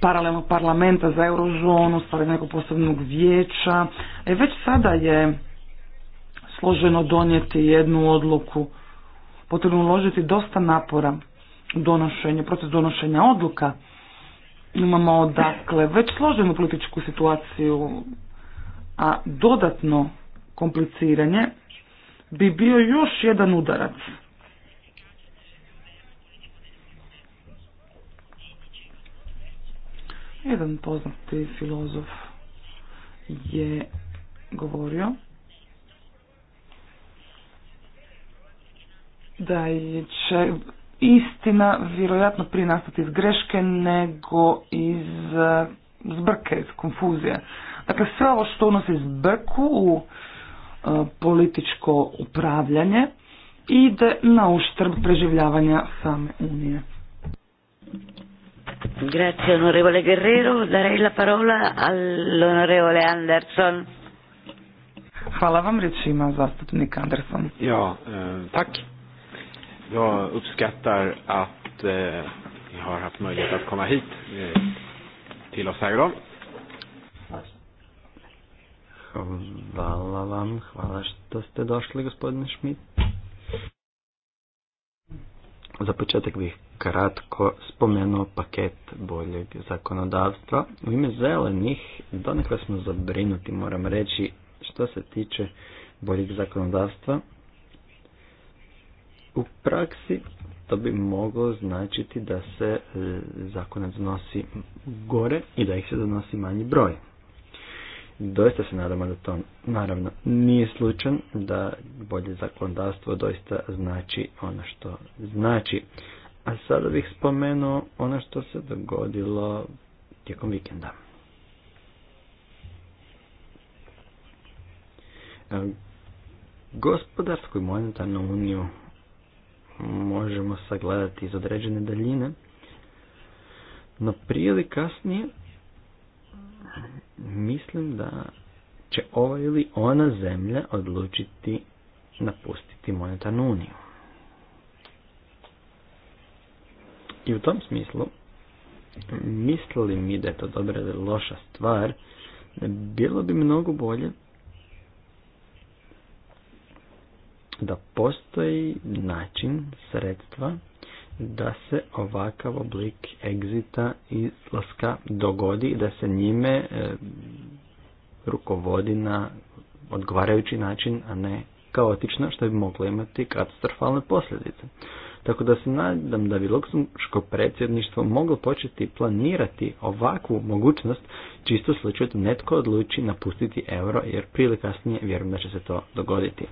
paralelnog parlamenta za eurozonu, stvaranje nekog posebnog vijeća. E, već sada je složeno donijeti jednu odluku. Potrebno uložiti dosta napora u donošenje, proces donošenja odluka. Imamo, dakle, već složenu političku situaciju, a dodatno kompliciranje bi bio još jedan udarac Jedan poznati filozof je govorio da će istina vjerojatno prije nastati iz greške nego iz eh, zbrke, iz konfuzije. Dakle, sve ovo što unosi zbrku u eh, političko upravljanje ide na uštrb preživljavanja same Unije. Grazie onorevole Guerrero, darei la parola all'onorevole Anderson. Hvala vam, riječ ima zastupnik Anderson. Ja, eh, tack. Jag uppskattar att eh, ni har haft möjlighet att komma hit eh, till oss här Hvala vam, hvala što ste došli gospodine Schmidt. Za početak bih kratko spomenuo paket boljeg zakonodavstva. U ime zelenih donekle smo zabrinuti, moram reći, što se tiče boljeg zakonodavstva. U praksi to bi moglo značiti da se e, zakon donosi gore i da ih se donosi manji broj. Doista se nadamo da to naravno nije slučan, da bolje zakonodavstvo doista znači ono što znači. A sada bih spomenuo ono što se dogodilo tijekom vikenda. Ehm, gospodarsku i monetarnu uniju možemo sagledati iz određene daljine, no prije ili kasnije mislim da će ova ili ona zemlja odlučiti napustiti monetarnu uniju. I u tom smislu, mislili mi da je to dobra ili loša stvar, bilo bi mnogo bolje da postoji način, sredstva da se ovakav oblik egzita i izlaska dogodi i da se njime e, rukovodi na odgovarajući način, a ne kaotično što bi moglo imati katastrofalne posljedice. Tako da se nadam da bi Luksemburško predsjedništvo moglo početi planirati ovakvu mogućnost čisto slučaju da netko odluči napustiti euro jer prije kasnije vjerujem da će se to dogoditi.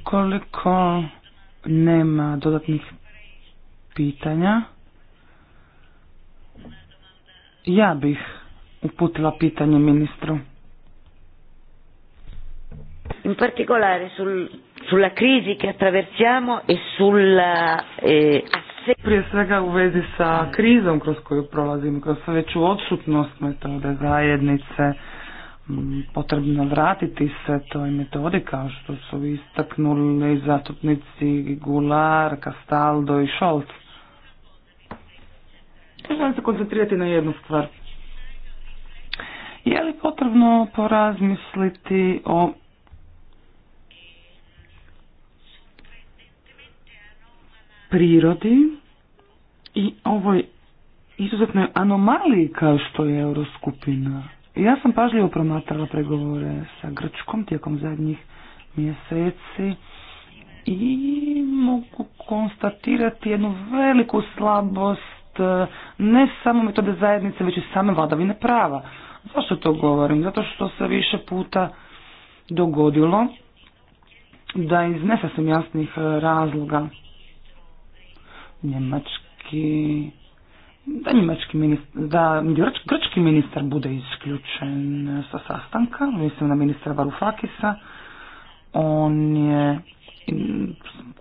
Ukoliko nema dodatnih pitanja, ja bih uputila pitanje ministru. In particolare sul sulla crisi che attraversiamo e sulla eh, prije svega u vezi sa krizom kroz koju prolazimo, kroz sve veću odsutnost metode zajednice, potrebno vratiti se toj metodi kao što su istaknuli zastupnici Gular, Castaldo i Scholz. Želim se koncentrirati na jednu stvar. Je li potrebno porazmisliti o prirodi i ovoj izuzetnoj anomaliji kao što je Euroskupina. Ja sam pažljivo promatrala pregovore sa Grčkom tijekom zadnjih mjeseci i mogu konstatirati jednu veliku slabost ne samo metode zajednice, već i same vladavine prava. Zašto to govorim? Zato što se više puta dogodilo da iz nesasvim jasnih razloga njemački da njemački ministar, da grčki ministar bude isključen sa sastanka, mislim na ministra Varufakisa, on je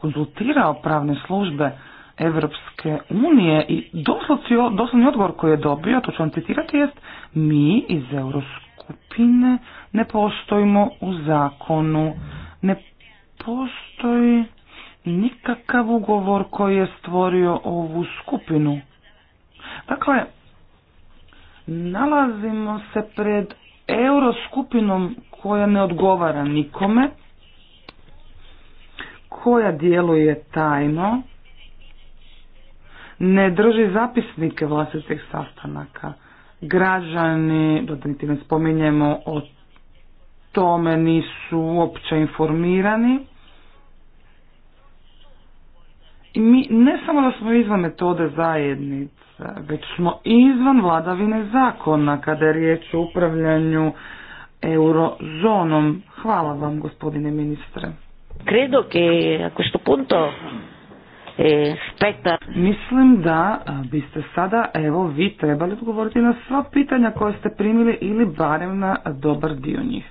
konzultirao pravne službe Evropske unije i doslovci, doslovni odgovor koji je dobio, to ću vam citirati, jest mi iz Euroskupine ne postojimo u zakonu, ne postoji nikakav ugovor koji je stvorio ovu skupinu. Dakle, nalazimo se pred euroskupinom koja ne odgovara nikome, koja djeluje tajno, ne drži zapisnike vlastitih sastanaka. Građani, da ne spominjemo o tome, nisu uopće informirani mi ne samo da smo izvan metode zajednica, već smo izvan vladavine zakona kada je riječ o upravljanju eurozonom. Hvala vam gospodine ministre. Credo che a questo punto eh, Mislim da eh, biste sada, evo, vi trebali odgovoriti na sva pitanja koje ste primili ili barem na dobar dio njih.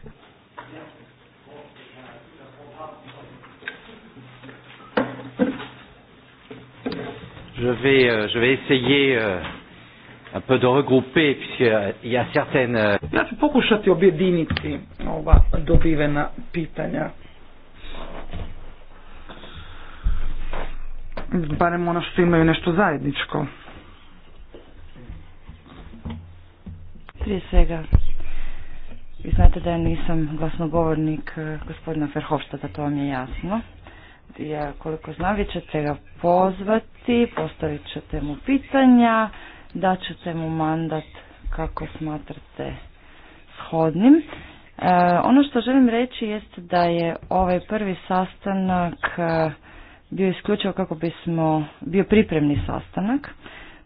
Je vais, euh, je vais essayer euh, un peu de regrouper, puisqu'il euh, y a certaines... Ja ću pokušati objediniti ova dobivena pitanja. Barem ono što imaju nešto zajedničko. Prije svega, vi znate da ja nisam glasnogovornik eh, gospodina Verhofstata, to vam je jasno ja koliko znam, vi ćete ga pozvati, postavit ćete mu pitanja, daćete mu mandat kako smatrate shodnim. E, ono što želim reći jest da je ovaj prvi sastanak e, bio isključivo kako bismo, bio pripremni sastanak,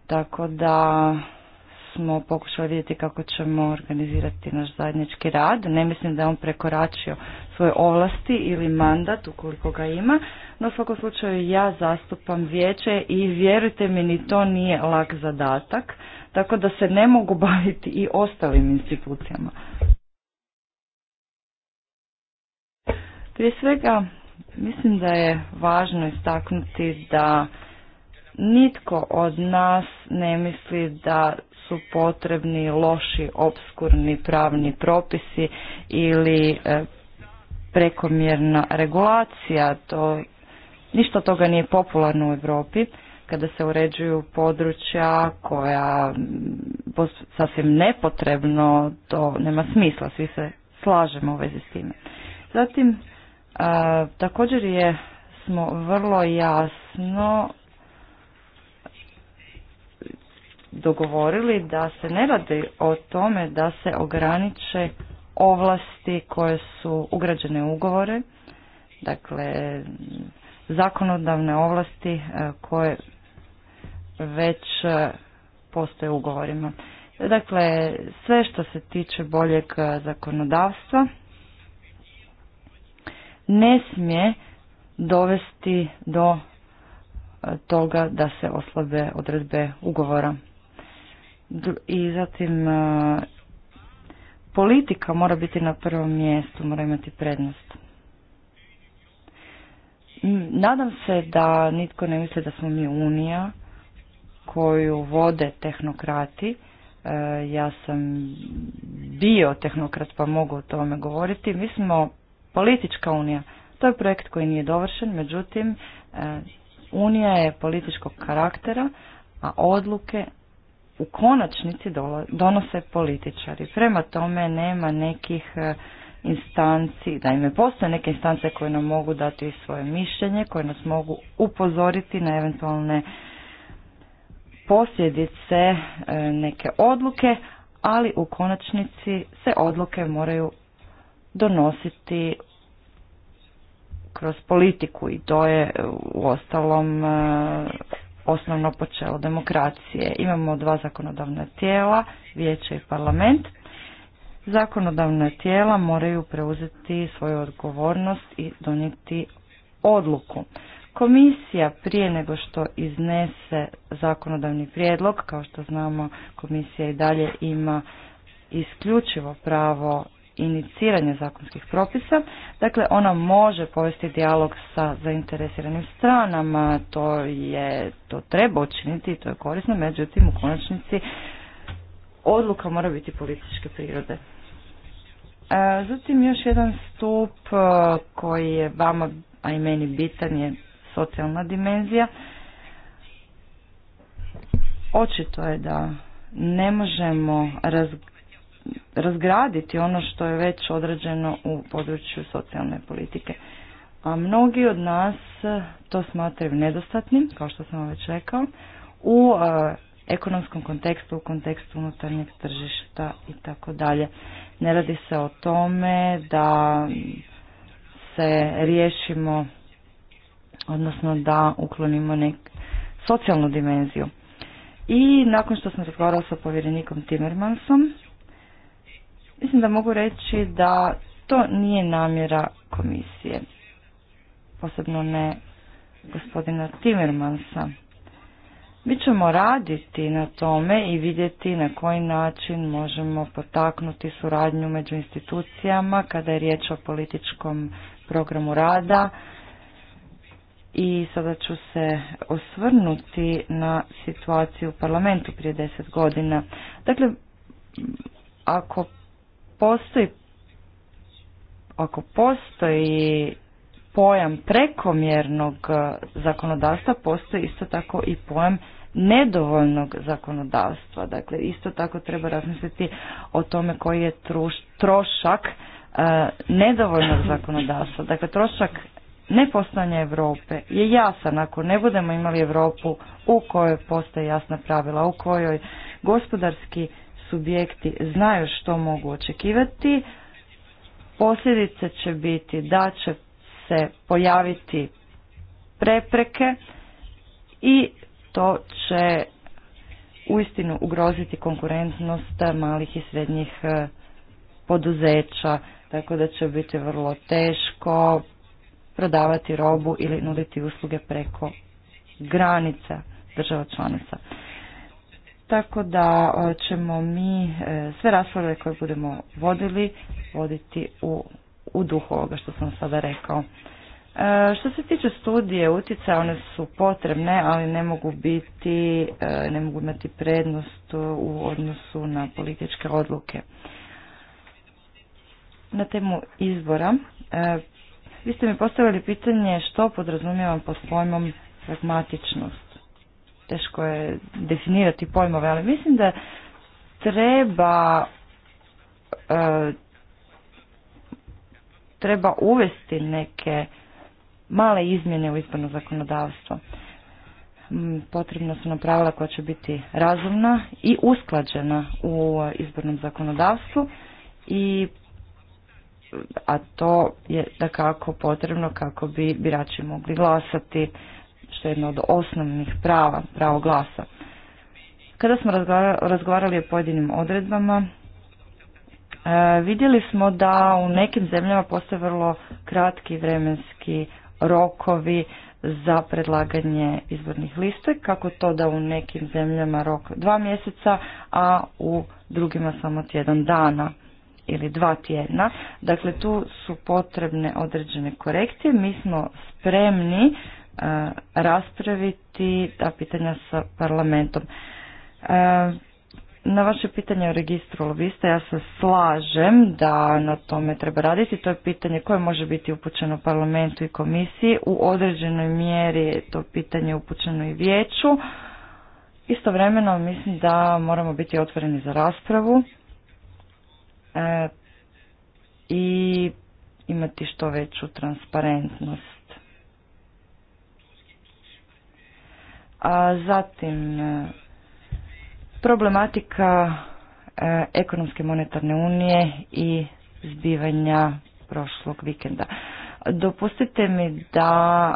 tako da smo pokušali vidjeti kako ćemo organizirati naš zajednički rad. Ne mislim da je on prekoračio svoje ovlasti ili mandat ukoliko ga ima, no u svakom slučaju ja zastupam vijeće i vjerujte mi ni to nije lak zadatak, tako da se ne mogu baviti i ostalim institucijama. Prije svega mislim da je važno istaknuti da nitko od nas ne misli da su potrebni loši, obskurni pravni propisi ili e, prekomjerna regulacija. To, ništa toga nije popularno u Europi kada se uređuju područja koja sasvim nepotrebno, to nema smisla, svi se slažemo u vezi s time. Zatim, također je smo vrlo jasno dogovorili da se ne radi o tome da se ograniče ovlasti koje su ugrađene u ugovore, dakle zakonodavne ovlasti e, koje već e, postoje u ugovorima. Dakle, sve što se tiče boljeg e, zakonodavstva ne smije dovesti do toga da se oslabe odredbe ugovora i zatim e, politika mora biti na prvom mjestu, mora imati prednost. Nadam se da nitko ne misli da smo mi Unija koju vode tehnokrati. E, ja sam bio tehnokrat pa mogu o tome govoriti. Mi smo politička Unija. To je projekt koji nije dovršen, međutim, e, Unija je političkog karaktera, a odluke u konačnici donose političari. Prema tome nema nekih e, instanci, da ime postoje neke instance koje nam mogu dati svoje mišljenje, koje nas mogu upozoriti na eventualne posljedice e, neke odluke, ali u konačnici se odluke moraju donositi kroz politiku i to je e, u ostalom osnovno počelo demokracije. Imamo dva zakonodavna tijela, vijeće i parlament. Zakonodavna tijela moraju preuzeti svoju odgovornost i donijeti odluku. Komisija prije nego što iznese zakonodavni prijedlog, kao što znamo komisija i dalje ima isključivo pravo iniciranje zakonskih propisa. Dakle, ona može povesti dijalog sa zainteresiranim stranama, to je, to treba učiniti i to je korisno, međutim u konačnici odluka mora biti političke prirode. E, zatim još jedan stup e, koji je vama, a i meni bitan je socijalna dimenzija. Očito je da ne možemo razgovarati razgraditi ono što je već određeno u području socijalne politike. A mnogi od nas to smatraju nedostatnim, kao što sam već rekao, u e, ekonomskom kontekstu, u kontekstu unutarnjeg tržišta i tako dalje. Ne radi se o tome da se riješimo, odnosno da uklonimo nek socijalnu dimenziju. I nakon što sam razgovarala sa povjerenikom Timmermansom, Mislim da mogu reći da to nije namjera komisije, posebno ne gospodina Timmermansa. Mi ćemo raditi na tome i vidjeti na koji način možemo potaknuti suradnju među institucijama kada je riječ o političkom programu rada. I sada ću se osvrnuti na situaciju u parlamentu prije deset godina. Dakle, ako postoji ako postoji pojam prekomjernog e, zakonodavstva, postoji isto tako i pojam nedovoljnog zakonodavstva. Dakle, isto tako treba razmisliti o tome koji je trošak e, nedovoljnog zakonodavstva. Dakle, trošak nepostojanja Europe je jasan. Ako ne budemo imali Europu u kojoj postoje jasna pravila, u kojoj gospodarski subjekti znaju što mogu očekivati. Posljedice će biti da će se pojaviti prepreke i to će uistinu ugroziti konkurentnost malih i srednjih e, poduzeća, tako da će biti vrlo teško prodavati robu ili nuditi usluge preko granica država članica. Tako da e, ćemo mi e, sve rasprave koje budemo vodili, voditi u, u duhu ovoga što sam sada rekao. E, što se tiče studije utjecaja, one su potrebne, ali ne mogu biti, ne mogu imati prednost u odnosu na političke odluke. Na temu izbora, vi ste mi postavili pitanje što podrazumijevam pod pojmom pragmatičnost teško je definirati pojmove, ali mislim da treba e, treba uvesti neke male izmjene u izborno zakonodavstvo. Mm, potrebna su nam pravila koja će biti razumna i usklađena u izbornom zakonodavstvu i a to je da kako potrebno kako bi birači mogli glasati što je jedno od osnovnih prava, pravo glasa. Kada smo razgovarali o pojedinim odredbama, e, vidjeli smo da u nekim zemljama postoje vrlo kratki vremenski rokovi za predlaganje izbornih liste, kako to da u nekim zemljama rok dva mjeseca, a u drugima samo tjedan dana ili dva tjedna. Dakle, tu su potrebne određene korekcije. Mi smo spremni E, raspraviti ta pitanja sa parlamentom. E, na vaše pitanje o registru lobista ja se slažem da na tome treba raditi. To je pitanje koje može biti upućeno parlamentu i komisiji. U određenoj mjeri je to pitanje upućeno i vijeću. Istovremeno mislim da moramo biti otvoreni za raspravu e, i imati što veću transparentnost A zatim e, problematika e, ekonomske monetarne unije i zbivanja prošlog vikenda. Dopustite mi da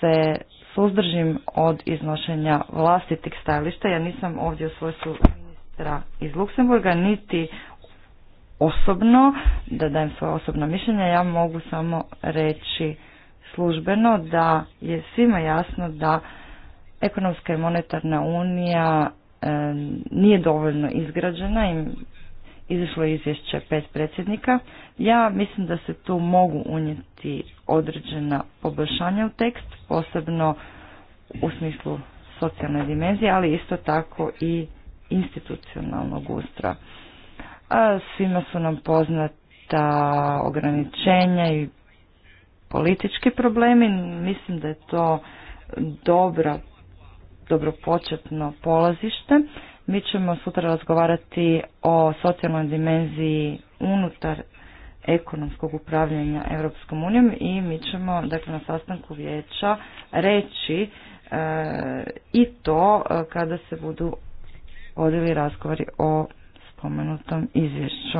se suzdržim od iznošenja vlastitih stajališta. Ja nisam ovdje u svojstvu ministra iz Luksemburga, niti osobno, da dajem svoje osobno mišljenje, ja mogu samo reći službeno da je svima jasno da Ekonomska i monetarna unija e, nije dovoljno izgrađena i izašlo je izvješće pet predsjednika. Ja mislim da se tu mogu unijeti određena poboljšanja u tekst, posebno u smislu socijalne dimenzije, ali isto tako i institucionalnog ustra. svima su nam poznata ograničenja i politički problemi. Mislim da je to dobra dobro početno polazište. Mi ćemo sutra razgovarati o socijalnoj dimenziji unutar ekonomskog upravljanja Europskom unijom i mi ćemo dakle, na sastanku vijeća reći e, i to e, kada se budu vodili razgovori o spomenutom izvješću.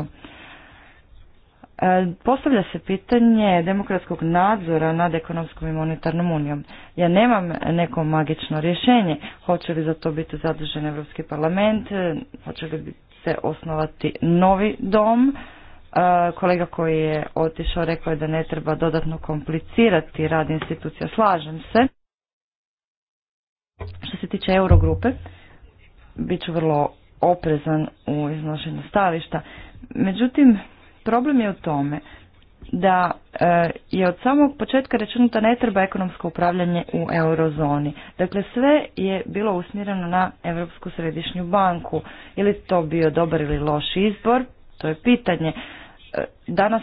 E, postavlja se pitanje demokratskog nadzora nad ekonomskom i monetarnom unijom. Ja nemam neko magično rješenje. Hoće li za to biti zadržen Europski parlament? E, hoće li se osnovati novi dom? E, kolega koji je otišao rekao je da ne treba dodatno komplicirati rad institucija. Slažem se. Što se tiče Eurogrupe, bit ću vrlo oprezan u iznošenju stavišta. Međutim, Problem je u tome da e, je od samog početka rečeno ne treba ekonomsko upravljanje u eurozoni. Dakle, sve je bilo usmjereno na Europsku središnju banku. Ili to bio dobar ili loš izbor, to je pitanje. E, danas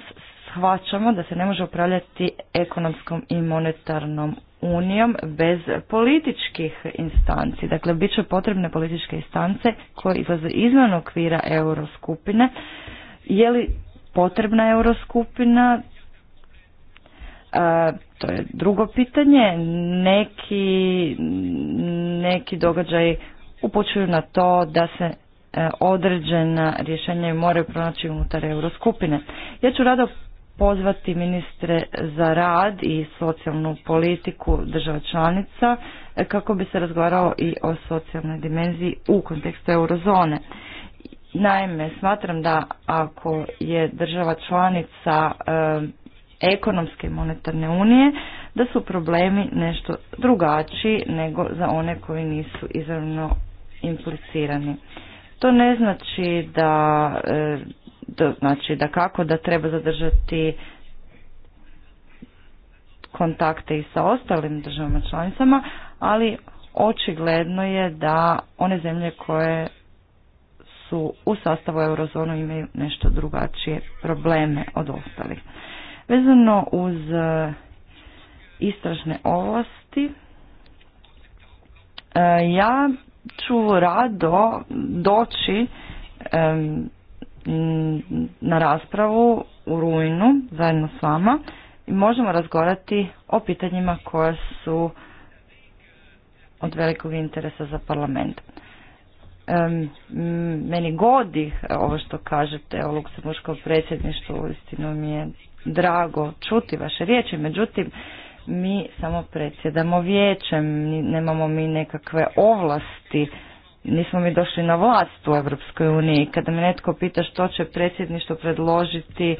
shvaćamo da se ne može upravljati ekonomskom i monetarnom unijom bez političkih instanci. Dakle, bit će potrebne političke instance koje izlaze izvan okvira euroskupine. Je li potrebna euroskupina, e, to je drugo pitanje. Neki, događaj događaji upućuju na to da se e, određena rješenja moraju pronaći unutar euroskupine. Ja ću rado pozvati ministre za rad i socijalnu politiku država članica e, kako bi se razgovarao i o socijalnoj dimenziji u kontekstu eurozone. Naime, smatram da ako je država članica e, ekonomske i monetarne unije, da su problemi nešto drugačiji nego za one koji nisu izravno implicirani. To ne znači da, e, da znači da kako da treba zadržati kontakte i sa ostalim državama članicama, ali očigledno je da one zemlje koje su u sastavu eurozonu imaju nešto drugačije probleme od ostalih. Vezano uz e, istražne ovlasti, e, ja ću rado doći e, na raspravu u rujnu zajedno s vama i možemo razgovarati o pitanjima koja su od velikog interesa za parlament meni godi e, ovo što kažete o Luksemburškom predsjedništvu, uistinu mi je drago čuti vaše riječi, međutim mi samo predsjedamo vijećem, nemamo mi nekakve ovlasti, nismo mi došli na vlast u Europskoj uniji. Kada me netko pita što će predsjedništvo predložiti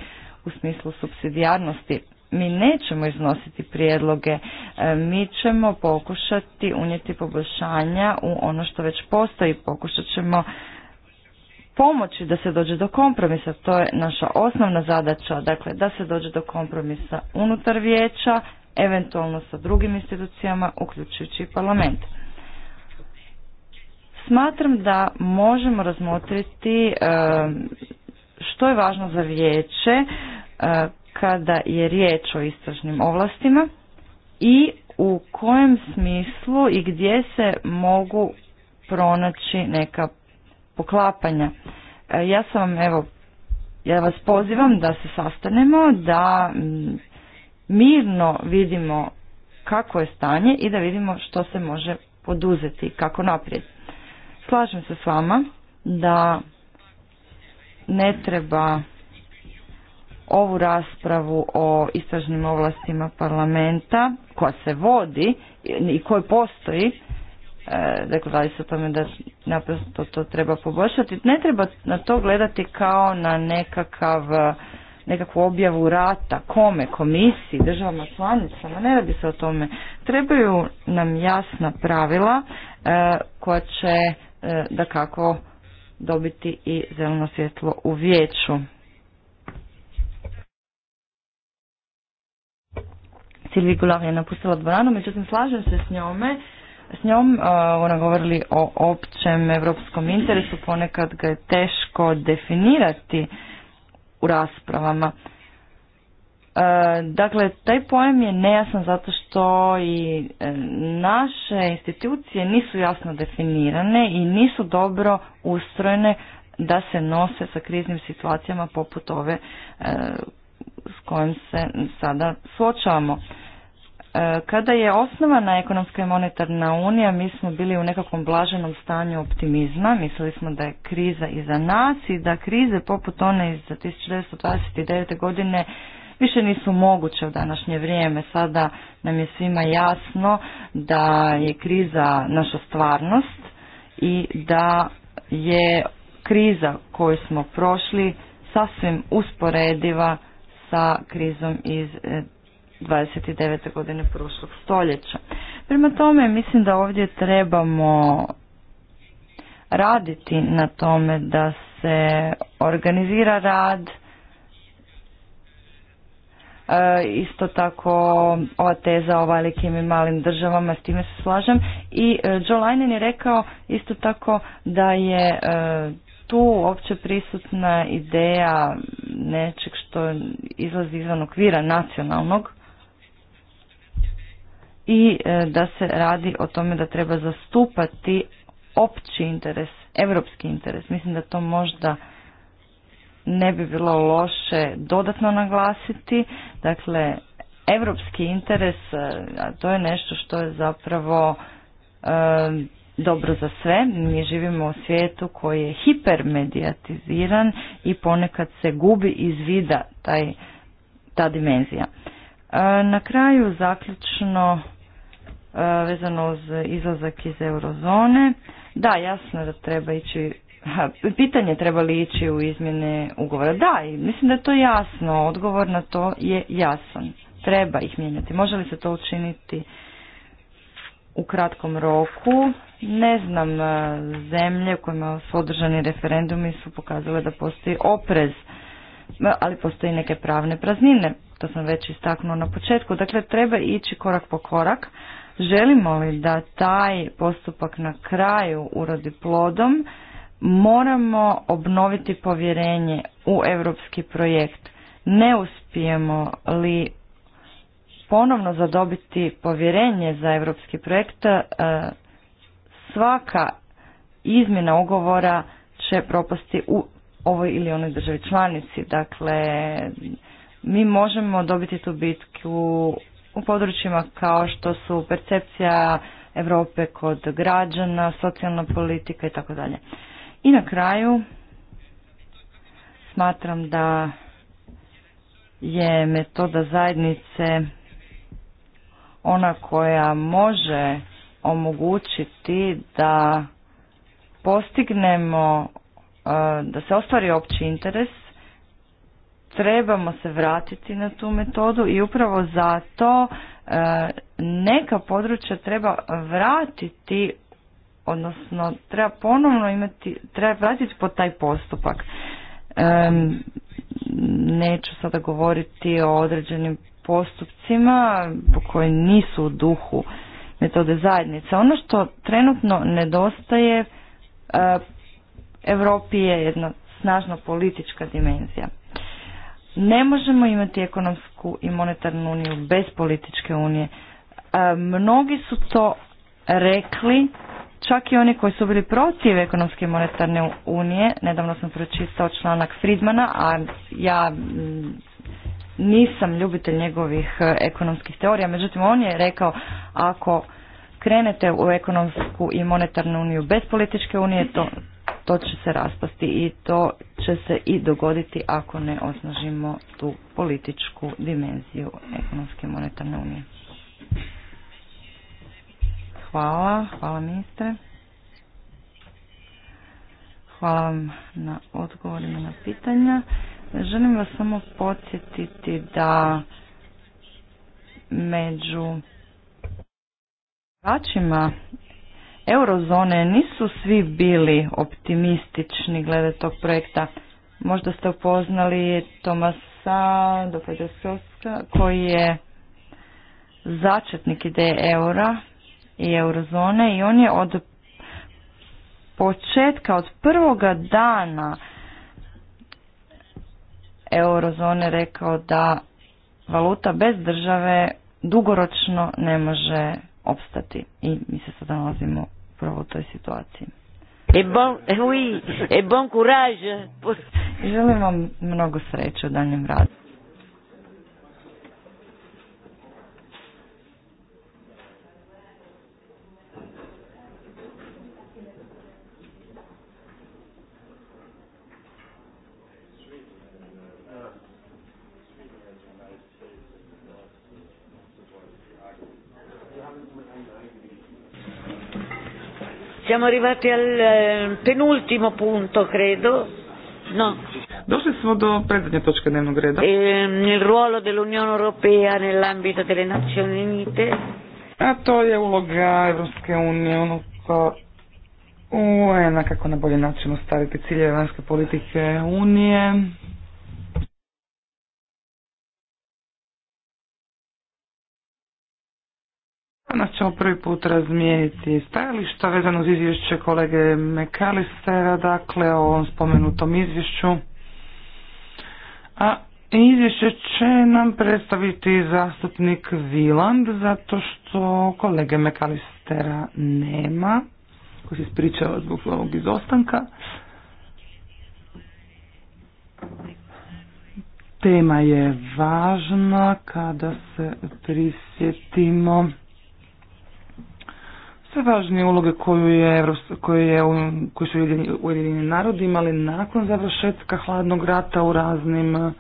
u smislu subsidijarnosti, mi nećemo iznositi prijedloge, e, mi ćemo pokušati unijeti poboljšanja u ono što već postoji, pokušat ćemo pomoći da se dođe do kompromisa, to je naša osnovna zadaća, dakle da se dođe do kompromisa unutar vijeća, eventualno sa drugim institucijama, uključujući i parlament. Smatram da možemo razmotriti e, što je važno za vijeće, e, kada je riječ o istražnim ovlastima i u kojem smislu i gdje se mogu pronaći neka poklapanja. E, ja sam vam evo, ja vas pozivam da se sastanemo, da mirno vidimo kako je stanje i da vidimo što se može poduzeti, kako naprijed. Slažem se s vama da ne treba ovu raspravu o istražnim ovlastima parlamenta koja se vodi i koja postoji, e, dakle radi se o tome da naprosto to treba poboljšati, ne treba na to gledati kao na nekakav nekakvu objavu rata, kome, komisiji, državama članicama, ne radi se o tome. Trebaju nam jasna pravila e, koja će e, da kako dobiti i zeleno svjetlo u vijeću. Silvi Gulav je napustila dvoranu, međutim slažem se s njome. S njom uh, ona govorili o općem evropskom interesu, ponekad ga je teško definirati u raspravama. Uh, dakle, taj pojam je nejasan zato što i e, naše institucije nisu jasno definirane i nisu dobro ustrojene da se nose sa kriznim situacijama poput ove e, s kojim se sada suočavamo. E, kada je osnovana ekonomska i monetarna unija, mi smo bili u nekakvom blaženom stanju optimizma. Mislili smo da je kriza iza nas i da krize poput one iz 1929. godine više nisu moguće u današnje vrijeme. Sada nam je svima jasno da je kriza naša stvarnost i da je kriza koju smo prošli sasvim usporediva sa krizom iz 29. godine prošlog stoljeća. Prema tome mislim da ovdje trebamo raditi na tome da se organizira rad, e, isto tako ova teza o velikim i malim državama, s time se slažem. I e, Joe Linen je rekao isto tako da je e, tu opće prisutna ideja nečeg što izlazi izvan okvira nacionalnog i e, da se radi o tome da treba zastupati opći interes, evropski interes. Mislim da to možda ne bi bilo loše dodatno naglasiti. Dakle, evropski interes, e, to je nešto što je zapravo e, dobro za sve. Mi živimo u svijetu koji je hipermedijatiziran i ponekad se gubi iz vida taj, ta dimenzija. na kraju zaključno E, vezano uz izlazak iz eurozone. Da, jasno da treba ići, pitanje treba li ići u izmjene ugovora. Da, i mislim da je to jasno, odgovor na to je jasan. Treba ih mijenjati. Može li se to učiniti u kratkom roku? Ne znam, e, zemlje u kojima su održani referendumi su pokazale da postoji oprez, e, ali postoji neke pravne praznine. To sam već istaknuo na početku. Dakle, treba ići korak po korak, Želimo li da taj postupak na kraju urodi plodom, moramo obnoviti povjerenje u europski projekt. Ne uspijemo li ponovno zadobiti povjerenje za europski projekt, e, svaka izmjena ugovora će propasti u ovoj ili onoj državi članici. Dakle, mi možemo dobiti tu bitku u područjima kao što su percepcija Europe kod građana, socijalna politika i tako dalje. I na kraju smatram da je metoda zajednice ona koja može omogućiti da postignemo eh, da se ostvari opći interes trebamo se vratiti na tu metodu i upravo zato e, neka područja treba vratiti odnosno treba ponovno imati, treba vratiti po taj postupak. Neću sada govoriti o određenim postupcima koji nisu u duhu metode zajednice. Ono što trenutno nedostaje e, Europi je jedna snažna politička dimenzija. Ne možemo imati ekonomsku i monetarnu uniju bez političke unije. E, mnogi su to rekli, čak i oni koji su bili protiv ekonomske i monetarne unije. Nedavno sam pročitao članak Friedmana, a ja mm, nisam ljubitelj njegovih e, ekonomskih teorija, međutim on je rekao ako krenete u ekonomsku i monetarnu uniju bez političke unije, to to će se raspasti i to će se i dogoditi ako ne osnažimo tu političku dimenziju ekonomske monetarne unije. Hvala, hvala ministre. Hvala vam na odgovorima na pitanja. Želim vas samo podsjetiti da među račima eurozone nisu svi bili optimistični glede tog projekta. Možda ste upoznali Tomasa Dopadjasovska koji je začetnik ideje eura i eurozone i on je od početka, od prvoga dana eurozone rekao da valuta bez države dugoročno ne može opstati i mi se sada nalazimo upravo u toj situaciji. E bon, e oui, e bon courage. Želim vam mnogo sreće u daljem radu. Siamo arrivati al eh, penultimo punto, credo. No. Došli smo do predzadnje točke dnevnog reda. E, il ruolo dell'Unione Europea nell'ambito delle Nazioni Unite. A to je uloga Europske unije, ono kao UN-a kako na bolji način ostaviti ciljeve vanjske politike Unije. Danas ćemo prvi put razmijeniti stajališta vezano uz izvješće kolege Mekalistera, dakle o ovom spomenutom izvješću. A izvješće će nam predstaviti zastupnik Viland, zato što kolege Mekalistera nema, koji se ispričava zbog ovog izostanka. Tema je važna kada se prisjetimo dosta važnije uloge koju je, je, su Ujedinjeni narodi imali nakon završetka hladnog rata u raznim e,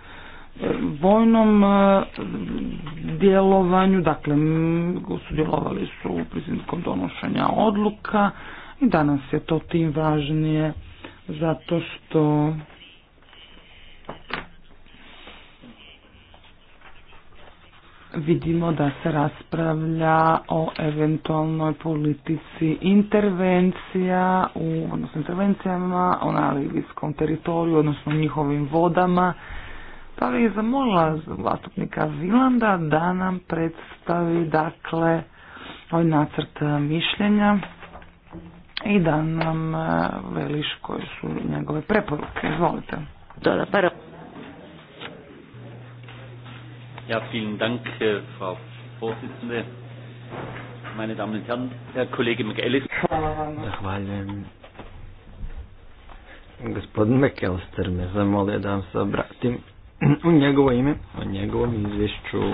vojnom e, djelovanju, dakle sudjelovali su u prizinkom donošenja odluka i danas je to tim važnije zato što vidimo da se raspravlja o eventualnoj politici intervencija u odnosno intervencijama na nalivijskom teritoriju, odnosno njihovim vodama. Pa bi zamolila zastupnika Vilanda da nam predstavi dakle ovaj nacrt mišljenja i da nam e, veliš koje su njegove preporuke. Izvolite. Da, pa ja, vielen Dank, äh, Frau Vorsitzende. Meine Damen und Herren, Herr Kollege McAllis. Gospodin me u njegovo ime, o njegovom izvješću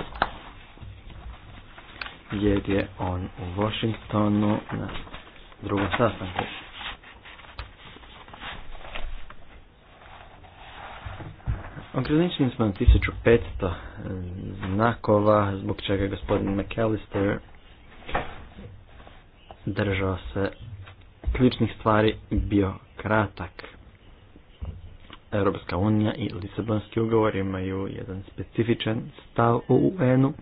jer je on u Washingtonu na drugom sastanku. Ograničeni smo na 1500 e, znakova, zbog čega gospodin McAllister držao se ključnih stvari bio kratak. Europska unija i Lisabonski ugovor imaju jedan specifičan stav u UN-u.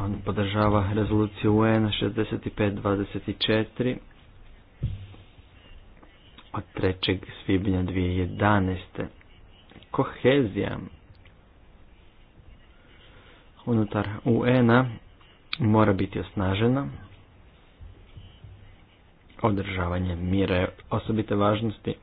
On podržava rezoluciju UN 6524 od 3. svibnja 2011. Kohezija unutar UN-a mora biti osnažena. Održavanje mira je osobite važnosti.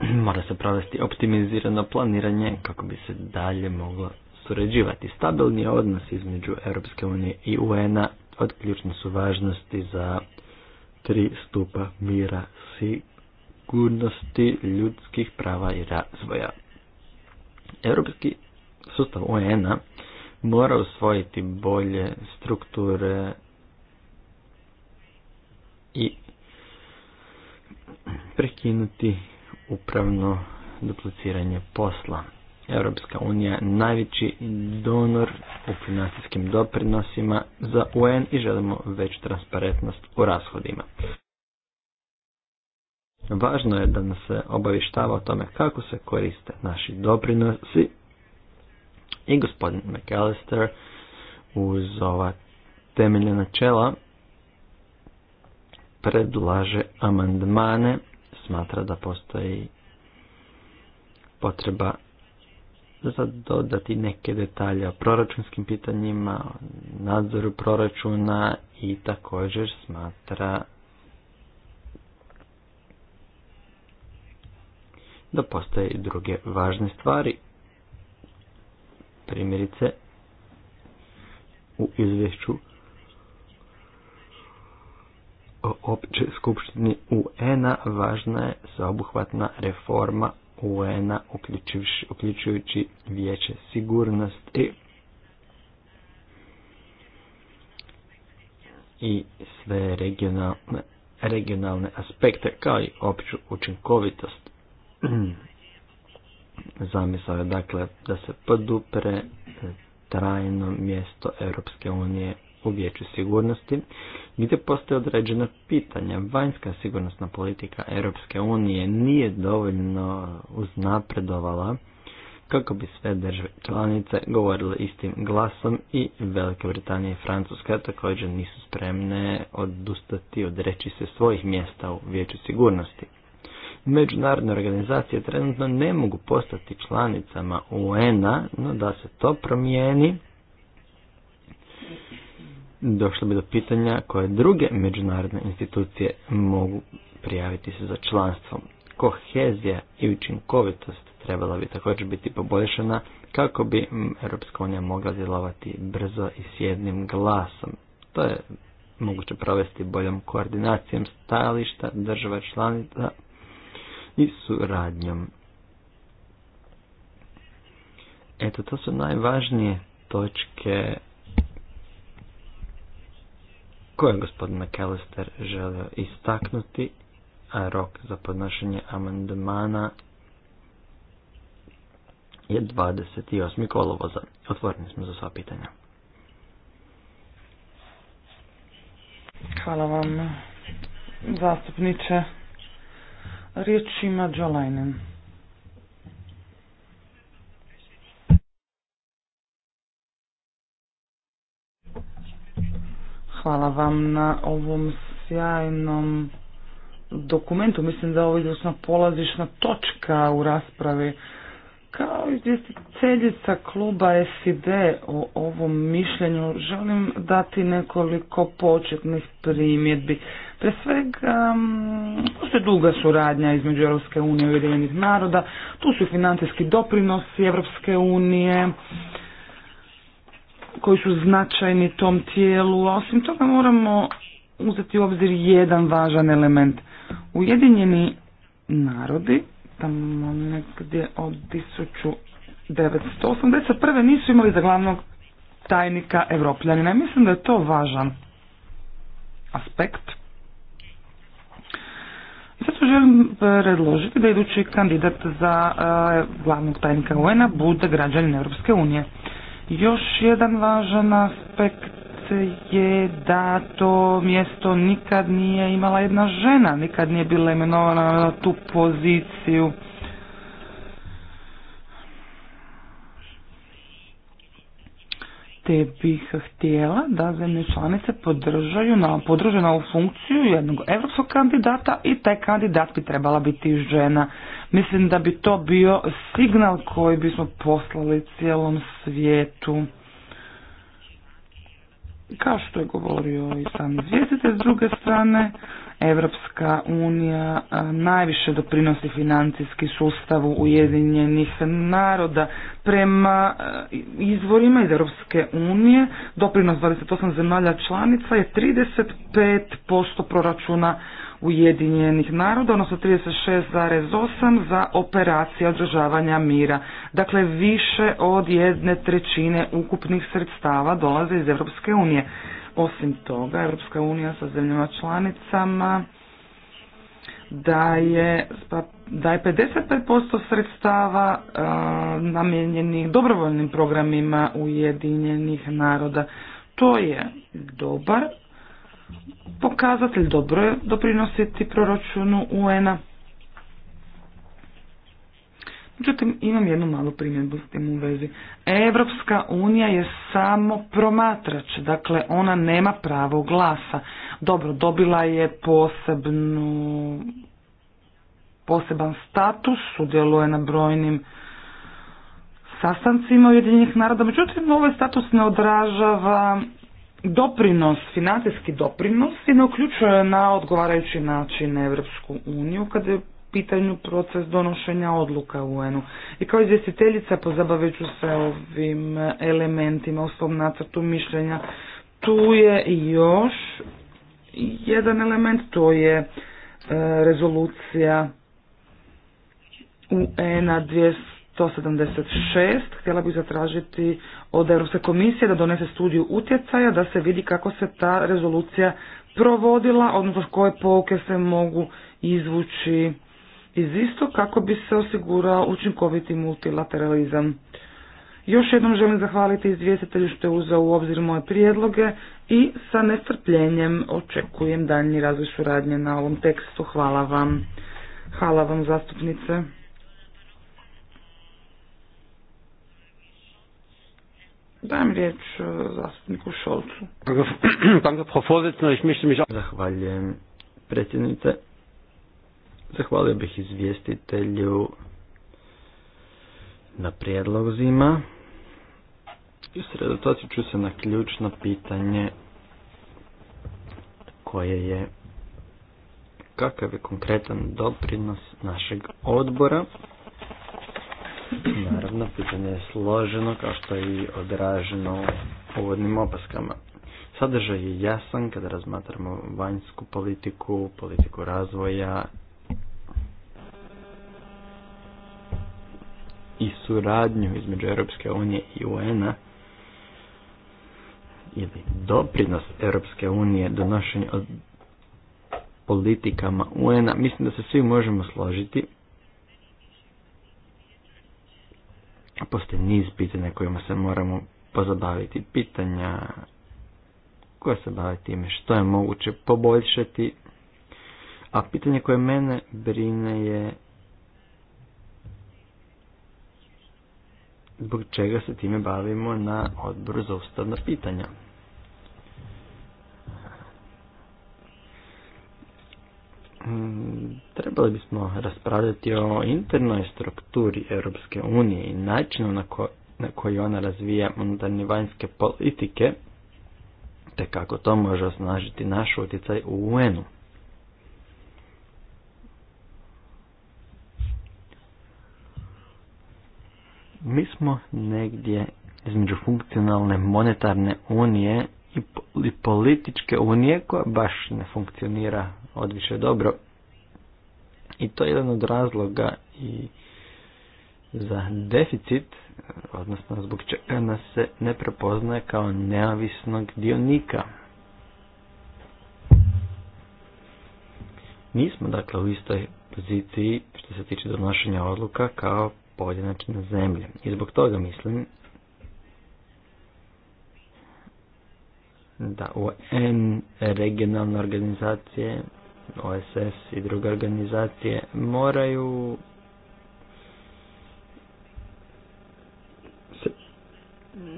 Mora se provesti optimizirano planiranje kako bi se dalje moglo surađivati. Stabilni odnos između Europske unije i UN-a od ključne su važnosti za tri stupa mira, sigurnosti, ljudskih prava i razvoja. Europski sustav un mora usvojiti bolje strukture i prekinuti upravno dupliciranje posla. Europska unija najveći donor u financijskim doprinosima za UN i želimo već transparentnost u rashodima. Važno je da nas se obavještava o tome kako se koriste naši doprinosi i gospodin McAllister uz ova temeljna načela predlaže amandmane, smatra da postoji potreba sad dodati neke detalje o proračunskim pitanjima, nadzoru proračuna i također smatra da postoje i druge važne stvari. Primjerice, u izvješću o opće skupštini UN-a važna je sveobuhvatna reforma UN-a uključujući, vijeće sigurnosti i sve regionalne, regionalne aspekte kao i opću učinkovitost. Zamisao je dakle da se podupre trajno mjesto Europske unije u vijeću sigurnosti gdje postoje određena pitanja. Vanjska sigurnosna politika Europske unije nije dovoljno uznapredovala kako bi sve države članice govorile istim glasom i Velika Britanija i Francuska također nisu spremne odustati, odreći se svojih mjesta u vijeću sigurnosti. Međunarodne organizacije trenutno ne mogu postati članicama UN-a, no da se to promijeni, došlo bi do pitanja koje druge međunarodne institucije mogu prijaviti se za članstvo. Kohezija i učinkovitost trebala bi također biti poboljšana kako bi Europska unija mogla djelovati brzo i s jednim glasom. To je moguće provesti boljom koordinacijom stajališta država članica i suradnjom. Eto, to su najvažnije točke koje je gospodin McAllister želio istaknuti, a rok za podnošenje amandmana je 28. kolovoza. Otvoreni smo za sva pitanja. Hvala vam, zastupniče. Riječ ima Hvala vam na ovom sjajnom dokumentu. Mislim da je ovo polazišna točka u raspravi. Kao izvjestiteljica kluba SID o ovom mišljenju želim dati nekoliko početnih primjedbi. Pre svega, mm, postoje duga suradnja između Europske unije i Ujedinjenih naroda, tu su financijski doprinosi Europske unije, koji su značajni tom tijelu, a osim toga moramo uzeti u obzir jedan važan element. Ujedinjeni narodi, tamo negdje od 1981. nisu imali za glavnog tajnika Evropljanina. Mislim da je to važan aspekt. zato želim predložiti da idući kandidat za eh, glavnog tajnika UN-a bude građanin Europske unije. Još jedan važan aspekt je da to mjesto nikad nije imala jedna žena, nikad nije bila imenovana na tu poziciju. te bih htjela da zemlje članice podržaju na, ovu funkciju jednog europskog kandidata i taj kandidat bi trebala biti žena. Mislim da bi to bio signal koji bismo poslali cijelom svijetu. Kao što je govorio i sam izvjestitelj s druge strane, Europska unija najviše doprinosi financijski sustavu Ujedinjenih naroda. Prema izvorima iz Europske unije doprinos 28 zemalja članica je 35% proračuna Ujedinjenih naroda, odnosno 36,8 za operacije održavanja mira. Dakle, više od jedne trećine ukupnih sredstava dolaze iz Europske unije. Osim toga, Europska unija sa zemljama članicama daje, daje 55% sredstava namijenjenih dobrovoljnim programima Ujedinjenih naroda. To je dobar pokazatelj, dobro je doprinositi proračunu UN-a. Međutim, imam jednu malu primjedbu s tim u vezi. Evropska unija je samo promatrač, dakle ona nema pravo glasa. Dobro, dobila je posebnu, poseban status, sudjeluje na brojnim sastancima Ujedinjenih naroda, međutim ovaj status ne odražava doprinos, financijski doprinos i ne uključuje na odgovarajući način Evropsku uniju kada je pitanju proces donošenja odluka u UN-u. I kao izvjestiteljica pozabavit ću se ovim elementima u svom nacrtu mišljenja. Tu je još jedan element, to je e, rezolucija UN-a 276. Htjela bih zatražiti od Europske komisije da donese studiju utjecaja, da se vidi kako se ta rezolucija provodila, odnosno koje pouke se mogu izvući iz isto kako bi se osigurao učinkoviti multilateralizam. Još jednom želim zahvaliti izvjestitelju što je uzeo u obzir moje prijedloge i sa nestrpljenjem očekujem daljnji razvoj suradnje na ovom tekstu. Hvala vam. Hvala vam zastupnice. Dajem riječ e, zastupniku Šolcu. Zahvaljujem predsjednice. Zahvalio bih izvjestitelju na zima. i sredotočit ću se na ključno pitanje koje je kakav je konkretan doprinos našeg odbora. Naravno, pitanje je složeno kao što je i odraženo u uvodnim opaskama. Sadržaj je jasan kada razmatramo vanjsku politiku, politiku razvoja i suradnju između Europske unije i UN-a ili doprinos Europske unije donošenju od politikama UN-a, mislim da se svi možemo složiti. postoje niz pitanja kojima se moramo pozabaviti. Pitanja koja se bave time što je moguće poboljšati. A pitanje koje mene brine je zbog čega se time bavimo na odboru za ustavna pitanja. Mm, trebali bismo raspravljati o internoj strukturi Europske unije i načinu na, koji ona razvija unutarnje vanjske politike, te kako to može osnažiti naš utjecaj u UN-u. Mi smo negdje između funkcionalne monetarne unije i političke unije koja baš ne funkcionira odviše dobro. I to je jedan od razloga i za deficit, odnosno zbog čega nas se ne prepoznaje kao neovisnog dionika. Nismo dakle u istoj poziciji što se tiče donošenja odluka kao na zemlji I zbog toga mislim da UN, regionalne organizacije, OSS i druge organizacije moraju se,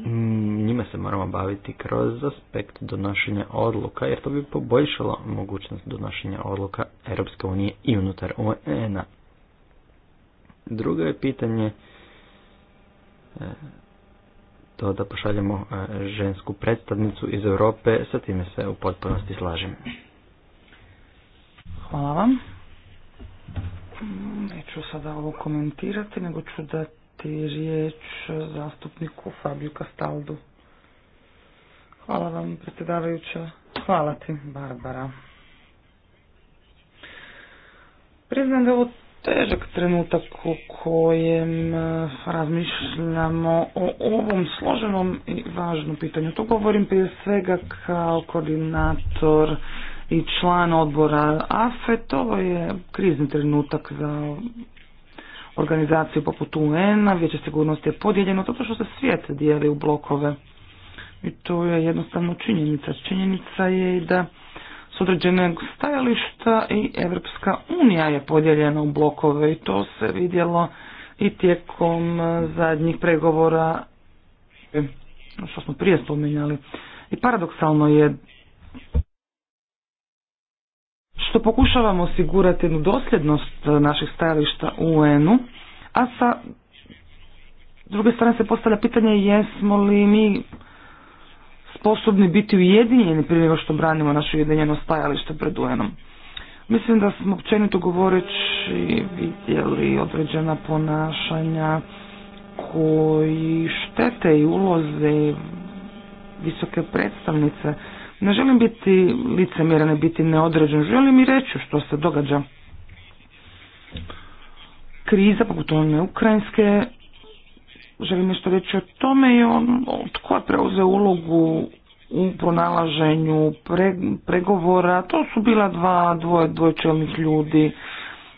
mm, njima se moramo baviti kroz aspekt donošenja odluka jer to bi poboljšalo mogućnost donošenja odluka Europske unije i unutar UN-a. Drugo je pitanje e, to da pošaljemo e, žensku predstavnicu iz Europe, sa time se u potpunosti slažem. Hvala vam. Mm, neću sada ovo komentirati, nego ću dati riječ zastupniku Fabiju Kastaldu. Hvala vam, predsjedavajuća. Hvala ti, Barbara. Priznam da težak trenutak u kojem eh, razmišljamo o ovom složenom i važnom pitanju. To govorim prije svega kao koordinator i član odbora AFE. To je krizni trenutak za organizaciju poput UN-a, vijeće sigurnosti je podijeljeno, zato što se svijet dijeli u blokove. I to je jednostavno činjenica. Činjenica je i da s određenog stajališta i Evropska unija je podijeljena u blokove i to se vidjelo i tijekom e, zadnjih pregovora e, što smo prije spominjali. I paradoksalno je što pokušavamo osigurati jednu dosljednost naših stajališta u UN-u, a sa druge strane se postavlja pitanje jesmo li mi sposobni biti ujedinjeni prije nego što branimo naše ujedinjeno stajalište pred un Mislim da smo općenito govoreći vidjeli određena ponašanja koji štete i uloze visoke predstavnice. Ne želim biti licemjeran i biti neodređen, želim i reći što se događa. Kriza, poput one ukrajinske, želim nešto reći o tome i on, tko je preuzeo ulogu u pronalaženju pre, pregovora. To su bila dva dvoje, dvojčelnih ljudi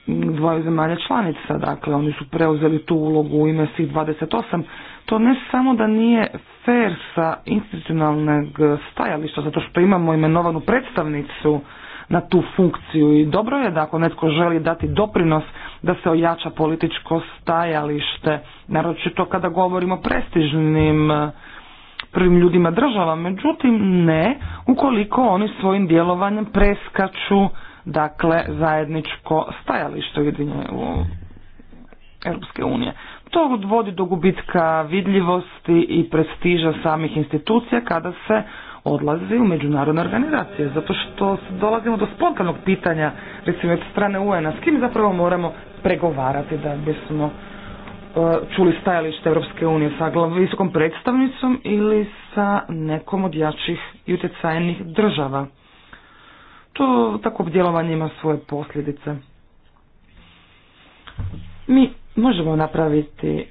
dvoje zemalja članica, dakle oni su preuzeli tu ulogu u ime svih 28. To ne samo da nije fer sa institucionalnog stajališta, zato što imamo imenovanu predstavnicu na tu funkciju i dobro je da ako netko želi dati doprinos da se ojača političko stajalište, naročito kada govorimo o prestižnim eh, prvim ljudima država, međutim ne ukoliko oni svojim djelovanjem preskaču dakle zajedničko stajalište u Europske unije. To vodi do gubitka vidljivosti i prestiža samih institucija kada se odlazi u međunarodne organizacije, zato što dolazimo do spontanog pitanja, recimo od strane UN-a, s kim zapravo moramo pregovarati da bismo e, čuli stajalište Europske unije sa visokom predstavnicom ili sa nekom od jačih i utjecajnih država. To tako djelovanje ima svoje posljedice. Mi možemo napraviti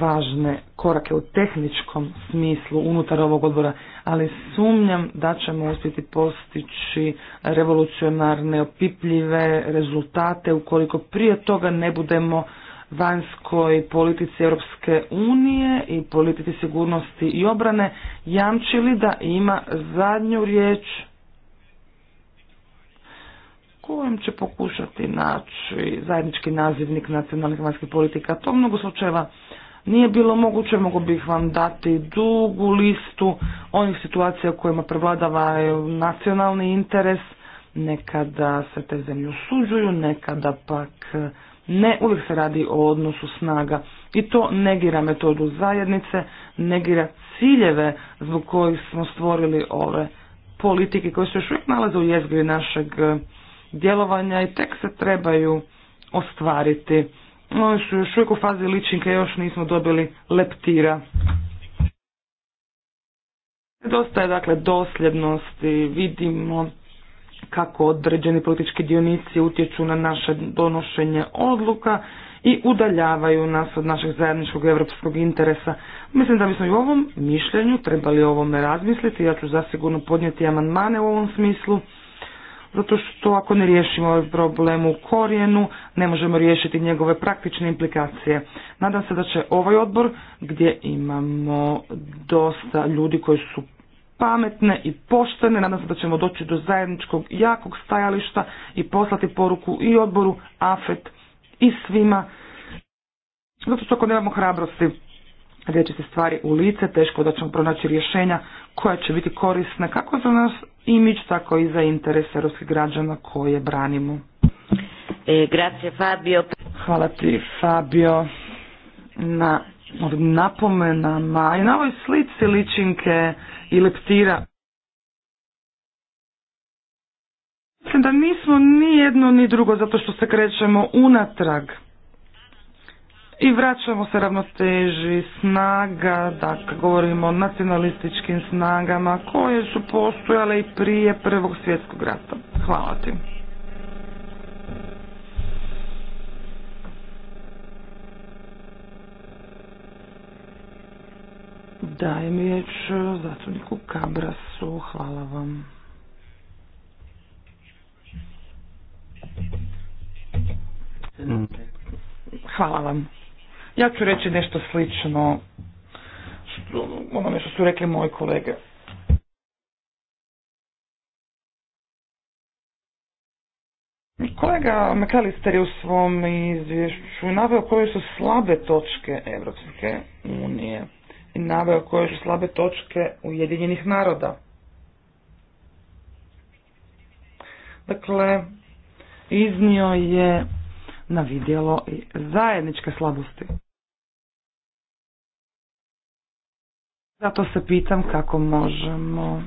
važne korake u tehničkom smislu unutar ovog odbora, ali sumnjam da ćemo uspjeti postići revolucionarne, opipljive rezultate ukoliko prije toga ne budemo vanjskoj politici Europske unije i politici sigurnosti i obrane jamčili da ima zadnju riječ kojim će pokušati naći zajednički nazivnik nacionalnih vanjskih politika. To u mnogo slučajeva nije bilo moguće, mogu bih vam dati dugu listu onih situacija u kojima prevladava nacionalni interes, nekada se te zemlje osuđuju, nekada pak e, ne, uvijek se radi o odnosu snaga i to negira metodu zajednice, negira ciljeve zbog kojih smo stvorili ove politike koje se još uvijek nalaze u jezgri našeg e, djelovanja i tek se trebaju ostvariti. Oni su još uvijek u fazi ličinka, još nismo dobili leptira. Dosta je dakle dosljednosti, vidimo kako određeni politički dionici utječu na naše donošenje odluka i udaljavaju nas od našeg zajedničkog europskog interesa. Mislim da bismo i u ovom mišljenju trebali o ovome razmisliti, ja ću zasigurno podnijeti amandmane u ovom smislu zato što ako ne riješimo ovaj problem u korijenu, ne možemo riješiti njegove praktične implikacije. Nadam se da će ovaj odbor, gdje imamo dosta ljudi koji su pametne i poštene, nadam se da ćemo doći do zajedničkog jakog stajališta i poslati poruku i odboru AFET i svima. Zato što ako nemamo hrabrosti reći se stvari u lice, teško da ćemo pronaći rješenja koja će biti korisna kako za nas, imidž, tako i za interes europskih građana koje branimo. E, grazie Fabio. Hvala ti Fabio na napomenama i na ovoj slici ličinke i leptira. Mislim da nismo ni jedno ni drugo zato što se krećemo unatrag. I vraćamo se ravnoteži snaga, dakle govorimo o nacionalističkim snagama koje su postojale i prije Prvog svjetskog rata. Hvala ti. Dajem riječ zastupniku Kabrasu. Hvala vam. Mm. Hvala vam. Ja ću reći nešto slično onome što su rekli moji kolege. Kolega McAllister je u svom izvješću naveo koje su slabe točke Evropske unije i naveo koje su slabe točke Ujedinjenih naroda. Dakle, iznio je na vidjelo i zajedničke slabosti. Zato se pitam kako možemo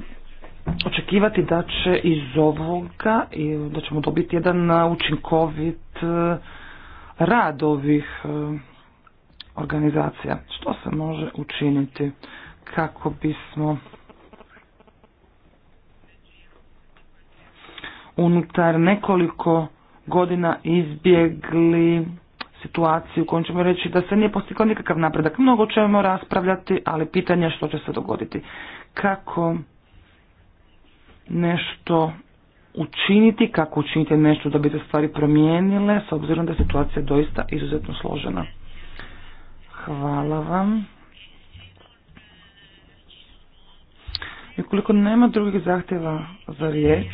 očekivati da će iz ovoga i da ćemo dobiti jedan učinkovit e, rad ovih e, organizacija. Što se može učiniti kako bismo unutar nekoliko godina izbjegli situaciju u kojoj ćemo reći da se nije postigao nikakav napredak. Mnogo ćemo raspravljati, ali pitanje je što će se dogoditi. Kako nešto učiniti, kako učiniti nešto da bi se stvari promijenile, s obzirom da je situacija doista izuzetno složena. Hvala vam. I nema drugih zahtjeva za riječ,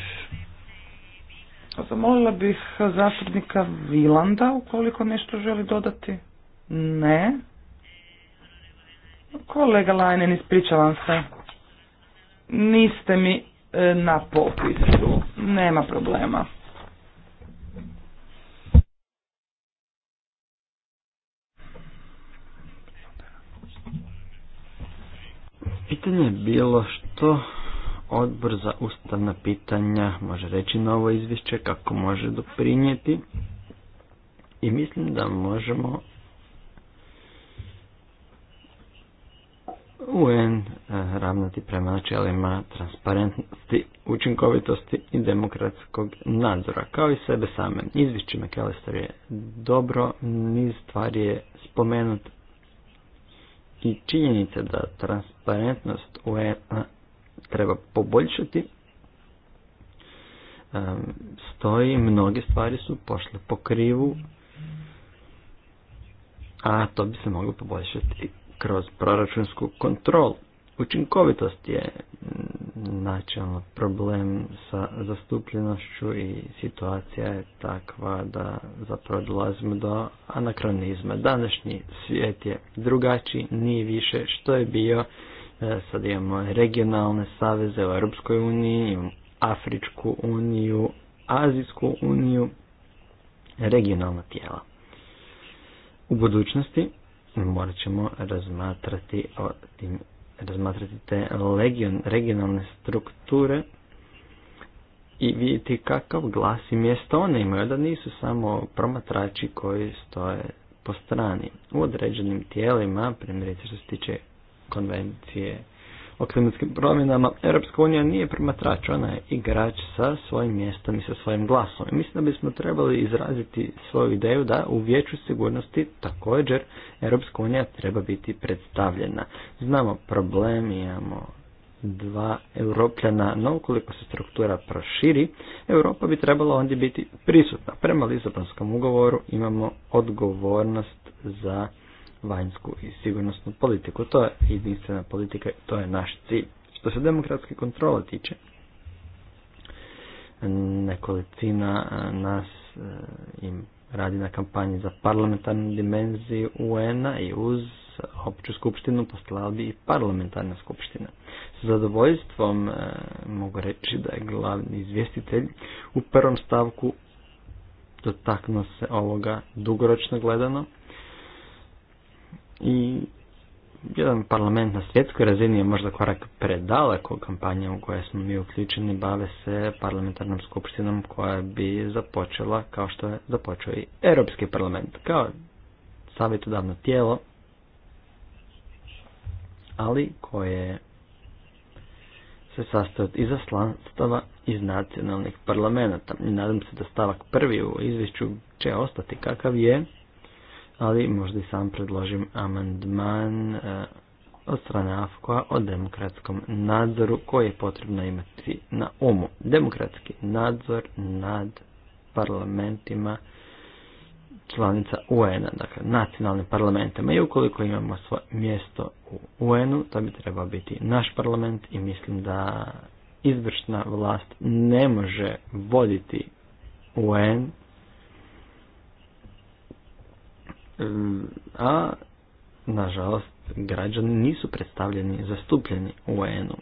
Zamolila bih zastupnika Vilanda ukoliko nešto želi dodati. Ne. Kolega Lajnen, ispričavam se. Niste mi e, na popisu. Nema problema. Pitanje je bilo što Odbor za ustavna pitanja može reći novo izvješće kako može doprinijeti i mislim da možemo UN e, ravnati prema načelima transparentnosti, učinkovitosti i demokratskog nadzora, kao i sebe same. Izvješće McAllister je dobro, niz stvari je spomenut i činjenica da transparentnost UN treba poboljšati, stoji, mnoge stvari su pošle po krivu, a to bi se moglo poboljšati kroz proračunsku kontrolu. Učinkovitost je načelno problem sa zastupljenošću i situacija je takva da zapravo dolazimo do anakronizma. Današnji svijet je drugačiji, nije više što je bio E, sad imamo regionalne saveze u Europskoj uniji, Afričku uniju, Azijsku uniju, regionalna tijela. U budućnosti morat ćemo razmatrati, o tim, razmatrati te legion, regionalne strukture i vidjeti kakav glas i mjesto one imaju, da nisu samo promatrači koji stoje po strani. U određenim tijelima, primjerice što se tiče konvencije o klimatskim promjenama, Europska unija nije promatrač, ona je igrač sa svojim mjestom i sa svojim glasom. mislim da bismo trebali izraziti svoju ideju da u vijeću sigurnosti također Europska unija treba biti predstavljena. Znamo problem, imamo dva europljana, no ukoliko se struktura proširi, Europa bi trebala ondje biti prisutna. Prema Lisabonskom ugovoru imamo odgovornost za vanjsku i sigurnosnu politiku. To je jedinstvena politika, to je naš cilj. Što se demokratske kontrole tiče, nekolicina nas eh, im radi na kampanji za parlamentarnu dimenziju UN-a i uz opću skupštinu postala bi i parlamentarna skupština. S zadovoljstvom eh, mogu reći da je glavni izvjestitelj u prvom stavku dotaknuo se ovoga dugoročno gledano i jedan parlament na svjetskoj razini je možda korak predaleko kampanja u kojoj smo mi uključeni bave se parlamentarnom skupštinom koja bi započela kao što je započeo i Europski parlament kao savjetodavno tijelo ali koje se sastoji od izaslanstava iz nacionalnih parlamenta. Nadam se da stavak prvi u izvješću će ostati kakav je, ali možda i sam predložim amandman eh, od strane AFKOA o demokratskom nadzoru koji je potrebno imati na umu. Demokratski nadzor nad parlamentima članica UN-a, dakle nacionalnim parlamentima i ukoliko imamo svoje mjesto u UN-u, to bi trebao biti naš parlament i mislim da izvršna vlast ne može voditi UN a nažalost građani nisu predstavljeni zastupljeni u UN-u.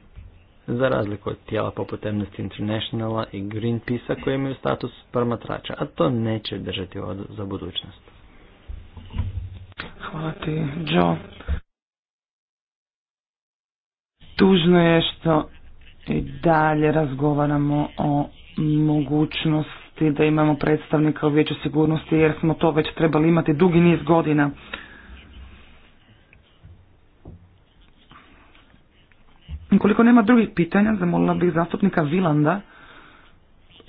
Za razliku od tijela poput Amnesty Internationala i Greenpeace-a koji imaju status promatrača, a to neće držati vodu za budućnost. Hvala ti, Joe. Tužno je što i dalje razgovaramo o mogućnost sigurnosti, da imamo predstavnika u vijeću sigurnosti jer smo to već trebali imati dugi niz godina. Ukoliko nema drugih pitanja, zamolila bih zastupnika Vilanda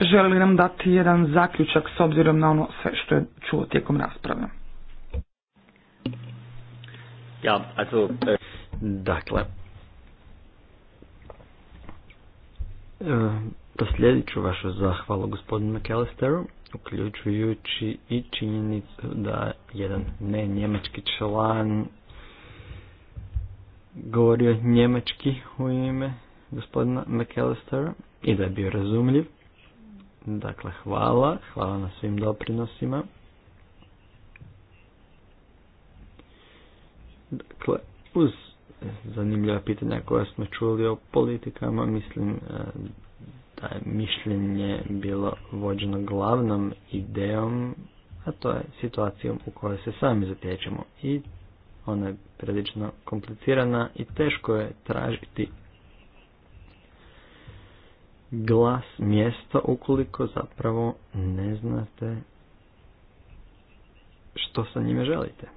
želi li nam dati jedan zaključak s obzirom na ono sve što je čuo tijekom rasprave. Ja, also, e. dakle, e, Proslijedit ću vašu zahvalu gospodinu McAllisteru, uključujući i činjenicu da jedan ne njemački član govorio njemački u ime gospodina McAllistera i da je bio razumljiv. Dakle, hvala, hvala na svim doprinosima. Dakle, uz zanimljiva pitanja koja smo čuli o politikama, mislim e, mišljenje bilo vođeno glavnom idejom, a to je situacijom u kojoj se sami zatječemo. I ona je prilično komplicirana i teško je tražiti glas mjesta ukoliko zapravo ne znate što sa njime želite.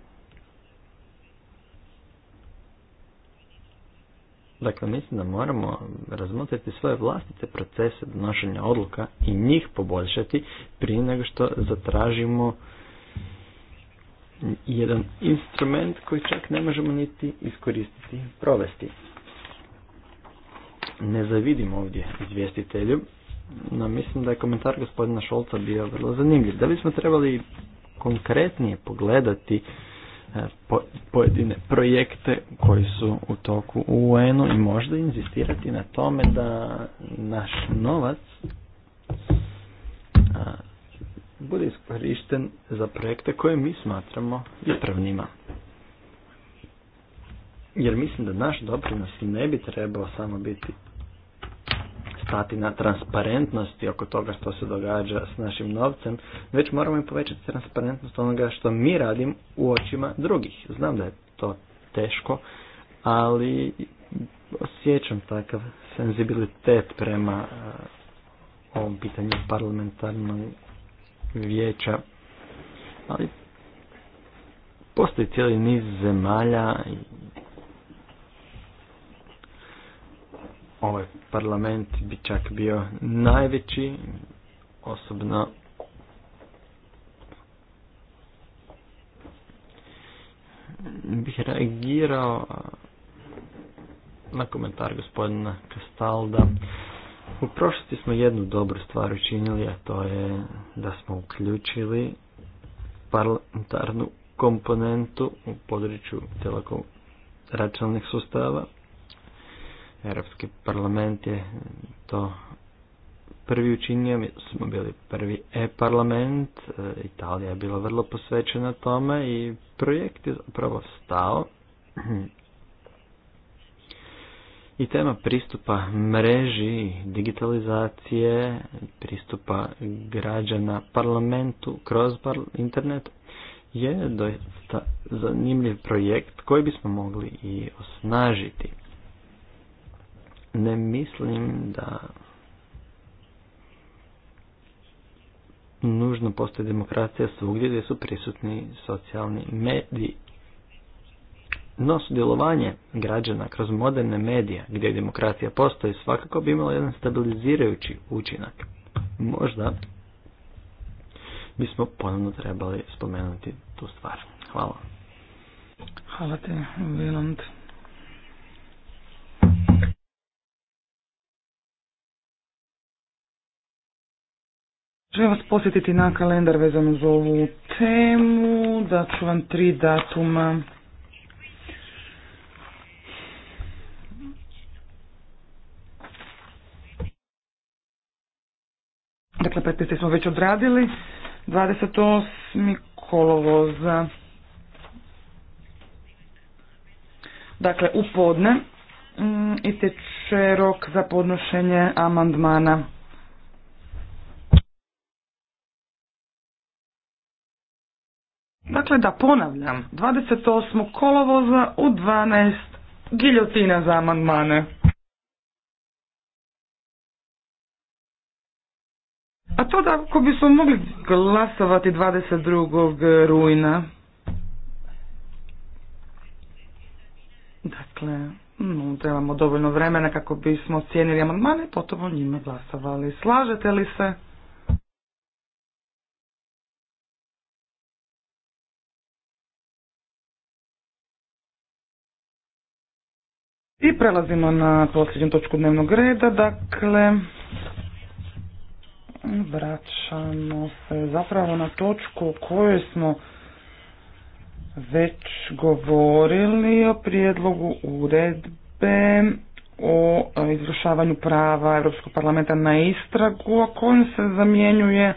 Dakle, mislim da moramo razmotriti svoje vlastite procese donošenja odluka i njih poboljšati prije nego što zatražimo jedan instrument koji čak ne možemo niti iskoristiti, provesti. Ne zavidimo ovdje izvjestitelju, no mislim da je komentar gospodina Šolca bio vrlo zanimljiv. Da bismo trebali konkretnije pogledati E, pojedine projekte koji su u toku u UN-u i možda inzistirati na tome da naš novac e, bude iskorišten za projekte koje mi smatramo ispravnima. Jer mislim da naš doprinos ne bi trebao samo biti prati na transparentnosti oko toga što se događa s našim novcem, već moramo i povećati transparentnost onoga što mi radim u očima drugih. Znam da je to teško, ali osjećam takav senzibilitet prema eh, ovom pitanju parlamentarnog vijeća. Ali postoji cijeli niz zemalja i ovaj parlament bi čak bio najveći osobno bih reagirao na komentar gospodina Kastalda. U prošlosti smo jednu dobru stvar učinili, a to je da smo uključili parlamentarnu komponentu u području telekom računalnih sustava. Europski parlament je to prvi učinio, mi smo bili prvi e-parlament, e, Italija je bila vrlo posvećena tome i projekt je zapravo stao. I tema pristupa mreži, digitalizacije, pristupa građana parlamentu kroz internet je doista zanimljiv projekt koji bismo mogli i osnažiti ne mislim da nužno postoji demokracija svugdje gdje su prisutni socijalni mediji. No sudjelovanje građana kroz moderne medije gdje demokracija postoji svakako bi imalo jedan stabilizirajući učinak. Možda bismo ponovno trebali spomenuti tu stvar. Hvala. Hvala te, Želim vas posjetiti na kalendar vezano za ovu temu, Daću vam tri datuma. Dakle, petpiste smo već odradili, 28. kolovoza. Dakle, u podne mm, i teče rok za podnošenje amandmana. Dakle, da ponavljam, 28. kolovoza u 12. giljotina za amandmane. A to da ako bismo mogli glasovati 22. rujna. Dakle, trebamo dovoljno vremena kako bismo cijenili amandmane i potom njima glasovali. Slažete li se? I prelazimo na posljednju točku dnevnog reda, dakle vraćamo se zapravo na točku o kojoj smo već govorili o prijedlogu uredbe o izvršavanju prava Europskog parlamenta na istragu, a kojom se zamjenjuje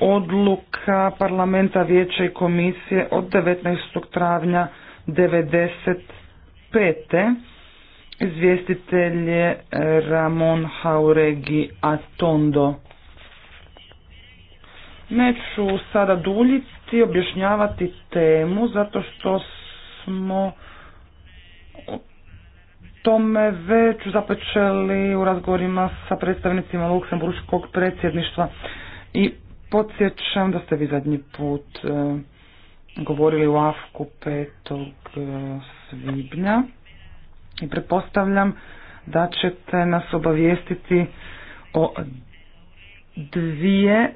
odluka parlamenta vijeća i komisije od 19. travnja 95. Izvjestitelj je e, Ramon Hauregi Atondo. Neću sada duljiti, objašnjavati temu, zato što smo tome već započeli u razgovorima sa predstavnicima Luksemburškog predsjedništva i podsjećam da ste vi zadnji put e, govorili u Afku 5. E, svibnja i pretpostavljam da ćete nas obavijestiti o dvije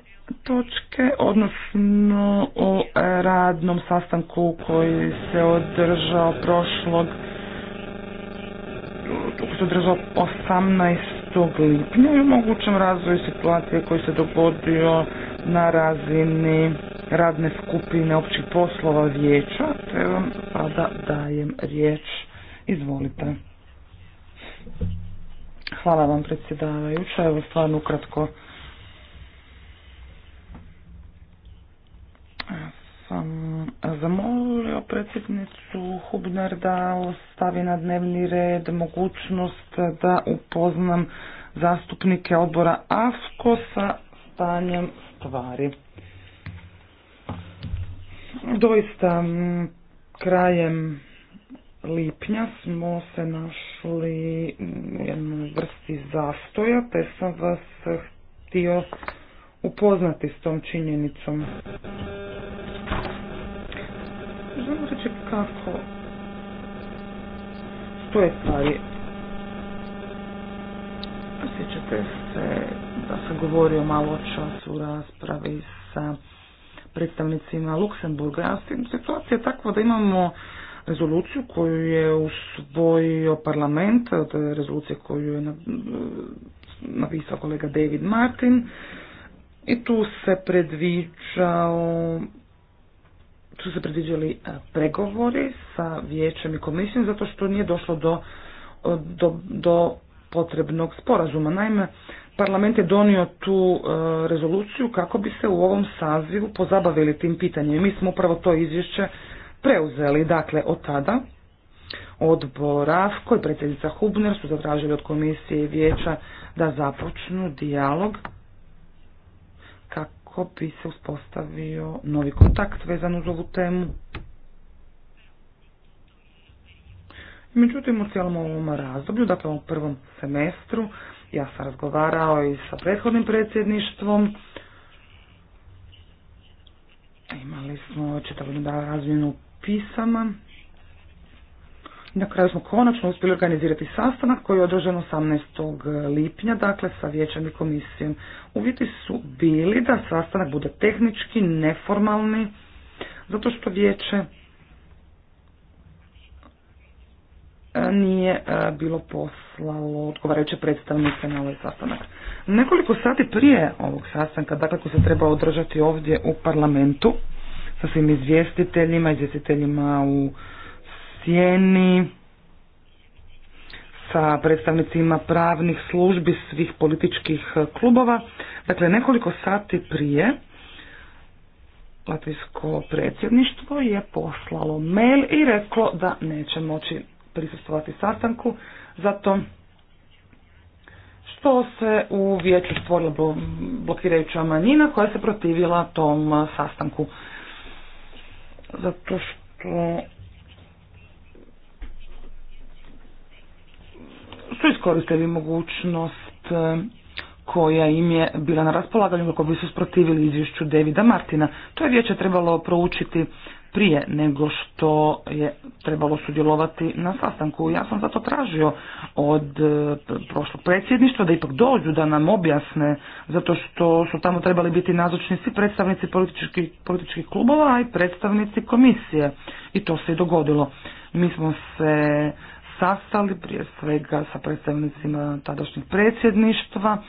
točke, odnosno o radnom sastanku koji se održao prošlog se održao 18. lipnja i o mogućem razvoju situacije koji se dogodio na razini radne skupine općih poslova vijeća, te vam sada dajem riječ Izvolite. Hvala vam predsjedavajuća. Evo stvarno ukratko. Sam zamolio predsjednicu Hubner da ostavi na dnevni red mogućnost da upoznam zastupnike odbora AFKO sa stanjem stvari. Doista krajem lipnja smo se našli u jednoj vrsti zastoja, te sam vas htio upoznati s tom činjenicom. Želim reći kako stoje stvari. Sjećate se da sam govorio malo času u raspravi sa predstavnicima Luksemburga. Situacija je takva da imamo rezoluciju koju je usvojio parlament, to je rezolucija koju je napisao kolega David Martin i tu se predviđao tu se predviđali e, pregovori sa vijećem i komisijom zato što nije došlo do, do, do potrebnog sporazuma. Naime, parlament je donio tu e, rezoluciju kako bi se u ovom sazivu pozabavili tim pitanjem. Mi smo upravo to izvješće preuzeli. Dakle, od tada odbor AFKO i predsjednica Hubner su zatražili od komisije i vijeća da započnu dijalog kako bi se uspostavio novi kontakt vezan uz ovu temu. Međutim, u cijelom ovom razdoblju, dakle u prvom semestru, ja sam razgovarao i sa prethodnim predsjedništvom, imali smo da razvijenu pisama. Na kraju smo konačno uspjeli organizirati sastanak koji je održan 18. lipnja, dakle sa vijećem i komisijom. Uvjeti su bili da sastanak bude tehnički, neformalni, zato što vijeće e, nije e, bilo poslalo odgovarajuće predstavnike na ovaj sastanak. Nekoliko sati prije ovog sastanka, dakle koji se treba održati ovdje u parlamentu, sa svim izvjestiteljima, izvjestiteljima u sjeni, sa predstavnicima pravnih službi svih političkih klubova. Dakle, nekoliko sati prije Latvijsko predsjedništvo je poslalo mail i reklo da neće moći prisustovati sastanku, zato što se u vijeću stvorila blokirajuća manjina koja se protivila tom sastanku zato što su iskoristili mogućnost e, koja im je bila na raspolaganju kako bi se sprotivili izvješću Davida Martina. To je vijeće trebalo proučiti prije nego što je trebalo sudjelovati na sastanku. Ja sam zato tražio od e, prošlog predsjedništva da ipak dođu da nam objasne zato što su tamo trebali biti nazočni svi predstavnici političkih, političkih klubova i predstavnici komisije i to se i dogodilo. Mi smo se sastali prije svega sa predstavnicima tadašnjih predsjedništva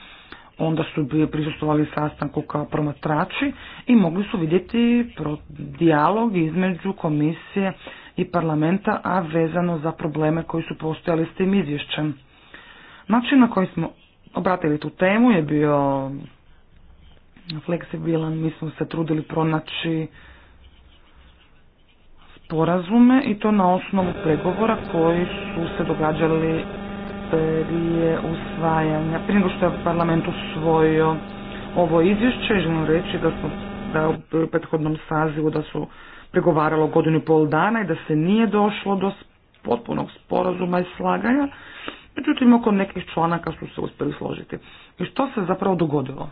onda su prisustovali sastanku kao promatrači i mogli su vidjeti dijalog između komisije i parlamenta, a vezano za probleme koji su postojali s tim izvješćem. Način na koji smo obratili tu temu je bio fleksibilan, mi smo se trudili pronaći sporazume i to na osnovu pregovora koji su se događali prije usvajanja, prije nego što je parlament usvojio ovo izvješće, želim reći da smo da u prethodnom sazivu da su pregovaralo godinu i pol dana i da se nije došlo do potpunog sporazuma i slaganja, međutim oko nekih članaka su se uspjeli složiti. I što se zapravo dogodilo?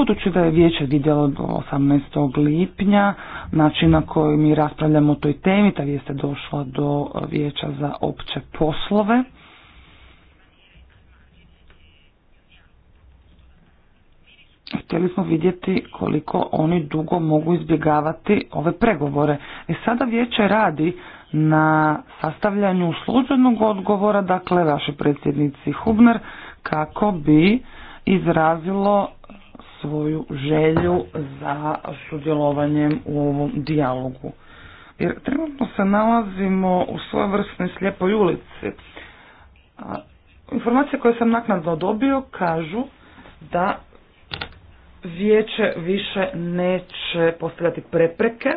Budući da je vijeće vidjelo do 18. lipnja način na koji mi raspravljamo o toj temi, ta vijest je došla do vijeća za opće poslove. Htjeli smo vidjeti koliko oni dugo mogu izbjegavati ove pregovore. i e sada vijeće radi na sastavljanju službenog odgovora, dakle vaši predsjednici Hubner, kako bi izrazilo svoju želju za sudjelovanjem u ovom dijalogu. Jer trenutno se nalazimo u svojevrsnoj slijepoj ulici. Informacije koje sam naknadno dobio kažu da vijeće više neće postavljati prepreke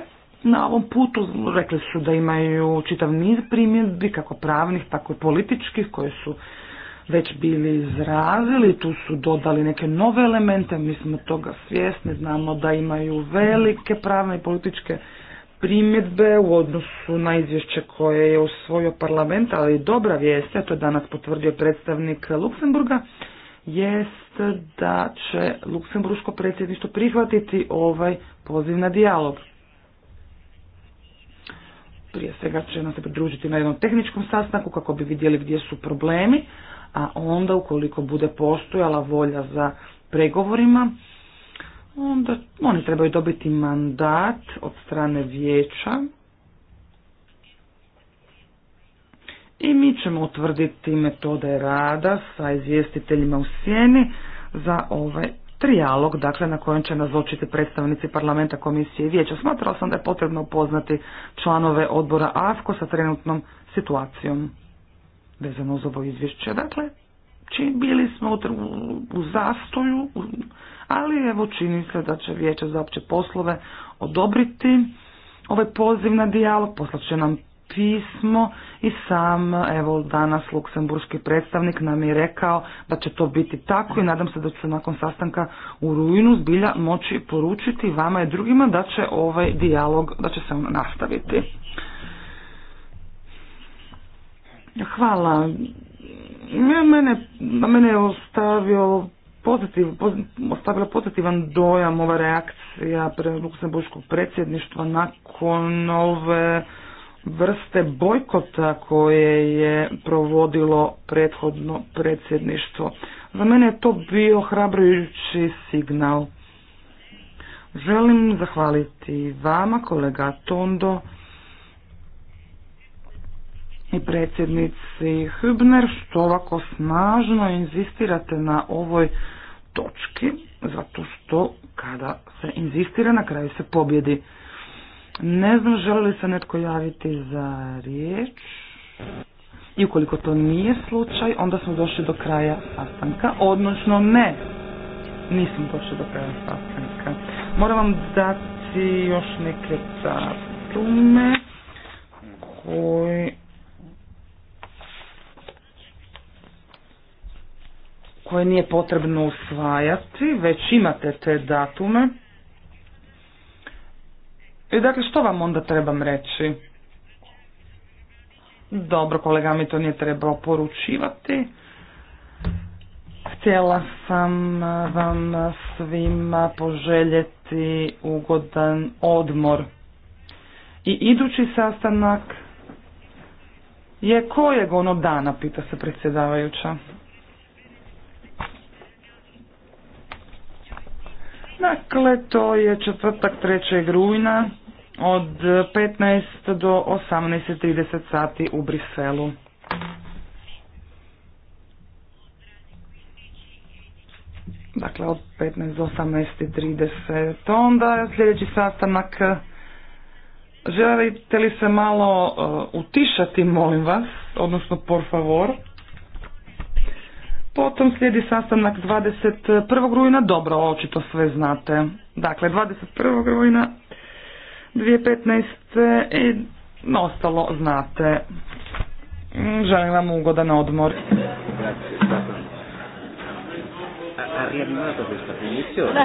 na ovom putu. Rekli su da imaju čitav niz primjedbi, kako pravnih, tako i političkih, koje su već bili izrazili, tu su dodali neke nove elemente, mi smo toga svjesni, znamo da imaju velike pravne i političke primjedbe u odnosu na izvješće koje je usvojio parlament, ali dobra vijest, a to je danas potvrdio predstavnik Luksemburga, jest da će Luksemburško predsjedništvo prihvatiti ovaj poziv na dijalog. Prije svega će nam se pridružiti na jednom tehničkom sastanku kako bi vidjeli gdje su problemi, a onda ukoliko bude postojala volja za pregovorima, onda oni trebaju dobiti mandat od strane vijeća i mi ćemo utvrditi metode rada sa izvjestiteljima u sjeni za ovaj trijalog, dakle na kojem će nazočiti predstavnici parlamenta, komisije i vijeća. Smatrao sam da je potrebno upoznati članove odbora AFKO sa trenutnom situacijom vezano za ovo izvješće. Dakle, bili smo u zastoju, ali evo čini se da će vijeće za opće poslove odobriti ovaj poziv na dijalog, poslat će nam pismo i sam evo danas luksemburški predstavnik nam je rekao da će to biti tako i nadam se da se nakon sastanka u rujnu zbilja moći poručiti vama i drugima da će ovaj dijalog, da će se on nastaviti. Hvala. Mene, mene je ostavio pozitiv, ostavila pozitivan dojam ova reakcija pre Luksemburgskog predsjedništva nakon ove vrste bojkota koje je provodilo prethodno predsjedništvo. Za mene je to bio hrabrujući signal. Želim zahvaliti vama, kolega Tondo, i predsjednici Hübner što ovako snažno inzistirate na ovoj točki, zato što kada se inzistira na kraju se pobjedi. Ne znam želi li se netko javiti za riječ. I ukoliko to nije slučaj, onda smo došli do kraja sastanka, odnosno ne, nisam došli do kraja sastanka. Moram vam dati još neke datume koje koje nije potrebno usvajati, već imate te datume. I dakle, što vam onda trebam reći? Dobro, kolega mi to nije trebao poručivati. Htjela sam eh, vam svima poželjeti ugodan odmor. I idući sastanak je kojeg ono dana, pita se predsjedavajuća. Dakle, to je četvrtak 3. rujna od 15 do 18.30 sati u Briselu. Dakle, od 15 do 18.30. Onda sljedeći sastanak. Želite li se malo uh, utišati, molim vas, odnosno por favor. Potom slijedi sastanak 21. rujna, dobro, očito sve znate. Dakle, 21. rujna 2015. i ostalo znate. Želim vam ugodan odmor. ja